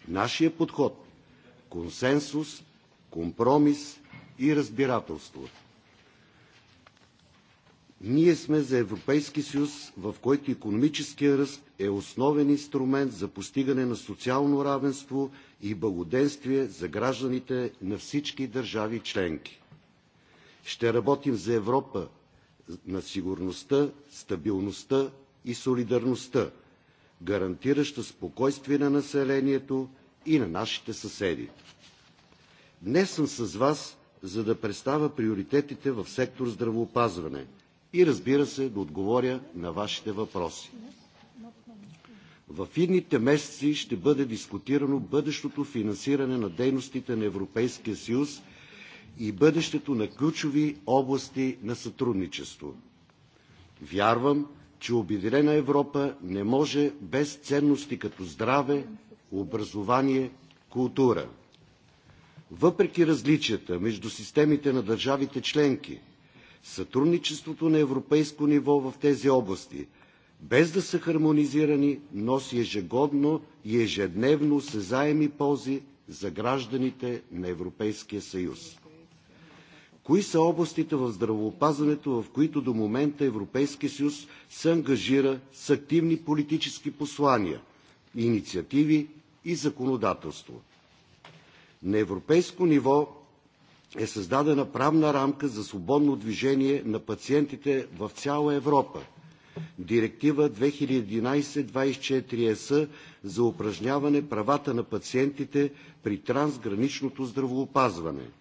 Нашия подход – консенсус, компромис и разбирателство. Ние сме за Европейски съюз, в който економическия ръст е основен инструмент за постигане на социално равенство и благоденствие за гражданите на всички държави членки. Ще работим за Европа на сигурността, стабилността и солидарността, гарантираща спокойствие на населението и на нашите съседи. Днес съм с вас, за да представя приоритетите в сектор здравеопазване и разбира се да отговоря на вашите въпроси. В идните месеци ще бъде дискутирано бъдещото финансиране на дейностите на Европейския съюз – и бъдещето на ключови области на сътрудничество. Вярвам, че Обединена Европа не може без ценности като здраве, образование, култура. Въпреки различията между системите на държавите членки, сътрудничеството на европейско ниво в тези области, без да са хармонизирани, носи ежегодно и ежедневно осезаеми ползи за гражданите на Европейския съюз. Кои са областите в здравеопазването, в които до момента Европейският съюз се ангажира с активни политически послания, инициативи и законодателство? На европейско ниво е създадена правна рамка за свободно движение на пациентите в цяла Европа. Директива 2011-24-ЕС за упражняване правата на пациентите при трансграничното здравеопазване –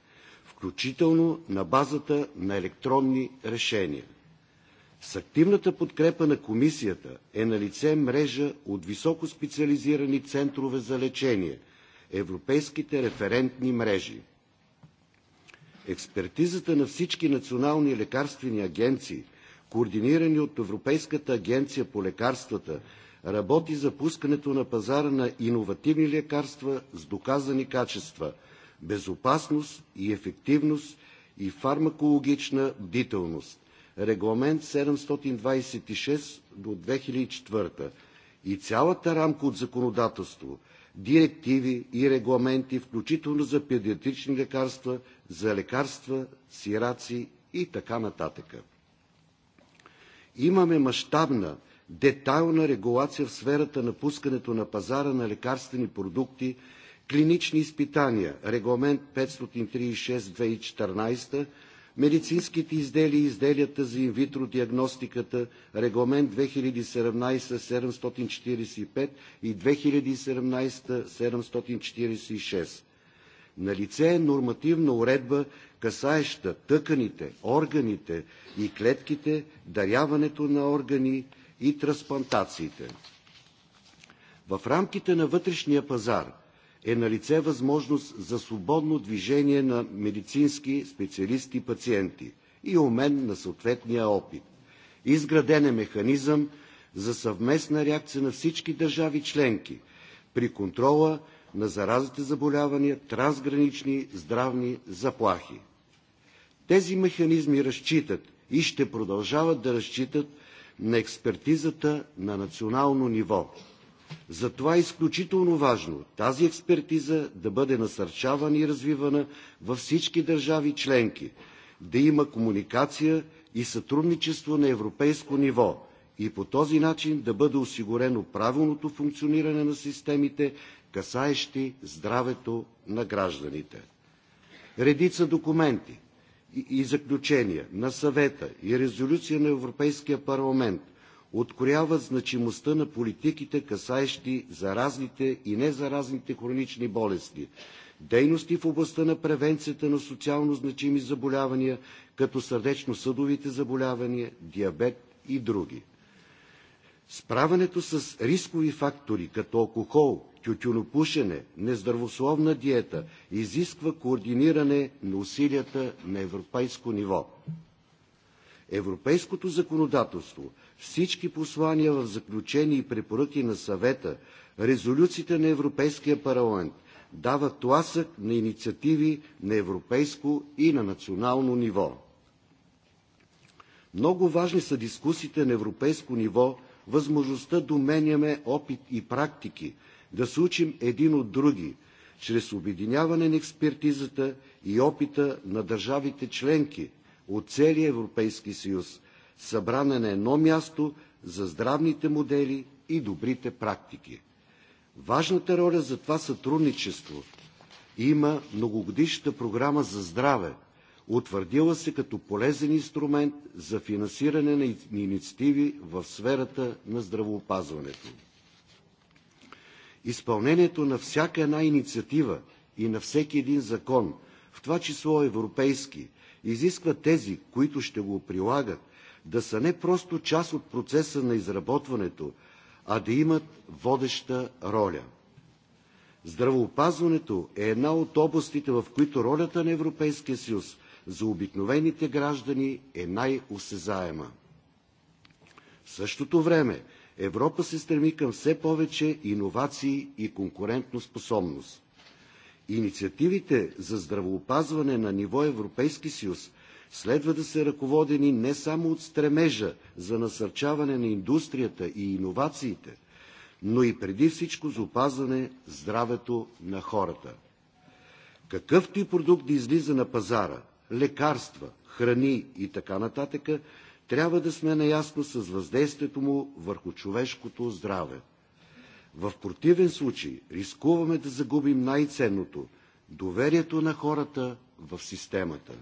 включително на базата на електронни решения. С активната подкрепа на Комисията е налице мрежа от високоспециализирани центрове за лечение, европейските референтни мрежи. Експертизата на всички национални лекарствени агенции, координирани от Европейската агенция по лекарствата, работи за пускането на пазара на иновативни лекарства с доказани качества – безопасност и ефективност и фармакологична бдителност, Регламент 726 до 2004 и цялата рамка от законодателство, директиви и регламенти, включително за педиатрични лекарства, за лекарства, сираци и така нататък. Имаме мащабна, детайлна регулация в сферата на пускането на пазара на лекарствени продукти клинични изпитания Регламент 536-2014, медицинските изделия и изделията за инвитро диагностиката Регламент 2017-745 и 2017-746. Налице е нормативна уредба, касаеща тъканите, органите и клетките, даряването на органи и трансплантациите. В рамките на вътрешния пазар – е налице възможност за свободно движение на медицински специалисти и пациенти и обмен на съответния опит. Изграден е механизъм за съвместна реакция на всички държави членки при контрола на заразните заболявания, трансгранични здравни заплахи. Тези механизми разчитат и ще продължават да разчитат на експертизата на национално ниво. Затова е изключително важно тази експертиза да бъде насърчавана и развивана във всички държави членки, да има комуникация и сътрудничество на европейско ниво и по този начин да бъде осигурено правилното функциониране на системите, касаещи здравето на гражданите. Редица документи и заключения на Съвета и резолюция на Европейския парламент – откроява значимостта на политиките, касаещи заразните и незаразните хронични болести, дейности в областта на превенцията на социално значими заболявания, като сърдечно-съдовите заболявания, диабет и други. Справянето с рискови фактори, като алкохол, тютюнопушене, нездравословна диета, изисква координиране на усилията на европейско ниво европейското законодателство, всички послания в заключение и препоръки на съвета, резолюциите на Европейския парламент дават тласък на инициативи на европейско и на национално ниво. Много важни са дискусиите на европейско ниво, възможността да уменяме опит и практики, да се учим един от други, чрез обединяване на експертизата и опита на държавите членки – от целия Европейски съюз, събрана на едно място за здравните модели и добрите практики. Важната роля за това сътрудничество има многогодишната програма за здраве, утвърдила се като полезен инструмент за финансиране на инициативи в сферата на здравоопазването. Изпълнението на всяка една инициатива и на всеки един закон, в това число европейски, изисква тези, които ще го прилагат, да са не просто част от процеса на изработването, а да имат водеща роля. Здравоопазването е една от областите, в които ролята на Европейския съюз за обикновените граждани е най-осезаема. В същото време Европа се стреми към все повече иновации и конкурентоспособност. Инициативите за здравоопазване на ниво Европейски съюз следва да са ръководени не само от стремежа за насърчаване на индустрията и иновациите, но и преди всичко за опазване здравето на хората. Какъвто и продукт да излиза на пазара – лекарства, храни и така нататък, трябва да сме наясно с въздействието му върху човешкото здраве. В противен случай рискуваме да загубим най-ценното – доверието на хората в системата.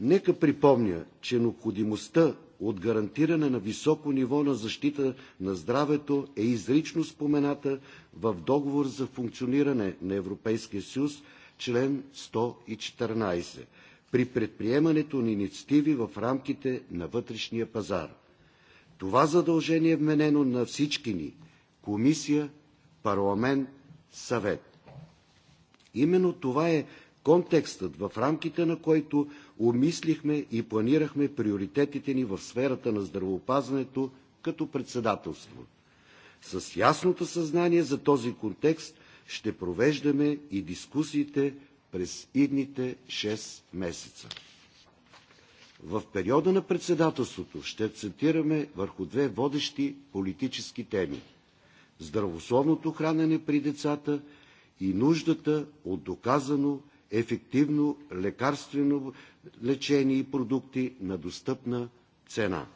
Нека припомня, че необходимостта от гарантиране на високо ниво на защита на здравето е изрично спомената в Договор за функциониране на Европейския съюз, член 114, при предприемането на инициативи в рамките на вътрешния пазар. Това задължение е вменено на всички ни – комисия, парламент, съвет. Именно това е контекстът, в рамките на който обмислихме и планирахме приоритетите ни в сферата на здравеопазването като председателство. С ясното съзнание за този контекст ще провеждаме и дискусиите през идните 6 месеца. В периода на председателството ще акцентираме върху две водещи политически теми – здравословното хранене при децата и нуждата от доказано ефективно лекарствено лечение и продукти на достъпна цена.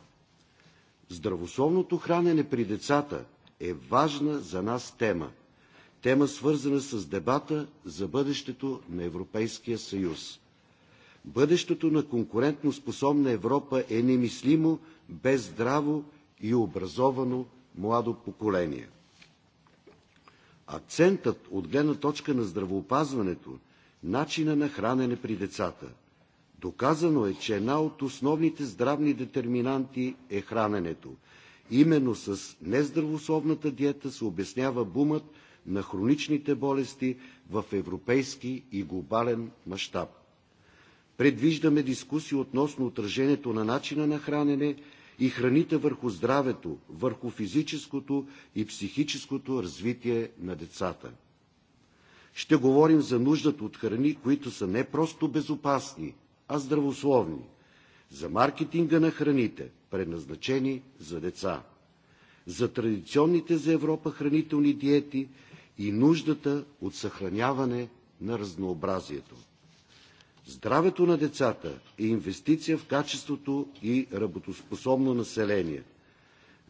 Здравословното хранене при децата е важна за нас тема. Тема свързана с дебата за бъдещето на Европейския съюз. Бъдещето на конкурентноспособна Европа е немислимо без здраво и образовано младо поколение. Акцентът от гледна точка на здравеопазването, начина на хранене при децата. Доказано е, че една от основните здравни детерминанти е храненето. Именно с нездравословната диета се обяснява бумът на хроничните болести в европейски и глобален мащаб. Предвиждаме дискусии относно отражението на начина на хранене и храните върху здравето, върху физическото и психическото развитие на децата. Ще говорим за нуждата от храни, които са не просто безопасни, а здравословни, за маркетинга на храните, предназначени за деца, за традиционните за Европа хранителни диети и нуждата от съхраняване на разнообразието. Здравето на децата е инвестиция в качеството и работоспособно население.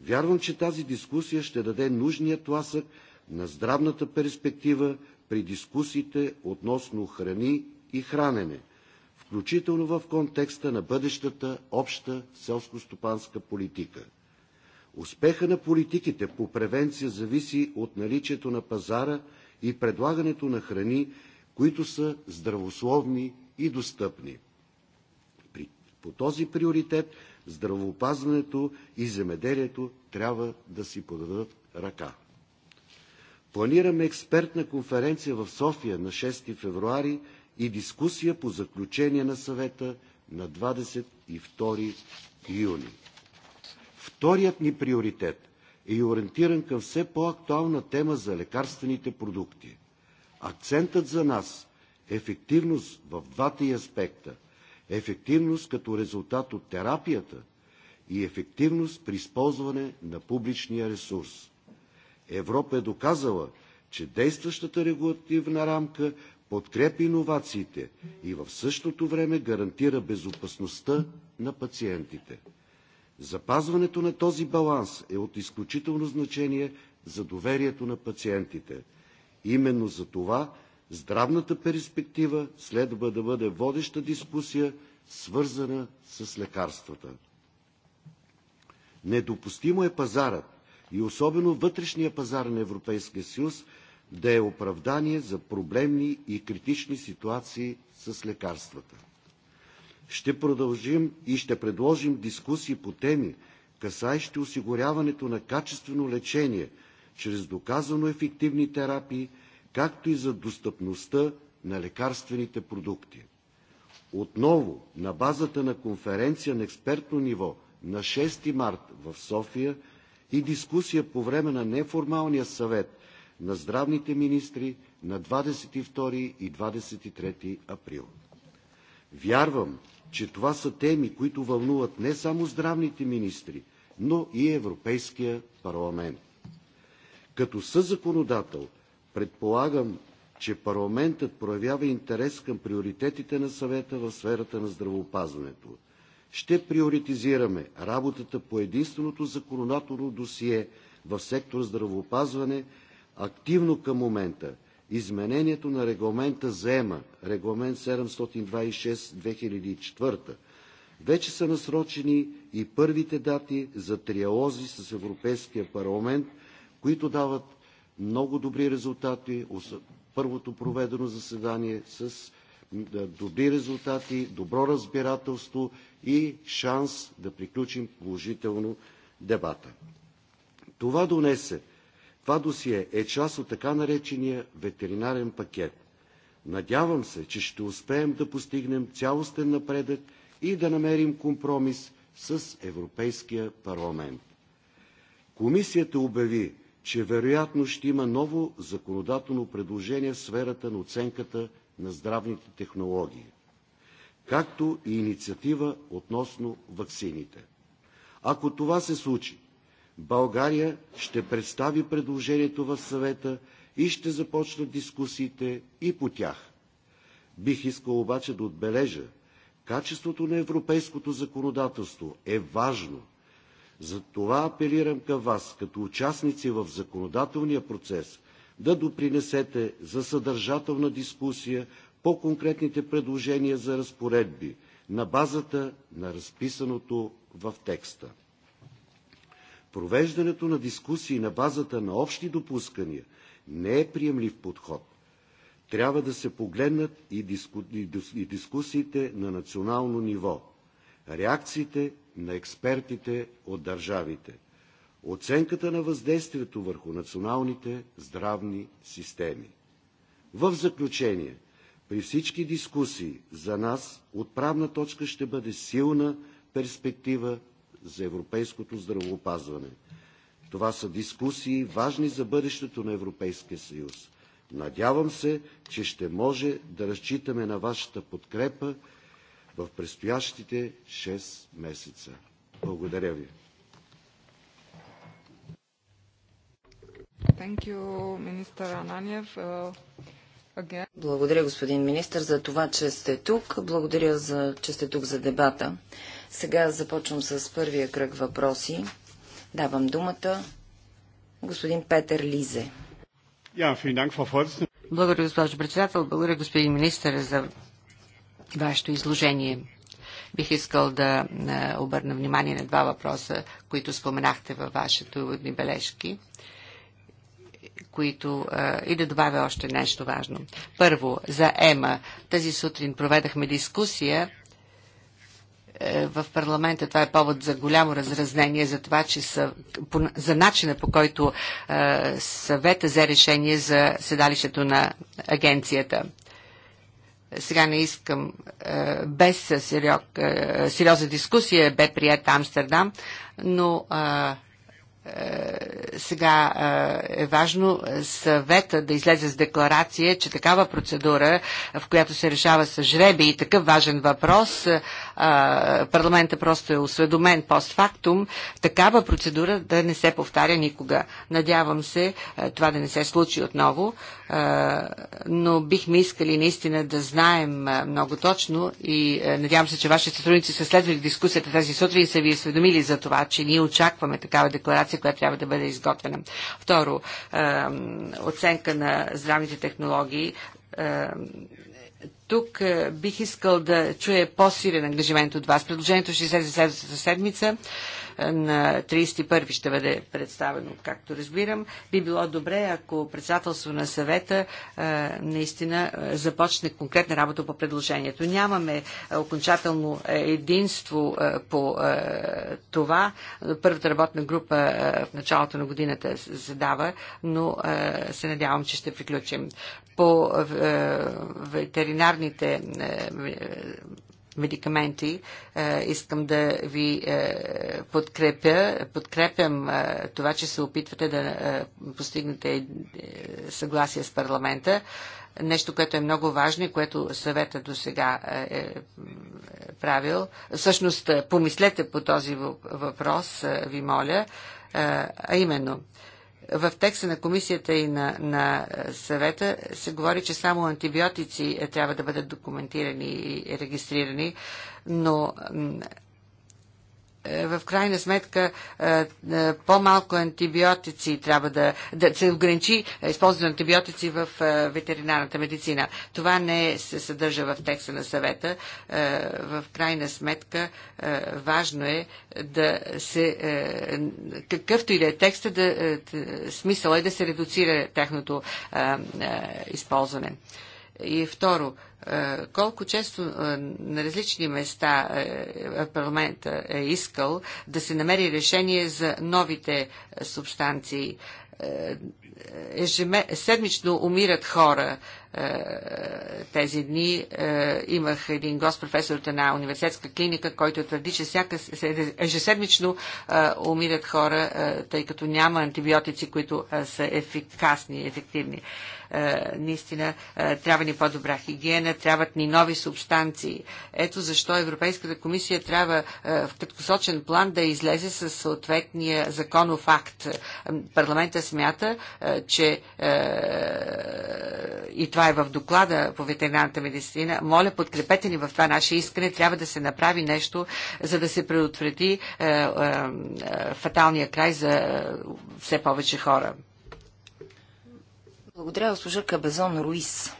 Вярвам, че тази дискусия ще даде нужния тласък на здравната перспектива при дискусиите относно храни и хранене, включително в контекста на бъдещата обща селскостопанска политика. Успеха на политиките по превенция зависи от наличието на пазара и предлагането на храни, които са здравословни и достъпни. По този приоритет здравеопазването и земеделието трябва да си подадат ръка. Планираме експертна конференция в София на 6 февруари и дискусия по заключение на съвета на 22 юни. Вторият ни приоритет е ориентиран към все по-актуална тема за лекарствените продукти. Акцентът за нас ефективност в двата и аспекта – ефективност като резултат от терапията и ефективност при използване на публичния ресурс. Европа е доказала, че действащата регулативна рамка подкрепи иновациите и в същото време гарантира безопасността на пациентите. Запазването на този баланс е от изключително значение за доверието на пациентите. Именно за това Здравната перспектива следва да бъде водеща дискусия, свързана с лекарствата. Недопустимо е пазарът и особено вътрешния пазар на Европейския съюз да е оправдание за проблемни и критични ситуации с лекарствата. Ще продължим и ще предложим дискусии по теми, касаещи осигуряването на качествено лечение чрез доказано ефективни терапии – както и за достъпността на лекарствените продукти. Отново, на базата на конференция на експертно ниво на 6 март в София и дискусия по време на неформалния съвет на здравните министри на 22 и 23 април. Вярвам, че това са теми, които вълнуват не само здравните министри, но и Европейския парламент. Като съзаконодател Предполагам, че парламентът проявява интерес към приоритетите на съвета в сферата на здравеопазването. Ще приоритизираме работата по единственото законодателно досие в сектор здравеопазване активно към момента изменението на регламента за ЕМА, регламент 726-2004. Вече са насрочени и първите дати за триалози с Европейския парламент, които дават много добри резултати. Първото проведено заседание с добри резултати, добро разбирателство и шанс да приключим положително дебата. Това донесе, това досие е част от така наречения ветеринарен пакет. Надявам се, че ще успеем да постигнем цялостен напредък и да намерим компромис с Европейския парламент. Комисията обяви, че вероятно ще има ново законодателно предложение в сферата на оценката на здравните технологии, както и инициатива относно ваксините. Ако това се случи, България ще представи предложението в съвета и ще започнат дискусиите и по тях. Бих искал обаче да отбележа, качеството на европейското законодателство е важно – затова апелирам към Вас, като участници в законодателния процес, да допринесете за съдържателна дискусия по конкретните предложения за разпоредби на базата на разписаното в текста. Провеждането на дискусии на базата на общи допускания не е приемлив подход. Трябва да се погледнат и, дискусиите на национално ниво. Реакциите на експертите от държавите. Оценката на въздействието върху националните здравни системи. В заключение, при всички дискусии за нас отправна точка ще бъде силна перспектива за европейското здравеопазване. Това са дискусии важни за бъдещето на Европейския съюз. Надявам се, че ще може да разчитаме на вашата подкрепа в предстоящите 6 месеца. Благодаря ви. Uh, Благодаря, господин министр, за това, че сте тук. Благодаря, за, че сте тук за дебата. Сега започвам с първия кръг въпроси. Давам думата господин Петър Лизе. Благодаря, госпожо председател. Благодаря, господин министър, за вашето изложение. Бих искал да обърна внимание на два въпроса, които споменахте във вашето уводни бележки които и да добавя още нещо важно. Първо, за ЕМА. Тази сутрин проведахме дискусия е, в парламента това е повод за голямо разразнение за това, че са, за начина по който съвета взе решение за седалището на агенцията. Сега не искам, е, без е, сериозна дискусия бе прията Амстердам, но е, сега е важно съвета да излезе с декларация, че такава процедура, в която се решава с жреби и такъв важен въпрос, парламента просто е осведомен постфактум, такава процедура да не се повтаря никога. Надявам се това да не се случи отново, но бихме искали наистина да знаем много точно и надявам се, че вашите сътрудници са следвали дискусията тази сутрин и са ви осведомили за това, че ние очакваме такава декларация, която трябва да бъде изготвена. Второ, оценка на здравните технологии тук е, бих искал да чуя по-силен ангажимент от вас. Предложението ще излезе следващата седмица на 31 ще бъде представено, както разбирам. Би било добре, ако председателство на съвета е, наистина е, започне конкретна работа по предложението. Нямаме е, окончателно единство по това. Първата работна група в началото на годината задава, но се надявам, че ще приключим. По ветеринарните медикаменти. Е, искам да ви е, подкрепя. Подкрепям е, това, че се опитвате да постигнете съгласие с парламента нещо, което е много важно и което съвета до сега е правил. Всъщност, помислете по този въпрос, ви моля, а именно в текста на комисията и на, на е, съвета се говори, че само антибиотици е, трябва да бъдат документирани и регистрирани, но е, в крайна сметка е, е, по-малко антибиотици трябва да, да се ограничи използване на антибиотици в ветеринарната медицина. Това не се съдържа в текста на съвета. В крайна сметка важно е да се какъвто и да е текста, да, смисъл е да се редуцира тяхното използване. И второ, е, колко често е, на различни места е, парламента е искал да се намери решение за новите субстанции. Ежеме... Седмично умират хора тези дни. Имах един гост, професор от една университетска клиника, който твърди, че всяка, ежеседмично умират хора, тъй като няма антибиотици, които са ефикасни, ефективни. Е, наистина е, трябва ни по-добра хигиена, трябват ни нови субстанции. Ето защо Европейската комисия трябва е, в краткосочен план да излезе с съответния законов акт. Парламента смята, че и това е в доклада по ветеринарната медицина. Моля, подкрепете ни в това наше искане. Трябва да се направи нещо, за да се предотврати фаталния край за все повече хора. Благодаря, госпожа Кабезон Руис.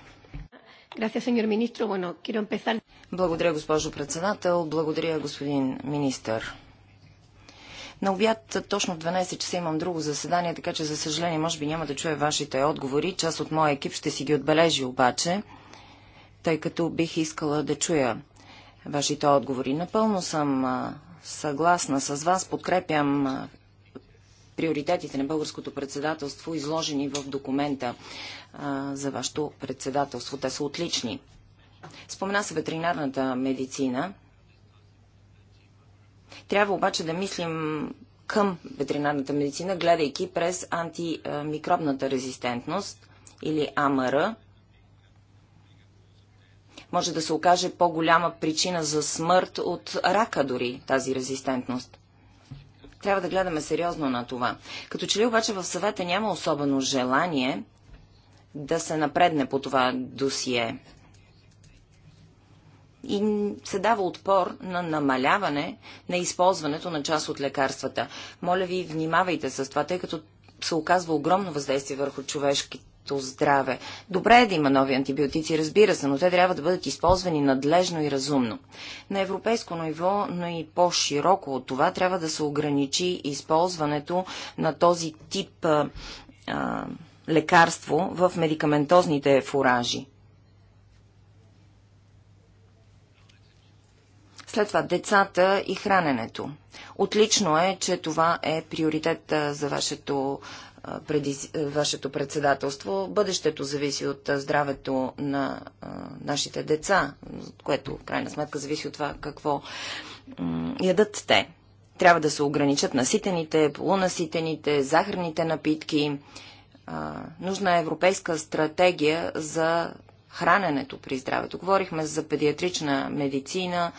Благодаря, госпожо председател. Благодаря, господин министър. На обяд точно в 12 часа имам друго заседание, така че за съжаление може би няма да чуя вашите отговори. Част от моя екип ще си ги отбележи обаче, тъй като бих искала да чуя вашите отговори. Напълно съм съгласна с вас, подкрепям приоритетите на българското председателство, изложени в документа а, за вашето председателство. Те са отлични. Спомена се ветеринарната медицина. Трябва обаче да мислим към ветеринарната медицина, гледайки през антимикробната резистентност или АМР. Може да се окаже по-голяма причина за смърт от рака дори тази резистентност. Трябва да гледаме сериозно на това. Като че ли обаче в съвета няма особено желание да се напредне по това досие. И се дава отпор на намаляване на използването на част от лекарствата. Моля ви, внимавайте с това, тъй като се оказва огромно въздействие върху човешките здраве. Добре е да има нови антибиотици, разбира се, но те трябва да бъдат използвани надлежно и разумно. На европейско ниво, но и по-широко от това, трябва да се ограничи използването на този тип а, а, лекарство в медикаментозните фуражи. След това децата и храненето. Отлично е, че това е приоритет за вашето преди вашето председателство. Бъдещето зависи от здравето на нашите деца, което в крайна сметка зависи от това какво ядат те. Трябва да се ограничат наситените, полунаситените, захарните напитки. Нужна е европейска стратегия за храненето при здравето. Говорихме за педиатрична медицина,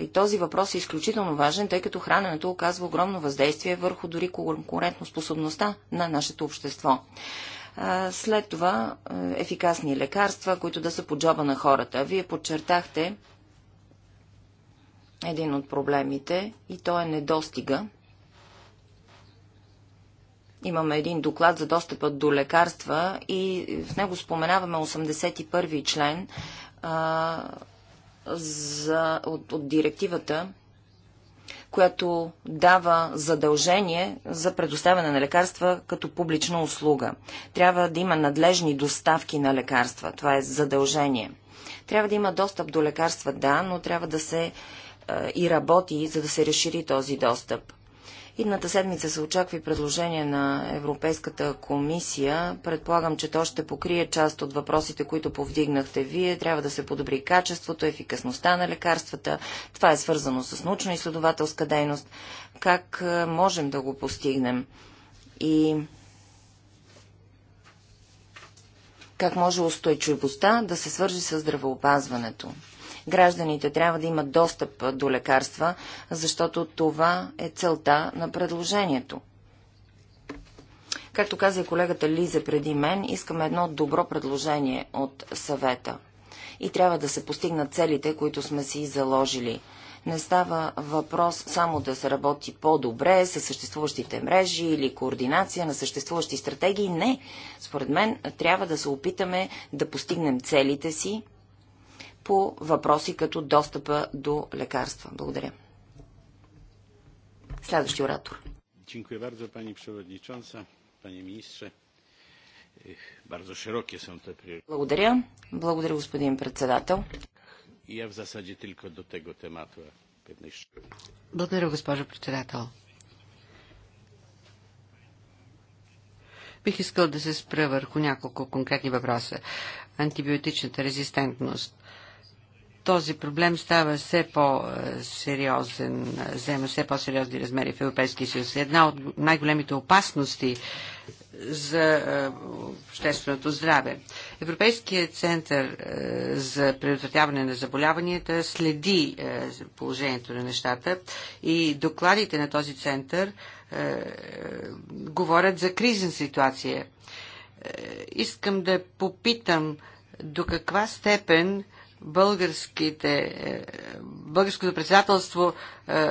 и този въпрос е изключително важен, тъй като храненето оказва огромно въздействие върху дори конкурентоспособността на нашето общество. След това ефикасни лекарства, които да са по джоба на хората. Вие подчертахте един от проблемите и то е недостига. Имаме един доклад за достъпа до лекарства и в него споменаваме 81 член за, от, от директивата, която дава задължение за предоставяне на лекарства като публична услуга. Трябва да има надлежни доставки на лекарства. Това е задължение. Трябва да има достъп до лекарства, да, но трябва да се е, и работи, за да се разшири този достъп. Идната седмица се очаква и предложение на Европейската комисия. Предполагам, че то ще покрие част от въпросите, които повдигнахте вие. Трябва да се подобри качеството, ефикасността на лекарствата. Това е свързано с научно-изследователска дейност. Как е, можем да го постигнем? И как може устойчивостта да се свържи с здравеопазването? Гражданите трябва да имат достъп до лекарства, защото това е целта на предложението. Както каза и колегата Лиза преди мен, искаме едно добро предложение от съвета. И трябва да се постигнат целите, които сме си заложили. Не става въпрос само да се работи по-добре с съществуващите мрежи или координация на съществуващи стратегии. Не. Според мен трябва да се опитаме да постигнем целите си по въпроси като достъпа до лекарства. Благодаря. Следващи оратор. Благодаря. Благодаря, господин председател. И я в засаде Благодаря, госпожо председател. Бих искал да се спра върху няколко конкретни въпроса. Антибиотичната резистентност този проблем става все по-сериозен, взема все по-сериозни размери в Европейския съюз. Една от най-големите опасности за е, общественото здраве. Европейският център е, за предотвратяване на заболяванията следи е, положението на нещата и докладите на този център говорят за кризна ситуация. Искам да попитам до каква степен българските, е, българското председателство е,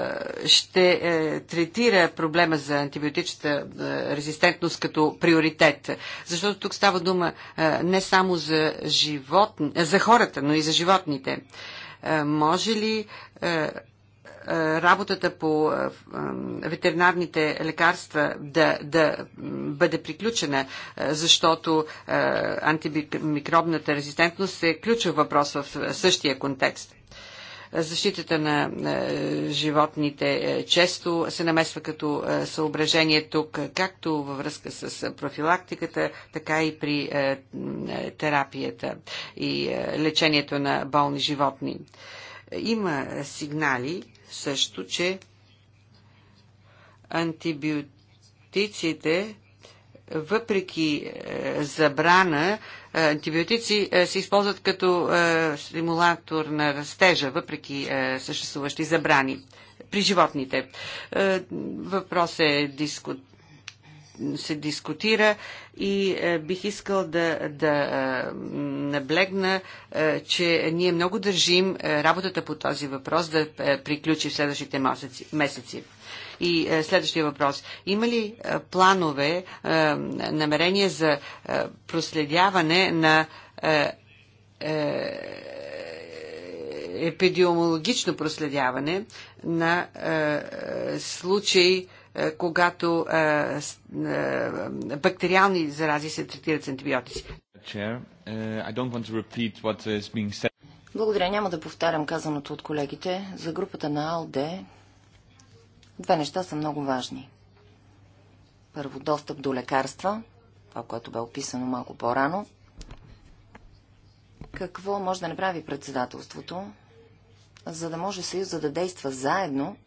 ще е, третира проблема за антибиотичната резистентност като приоритет. Защото тук става дума не само за, животни, за хората, но и за животните. Може ли е, работата по е, е, ветеринарните лекарства да, да бъде приключена, защото антимикробната резистентност е ключов въпрос в същия контекст защитата на животните често се намесва като съображение тук, както във връзка с профилактиката, така и при терапията и лечението на болни животни. Има сигнали, също, че антибиотиците, въпреки е, забрана, е, антибиотици е, се използват като стимулатор на растежа, въпреки съществуващи забрани при животните. Въпрос е дискут се дискутира и е, бих искал да, да е, наблегна, е, че ние много държим работата по този въпрос да приключи в следващите месеци. И следващия въпрос. Има ли планове, намерение за проследяване на епидемиологично проследяване на случай? Е, когато е, е, бактериални зарази се третират с антибиотици. Благодаря. Няма да повтарям казаното от колегите. За групата на АЛД две неща са много важни. Първо, достъп до лекарства, това, което бе описано малко по-рано. Какво може да направи председателството, за да може Съюза да действа заедно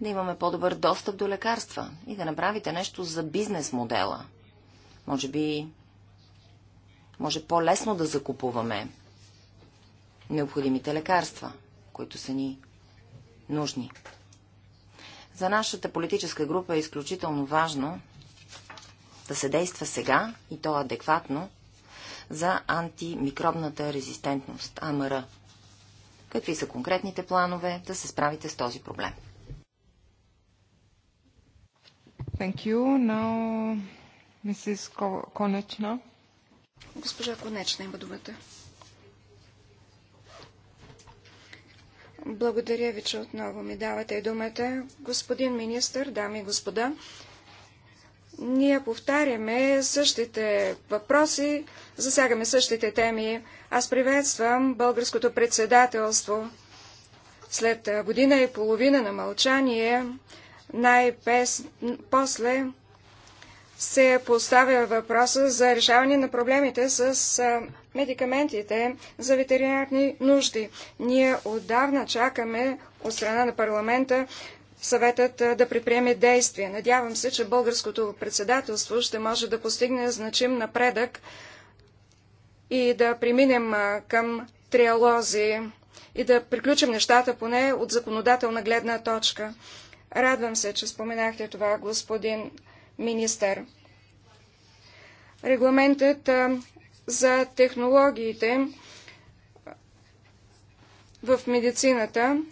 да имаме по-добър достъп до лекарства и да направите нещо за бизнес модела. Може би може по-лесно да закупуваме необходимите лекарства, които са ни нужни. За нашата политическа група е изключително важно да се действа сега и то адекватно за антимикробната резистентност, АМР. Какви са конкретните планове да се справите с този проблем? Thank you. Now, Mrs. Госпожа Конечна има думата. Благодаря ви, че отново ми давате думата. Господин министр, дами и господа, ние повтаряме същите въпроси, засягаме същите теми. Аз приветствам българското председателство. След година и половина на мълчание най-после се поставя въпроса за решаване на проблемите с медикаментите за ветеринарни нужди. Ние отдавна чакаме от страна на парламента съветът да предприеме действия. Надявам се, че българското председателство ще може да постигне значим напредък и да преминем към триалози и да приключим нещата поне от законодателна гледна точка. Радвам се, че споменахте това, господин министър. Регламентът за технологиите в медицината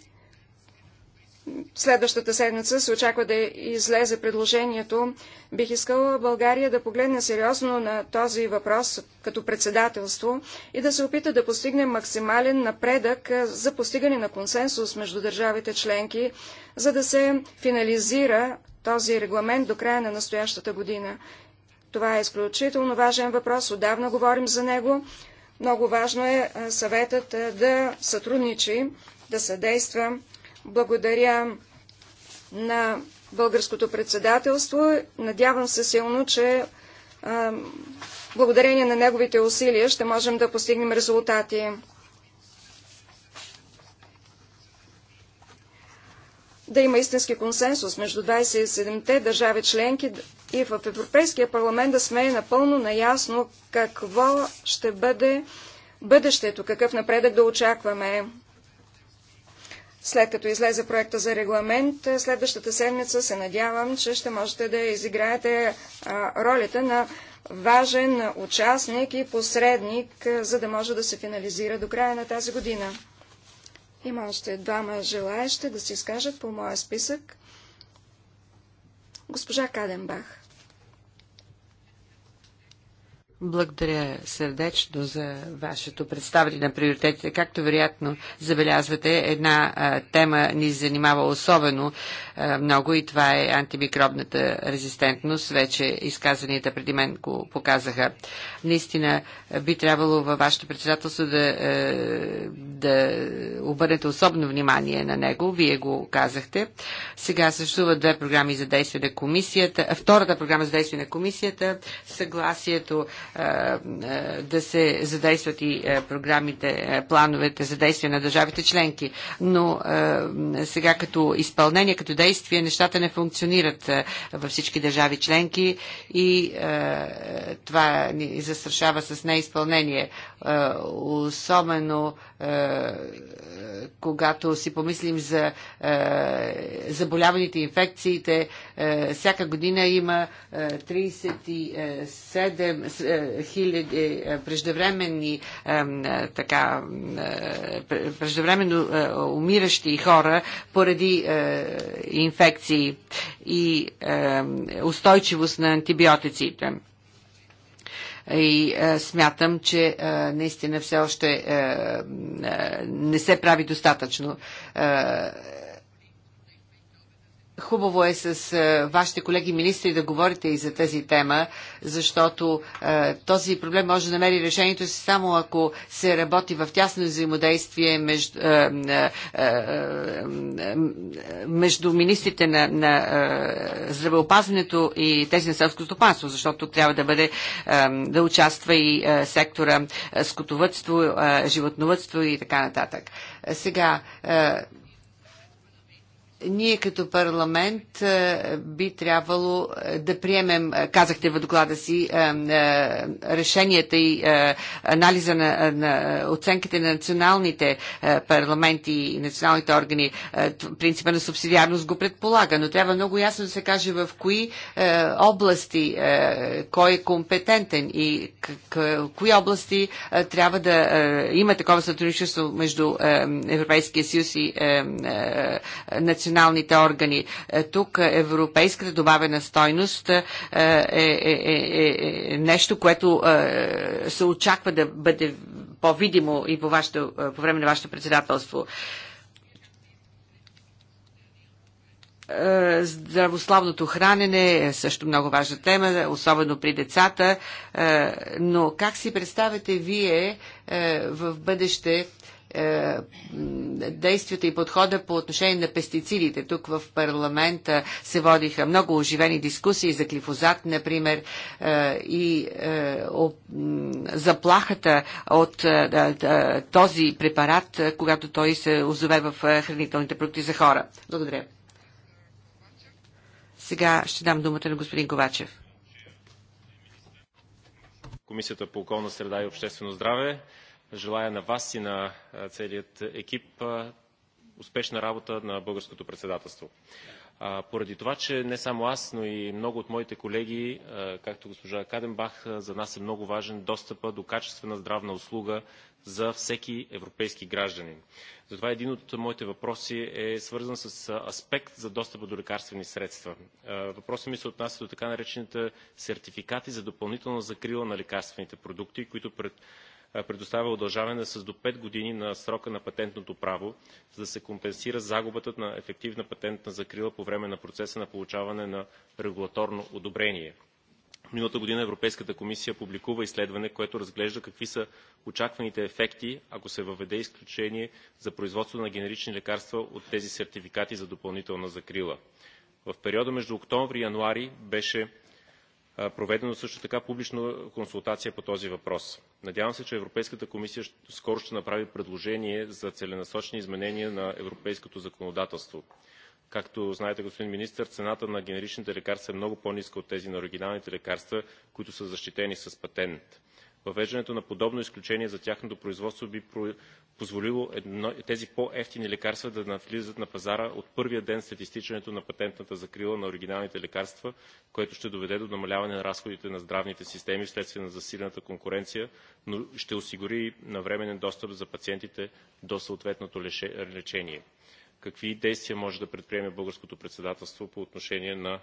следващата седмица се очаква да излезе предложението. Бих искала България да погледне сериозно на този въпрос като председателство и да се опита да постигне максимален напредък за постигане на консенсус между държавите членки, за да се финализира този регламент до края на настоящата година. Това е изключително важен въпрос, отдавна говорим за него. Много важно е съветът да сътрудничи, да съдейства благодаря на българското председателство. Надявам се силно, че а, благодарение на неговите усилия ще можем да постигнем резултати. Да има истински консенсус между 27-те държави членки и в Европейския парламент да сме напълно наясно какво ще бъде бъдещето, какъв напредък да очакваме. След като излезе проекта за регламент, е, следващата седмица се надявам, че ще можете да изиграете е, ролята на важен участник и посредник, е, за да може да се финализира до края на тази година. Има още двама желаящи да се изкажат по моя списък. Госпожа Каденбах. Благодаря сърдечно за вашето представяне на приоритетите. Както вероятно забелязвате, една а, тема ни занимава особено а, много и това е антимикробната резистентност. Вече изказанията преди мен го показаха. Наистина би трябвало във вашето председателство да, да обърнете особено внимание на него. Вие го казахте. Сега съществуват две програми за действие на комисията. Втората програма за действие на комисията, съгласието е, е, да се задействат и е, програмите, плановете за действие на държавите членки. Но сега като изпълнение, като действие, нещата не функционират във всички държави членки и това ни застрашава с неизпълнение е, особено е, когато си помислим за е, заболяваните инфекциите. Всяка година има 37 000 преждевременни така, преждевременно умиращи хора поради инфекции и устойчивост на антибиотиците и а, е, смятам, че а, е, наистина все още а, е, не се прави достатъчно. А, Хубаво е с е, вашите колеги министри да говорите и за тази тема, защото е, този проблем може да намери решението си само ако се работи в тясно взаимодействие между, е, между министрите на, на здравеопазването и тези на селското стопанство, защото трябва да бъде да участва и сектора скотовътство, животновътство и така нататък. Сега ние като парламент е, би трябвало е, да приемем, е, казахте в доклада си, решенията и анализа на, на оценките на националните парламенти и националните органи. Принципа на субсидиарност го предполага, но трябва много ясно да се каже в кои области кой е компетентен и кои области трябва да има такова сътрудничество между Европейския съюз и националните националните органи. Е, тук европейската добавена стойност е е, е, е, е, е нещо, което е, се очаква да бъде по-видимо и по, вашето, по време на вашето председателство. здравословното хранене е също много важна тема, особено при децата. Но как си представяте вие в бъдеще е, действията и подхода по отношение на пестицидите. Тук в парламента се водиха много оживени дискусии за клифозат, например, е, и е, заплахата от е, този препарат, когато той се озове в хранителните продукти за хора. Благодаря. Сега ще дам думата на господин Ковачев. Комисията по околна среда и обществено здраве Желая на вас и на целият екип успешна работа на българското председателство. Поради това, че не само аз, но и много от моите колеги, както госпожа Каденбах, за нас е много важен достъпа до качествена здравна услуга за всеки европейски гражданин. Затова един от моите въпроси е свързан с аспект за достъпа до лекарствени средства. Въпросът ми се отнася до така наречените сертификати за допълнителна закрила на лекарствените продукти, които пред е, предоставя удължаване с до пет години на срока на патентното право, за да се компенсира загубата на ефективна патентна закрила по време на процеса на получаване на регулаторно одобрение. Миналата година Европейската комисия публикува изследване, което разглежда какви са очакваните ефекти, ако се въведе изключение за производство на генерични лекарства от тези сертификати за допълнителна закрила. В периода между октомври и януари беше Проведено също така публична консултация по този въпрос. Надявам се, че Европейската комисия скоро ще направи предложение за целенасочени изменения на европейското законодателство. Както знаете, господин министър, цената на генеричните лекарства е много по-ниска от тези на оригиналните лекарства, които са защитени с патент. Въвеждането на подобно изключение за тяхното производство би позволило тези по-евтини лекарства да навлизат на пазара от първия ден след изтичането на патентната закрила на оригиналните лекарства, което ще доведе до намаляване на разходите на здравните системи вследствие на засилената конкуренция, но ще осигури и навременен достъп за пациентите до съответното лечение. Какви действия може да предприеме българското председателство по отношение на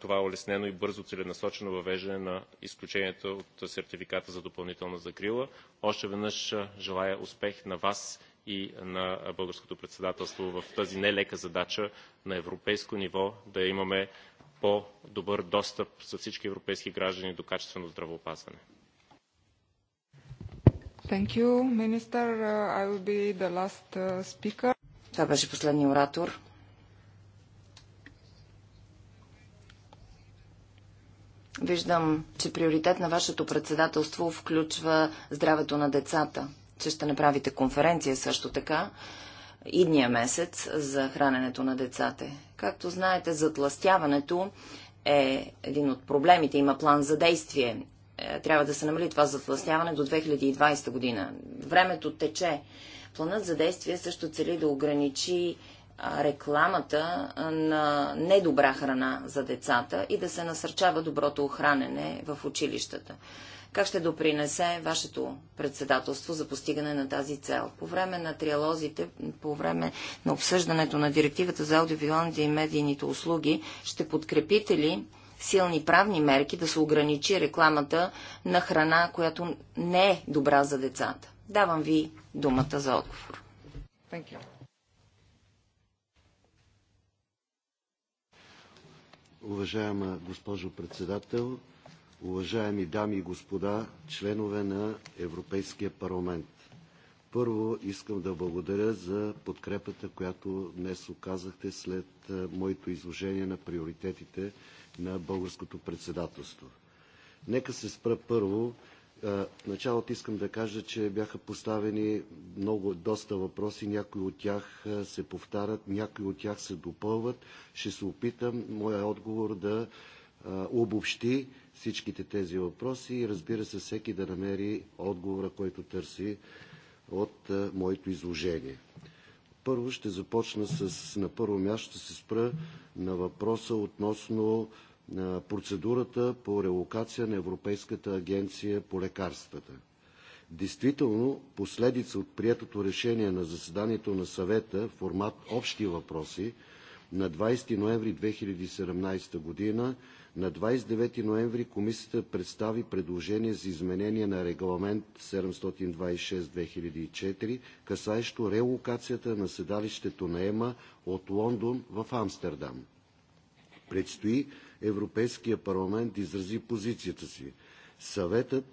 това е улеснено и бързо целенасочено въвеждане на изключенията от сертификата за допълнителна закрила. Още веднъж желая успех на вас и на българското председателство в тази нелека задача на европейско ниво да имаме по-добър достъп за всички европейски граждани до качествено здравеопазване. Thank you, Minister. Uh, I will be the last uh, speaker. Това беше последния оратор. Виждам, че приоритет на вашето председателство включва здравето на децата, че ще направите конференция също така идния месец за храненето на децата. Както знаете, затластяването е един от проблемите. Има план за действие. Е, трябва да се намали това затластяване до 2020 година. Времето тече. Планът за действие също цели да ограничи рекламата на недобра храна за децата и да се насърчава доброто охранене в училищата. Как ще допринесе вашето председателство за постигане на тази цел? По време на триалозите, по време на обсъждането на директивата за аудиовизуалните и медийните услуги, ще подкрепите ли силни правни мерки да се ограничи рекламата на храна, която не е добра за децата? Давам ви думата за отговор. Thank you. Уважаема госпожо председател, уважаеми дами и господа, членове на Европейския парламент. Първо искам да благодаря за подкрепата, която днес оказахте след моето изложение на приоритетите на българското председателство. Нека се спра първо в е, началото искам да кажа, че бяха поставени много, доста въпроси. Някои от тях е, се повтарят, някои от тях се допълват. Ще се опитам моя отговор да е, обобщи всичките тези въпроси и разбира се всеки да намери отговора, който търси от моето изложение. Първо ще започна с, на първо място ще се спра на въпроса относно процедурата по релокация на Европейската агенция по лекарствата. Действително, последица от приетото решение на заседанието на съвета в формат Общи въпроси на 20 ноември 2017 година, на 29 ноември Комисията представи предложение за изменение на регламент 726-2004, касаещо релокацията на седалището на ЕМА от Лондон в Амстердам. Предстои Европейския парламент изрази позицията си. Съветът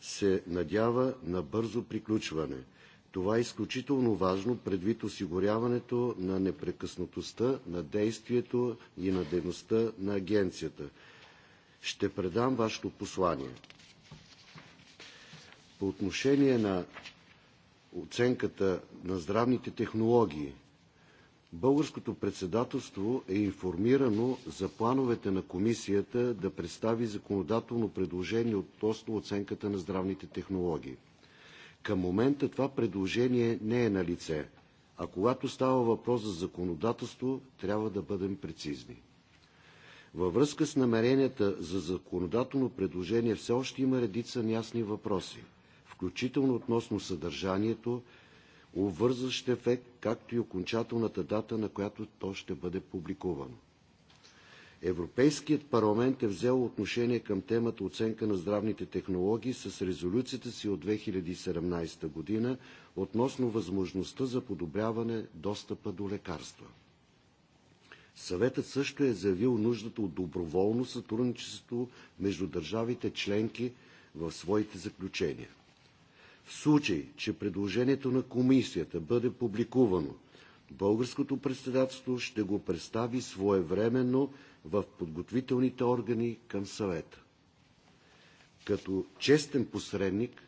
се надява на бързо приключване. Това е изключително важно предвид осигуряването на непрекъснатостта на действието и на дейността на агенцията. Ще предам вашето послание. По отношение на оценката на здравните технологии Българското председателство е информирано за плановете на комисията да представи законодателно предложение относно оценката на здравните технологии. Към момента това предложение не е на лице, а когато става въпрос за законодателство, трябва да бъдем прецизни. Във връзка с намеренията за законодателно предложение все още има редица неясни въпроси, включително относно съдържанието, обвързващ ефект, както и окончателната дата, на която то ще бъде публикувано. Европейският парламент е взел отношение към темата оценка на здравните технологии с резолюцията си от 2017 година относно възможността за подобряване достъпа до лекарства. Съветът също е заявил нуждата от доброволно сътрудничество между държавите членки в своите заключения – в случай, че предложението на комисията бъде публикувано, българското председателство ще го представи своевременно в подготвителните органи към съвета. Като честен посредник,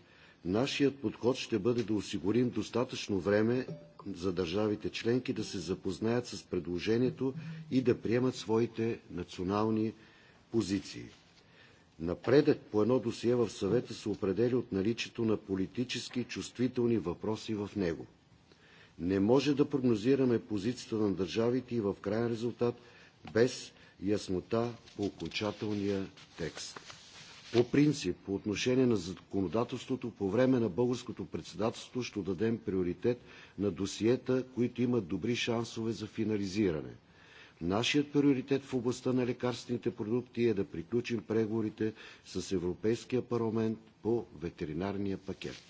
нашият подход ще бъде да осигурим достатъчно време за държавите членки да се запознаят с предложението и да приемат своите национални позиции. Напредък по едно досие в съвета се определя от наличието на политически чувствителни въпроси в него. Не може да прогнозираме позицията на държавите и в крайен резултат без яснота по окончателния текст. По принцип, по отношение на законодателството, по време на българското председателство ще дадем приоритет на досиета, които имат добри шансове за финализиране. Нашият приоритет в областта на лекарствените продукти е да приключим преговорите с Европейския парламент по ветеринарния пакет.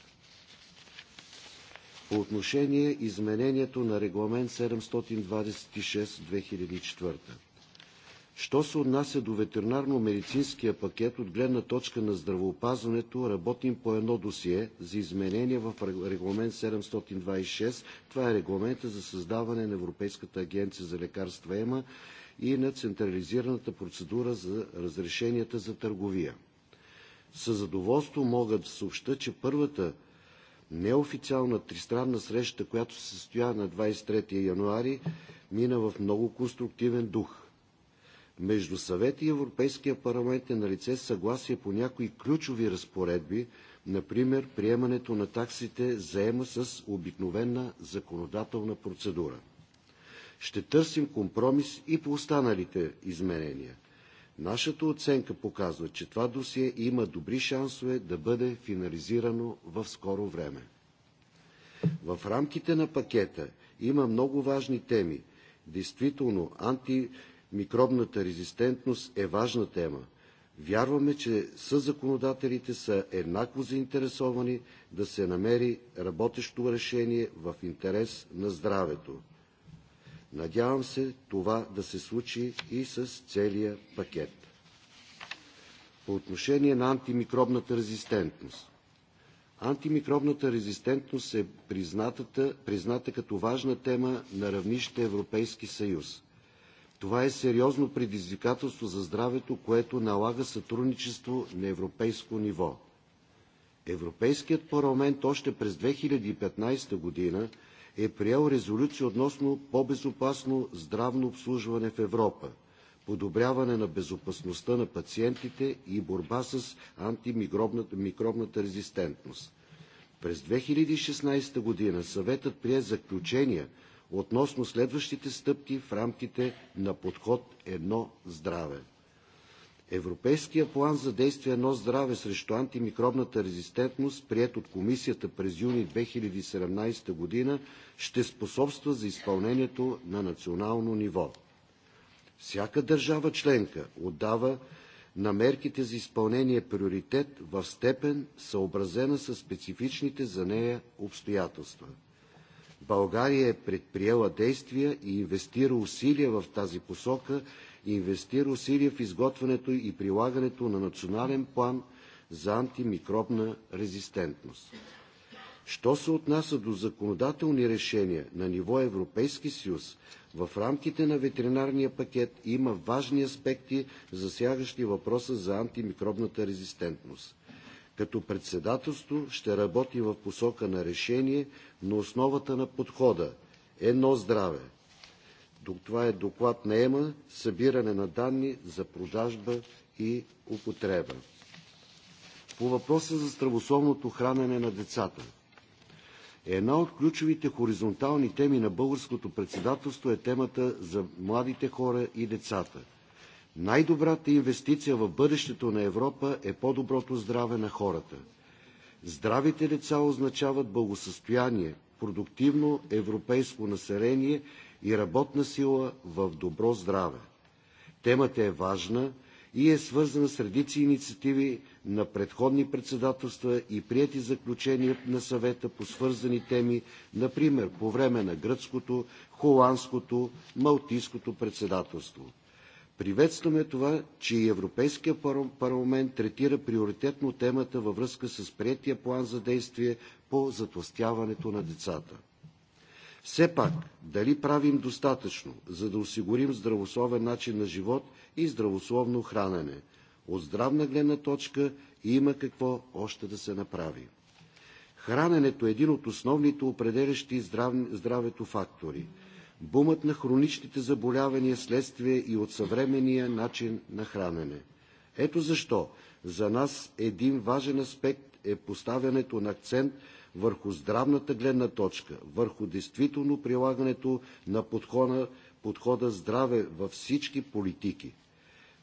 По отношение изменението на Регламент 726-2004 Що се отнася до ветеринарно-медицинския пакет, от гледна точка на здравеопазването работим по едно досие за изменение в регламент 726. Това е регламента за създаване на Европейската агенция за лекарства ЕМА и на централизираната процедура за разрешенията за търговия. Със задоволство мога да съобща, че първата неофициална тристранна среща, която се състоя на 23 януари, мина в много конструктивен дух – между Съвета и Европейския парламент е налице съгласие по някои ключови разпоредби, например приемането на таксите заема с обикновена законодателна процедура. Ще търсим компромис и по останалите изменения. Нашата оценка показва, че това досие има добри шансове да бъде финализирано в скоро време. В рамките на пакета има много важни теми. Действително, анти микробната резистентност е важна тема. Вярваме, че съзаконодателите са еднакво заинтересовани да се намери работещо решение в интерес на здравето. Надявам се това да се случи и с целия пакет. По отношение на антимикробната резистентност. Антимикробната резистентност е призната, призната като важна тема на равнище Европейски съюз. Това е сериозно предизвикателство за здравето, което налага сътрудничество на европейско ниво. Европейският парламент още през 2015 година е приел резолюция относно по-безопасно здравно обслужване в Европа, подобряване на безопасността на пациентите и борба с антимикробната резистентност. През 2016 година Съветът прие заключения относно следващите стъпки в рамките на подход Едно здраве. Европейският план за действие Едно здраве срещу антимикробната резистентност, прият от Комисията през юни 2017 година, ще способства за изпълнението на национално ниво. Всяка държава членка отдава на мерките за изпълнение приоритет в степен, съобразена с специфичните за нея обстоятелства. България е предприела действия и инвестира усилия в тази посока инвестира усилия в изготвянето и прилагането на национален план за антимикробна резистентност. Що се отнася до законодателни решения на ниво Европейски съюз, в рамките на ветеринарния пакет има важни аспекти, засягащи въпроса за антимикробната резистентност. Като председателство ще работи в посока на решение на основата на подхода «Едно здраве». Това е доклад на ЕМА, събиране на данни за продажба и употреба. По въпроса за здравословното хранене на децата. Една от ключовите хоризонтални теми на българското председателство е темата за младите хора и децата – най-добрата инвестиция в бъдещето на Европа е по-доброто здраве на хората. Здравите лица означават благосъстояние, продуктивно европейско население и работна сила в добро здраве. Темата е важна и е свързана с редици инициативи на предходни председателства и прияти заключения на съвета по свързани теми, например по време на гръцкото, холандското, малтийското председателство. Приветстваме това, че и Европейският парламент третира приоритетно темата във връзка с приетия план за действие по затластяването на децата. Все пак, дали правим достатъчно, за да осигурим здравословен начин на живот и здравословно хранене? От здравна гледна точка има какво още да се направи. Храненето е един от основните определящи здравето фактори – бумът на хроничните заболявания следствие и от съвременния начин на хранене. Ето защо за нас един важен аспект е поставянето на акцент върху здравната гледна точка, върху действително прилагането на подхода, подхода здраве във всички политики.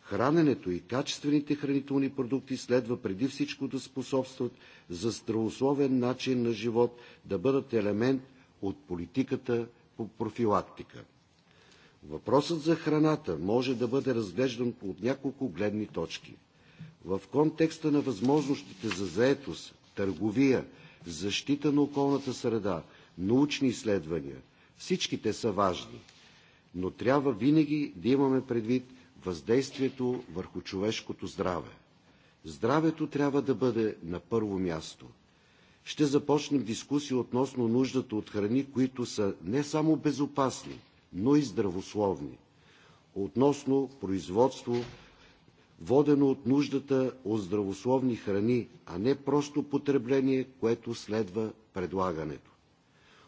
Храненето и качествените хранителни продукти следва преди всичко да способстват за здравословен начин на живот, да бъдат елемент от политиката по профилактика. Въпросът за храната може да бъде разглеждан от няколко гледни точки. В контекста на възможностите за заетост, търговия, защита на околната среда, научни изследвания, всички те са важни, но трябва винаги да имаме предвид въздействието върху човешкото здраве. Здравето трябва да бъде на първо място – ще започнем дискусия относно нуждата от храни, които са не само безопасни, но и здравословни, относно производство, водено от нуждата от здравословни храни, а не просто потребление, което следва предлагането.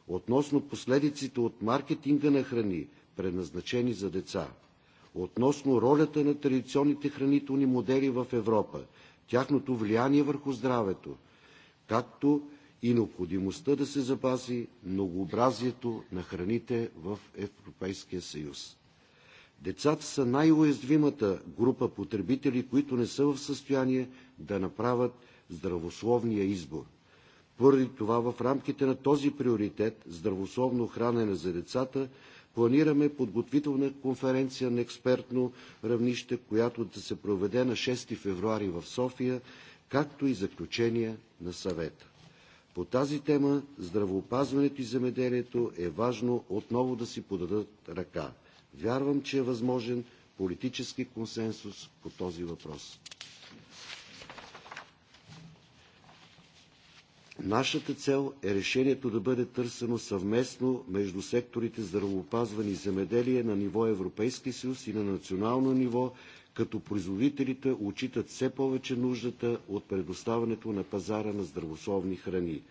Относно последиците от маркетинга на храни, предназначени за деца. Относно ролята на традиционните хранителни модели в Европа, тяхното влияние върху здравето, както и необходимостта да се запази многообразието на храните в Европейския съюз. Децата са най-уязвимата група потребители, които не са в състояние да направят здравословния избор. Поради това в рамките на този приоритет здравословно хранене за децата планираме подготвителна конференция на експертно равнище, която да се проведе на 6 февруари в София както и заключения на съвета. По тази тема здравоопазването и земеделието е важно отново да си подадат ръка. Вярвам, че е възможен политически консенсус по този въпрос. Нашата цел е решението да бъде търсено съвместно между секторите здравеопазване и земеделие на ниво Европейски съюз и на национално ниво като производителите отчитат все повече нуждата от предоставянето на пазара на здравословни храни.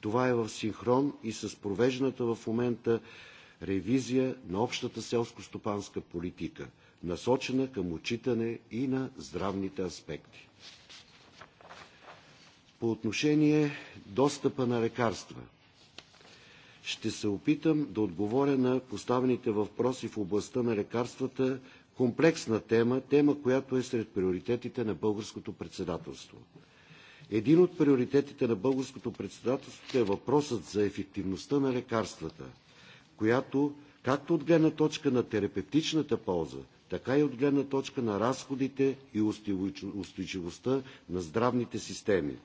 Това е в синхрон и с провежданата в момента ревизия на общата селскостопанска политика, насочена към отчитане и на здравните аспекти. По отношение достъпа на лекарства. Ще се опитам да отговоря на поставените въпроси в областта на лекарствата комплексна тема, тема, която е сред приоритетите на българското председателство. Един от приоритетите на българското председателство е въпросът за ефективността на лекарствата, която както от гледна точка на терапевтичната полза, така и от гледна точка на разходите и устойчивостта на здравните системи.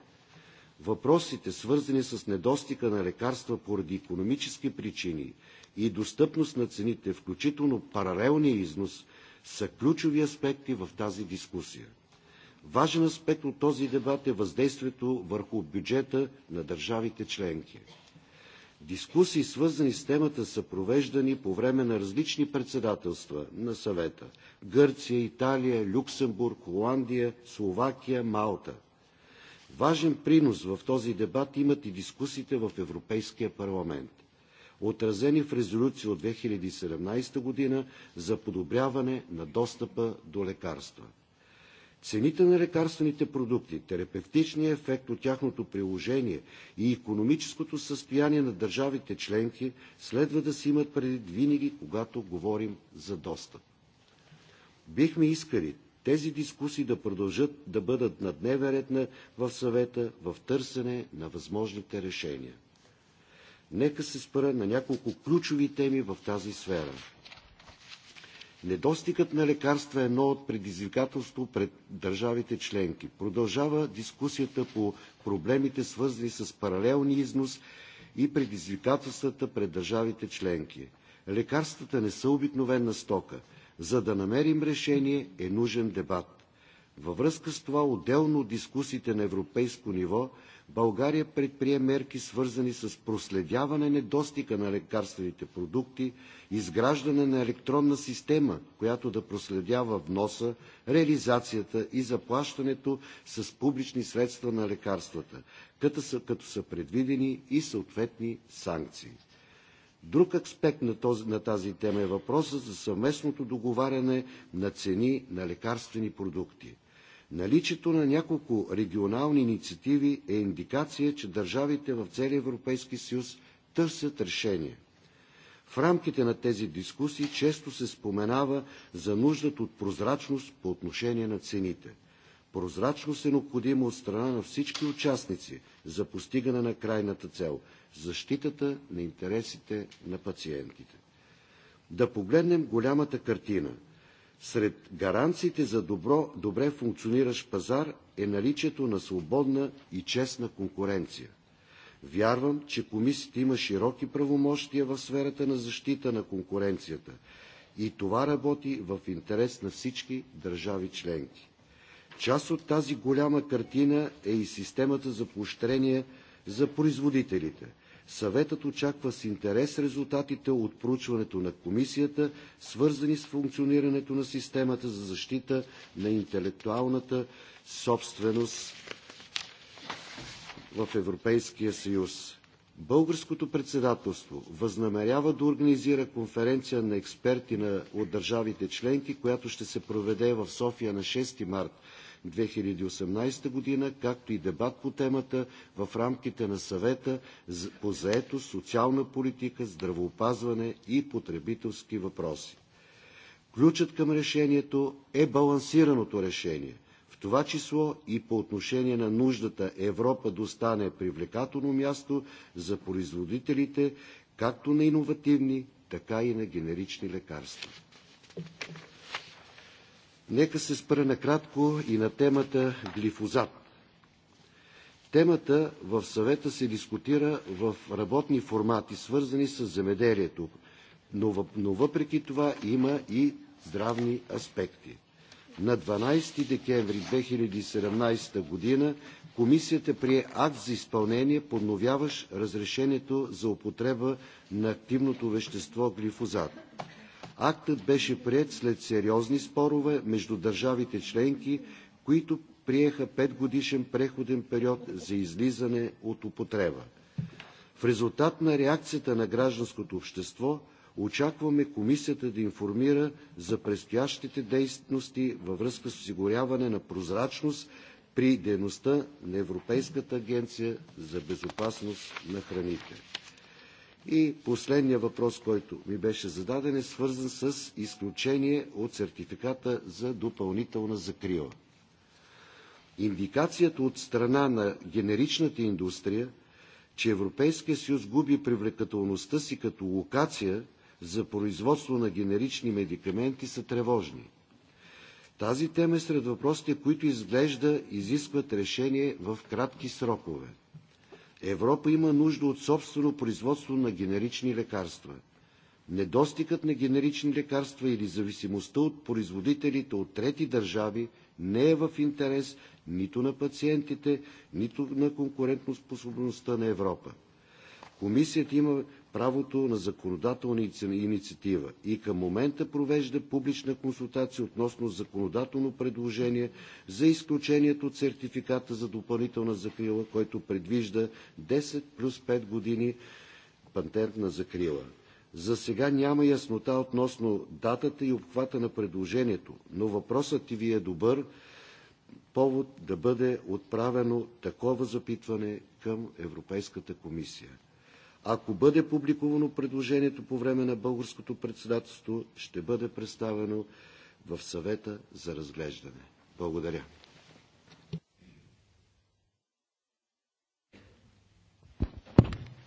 Въпросите, свързани с недостига на лекарства поради икономически причини и достъпност на цените, включително паралелния износ, са ключови аспекти в тази дискусия. Важен аспект от този дебат е въздействието върху бюджета на държавите членки. Дискусии, свързани с темата, са провеждани по време на различни председателства на съвета – Гърция, Италия, Люксембург, Холандия, Словакия, Малта. Важен принос в този дебат имат и дискусиите в Европейския парламент отразени в резолюция от 2017 година за подобряване на достъпа до лекарства. Цените на лекарствените продукти, терапевтичният ефект от тяхното приложение и економическото състояние на държавите членки следва да се имат предвид винаги, когато говорим за достъп. Бихме искали тези дискусии да продължат да бъдат на дневен ред в съвета в търсене на възможните решения. Нека се спра на няколко ключови теми в тази сфера. Недостигът на лекарства е едно от предизвикателство пред държавите членки. Продължава дискусията по проблемите, свързани с паралелни износ и предизвикателствата пред държавите членки. Лекарствата не са обикновена стока. За да намерим решение е нужен дебат. Във връзка с това, отделно от дискусиите на европейско ниво, България предприе мерки, свързани с проследяване недостига на лекарствените продукти, изграждане на електронна система, която да проследява вноса, реализацията и заплащането с публични средства на лекарствата, като са, като са предвидени и съответни санкции. Друг аспект на, този, на тази тема е въпросът за съвместното договаряне на цени на лекарствени продукти. Наличието на няколко регионални инициативи е индикация, че държавите в целия Европейски съюз търсят решение. В рамките на тези дискусии често се споменава за нуждата от прозрачност по отношение на цените. Прозрачност е необходима от страна на всички участници за постигане на крайната цел – защитата на интересите на пациентите. Да погледнем голямата картина – сред гаранциите за добро, добре функциониращ пазар е наличието на свободна и честна конкуренция. Вярвам, че комисията има широки правомощия в сферата на защита на конкуренцията и това работи в интерес на всички държави членки. Част от тази голяма картина е и системата за поощрение за производителите, Съветът очаква с интерес резултатите от проучването на комисията, свързани с функционирането на системата за защита на интелектуалната собственост в Европейския съюз. Българското председателство възнамерява да организира конференция на експерти на, от държавите членки, която ще се проведе в София на 6 март 2018 г., както и дебат по темата в рамките на съвета по заетост, социална политика, здравеопазване и потребителски въпроси. Ключът към решението е балансираното решение, в това число и по отношение на нуждата Европа да остане привлекателно място за производителите както на иновативни, така и на генерични лекарства. Нека се спра накратко и на темата глифозат. Темата в съвета се дискутира в работни формати, свързани с земеделието, но, въпреки това има и здравни аспекти. На 12 декември 2017 г. Комисията прие акт за изпълнение, подновяващ разрешението за употреба на активното вещество глифозат. Актът беше приет след сериозни спорове между държавите членки, които приеха петгодишен преходен период за излизане от употреба. В резултат на реакцията на гражданското общество очакваме Комисията да информира за предстоящите действия във връзка с осигуряване на прозрачност при дейността на Европейската агенция за безопасност на храните. И последният въпрос, който ми беше зададен, е свързан с изключение от сертификата за допълнителна закрила. Индикацията от страна на генеричната индустрия, че Европейския съюз губи привлекателността си като локация за производство на генерични медикаменти са тревожни. Тази тема е сред въпросите, които изглежда изискват решение в кратки срокове. Европа има нужда от собствено производство на генерични лекарства. Недостигът на генерични лекарства или зависимостта от производителите от трети държави не е в интерес нито на пациентите, нито на конкурентоспособността на Европа. Комисията има правото на законодателна инициатива и към момента провежда публична консултация относно законодателно предложение за изключението от сертификата за допълнителна закрила, който предвижда 10 плюс 5 години патентна закрила. За сега няма яснота относно датата и обхвата на предложението, но въпросът ти ви е добър повод да бъде отправено такова запитване към Европейската комисия. Ако бъде публикувано предложението по време на българското председателство, ще бъде представено в съвета за разглеждане. Благодаря.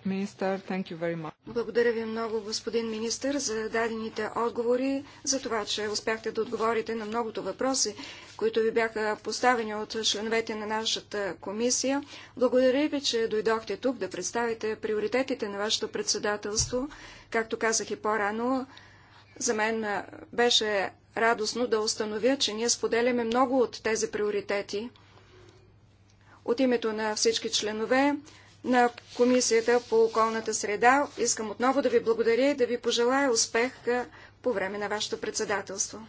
Minister, thank you very much. Благодаря ви много, господин министър, за дадените отговори, за това, че успяхте да отговорите на многото въпроси, които ви бяха поставени от членовете на нашата комисия. Благодаря ви, че дойдохте тук да представите приоритетите на вашето председателство. Както казах и по-рано, за мен беше радостно да установя, че ние споделяме много от тези приоритети. От името на всички членове на Комисията по околната среда. Искам отново да ви благодаря и да ви пожелая успех по време на вашето председателство.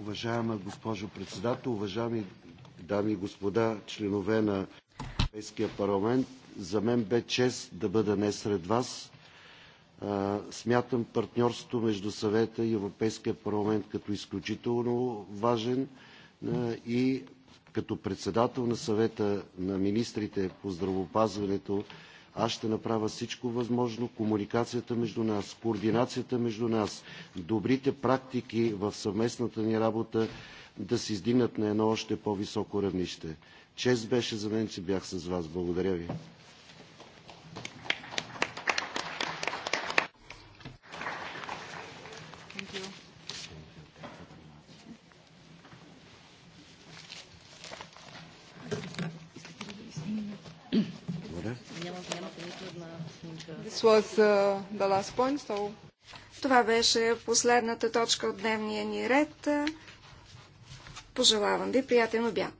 Уважаема госпожо председател, уважаеми дами и господа, членове на Европейския парламент, за мен бе чест да бъда днес сред вас. Смятам партньорството между съвета и Европейския парламент като изключително важен и като председател на съвета на министрите по здравеопазването аз ще направя всичко възможно комуникацията между нас, координацията между нас, добрите практики в съвместната ни работа да се издигнат на едно още по-високо равнище. Чест беше за мен, че бях с Вас. Благодаря Ви. Uh, Това беше последната точка от дневния ни ред. Пожелавам ви приятен обяд.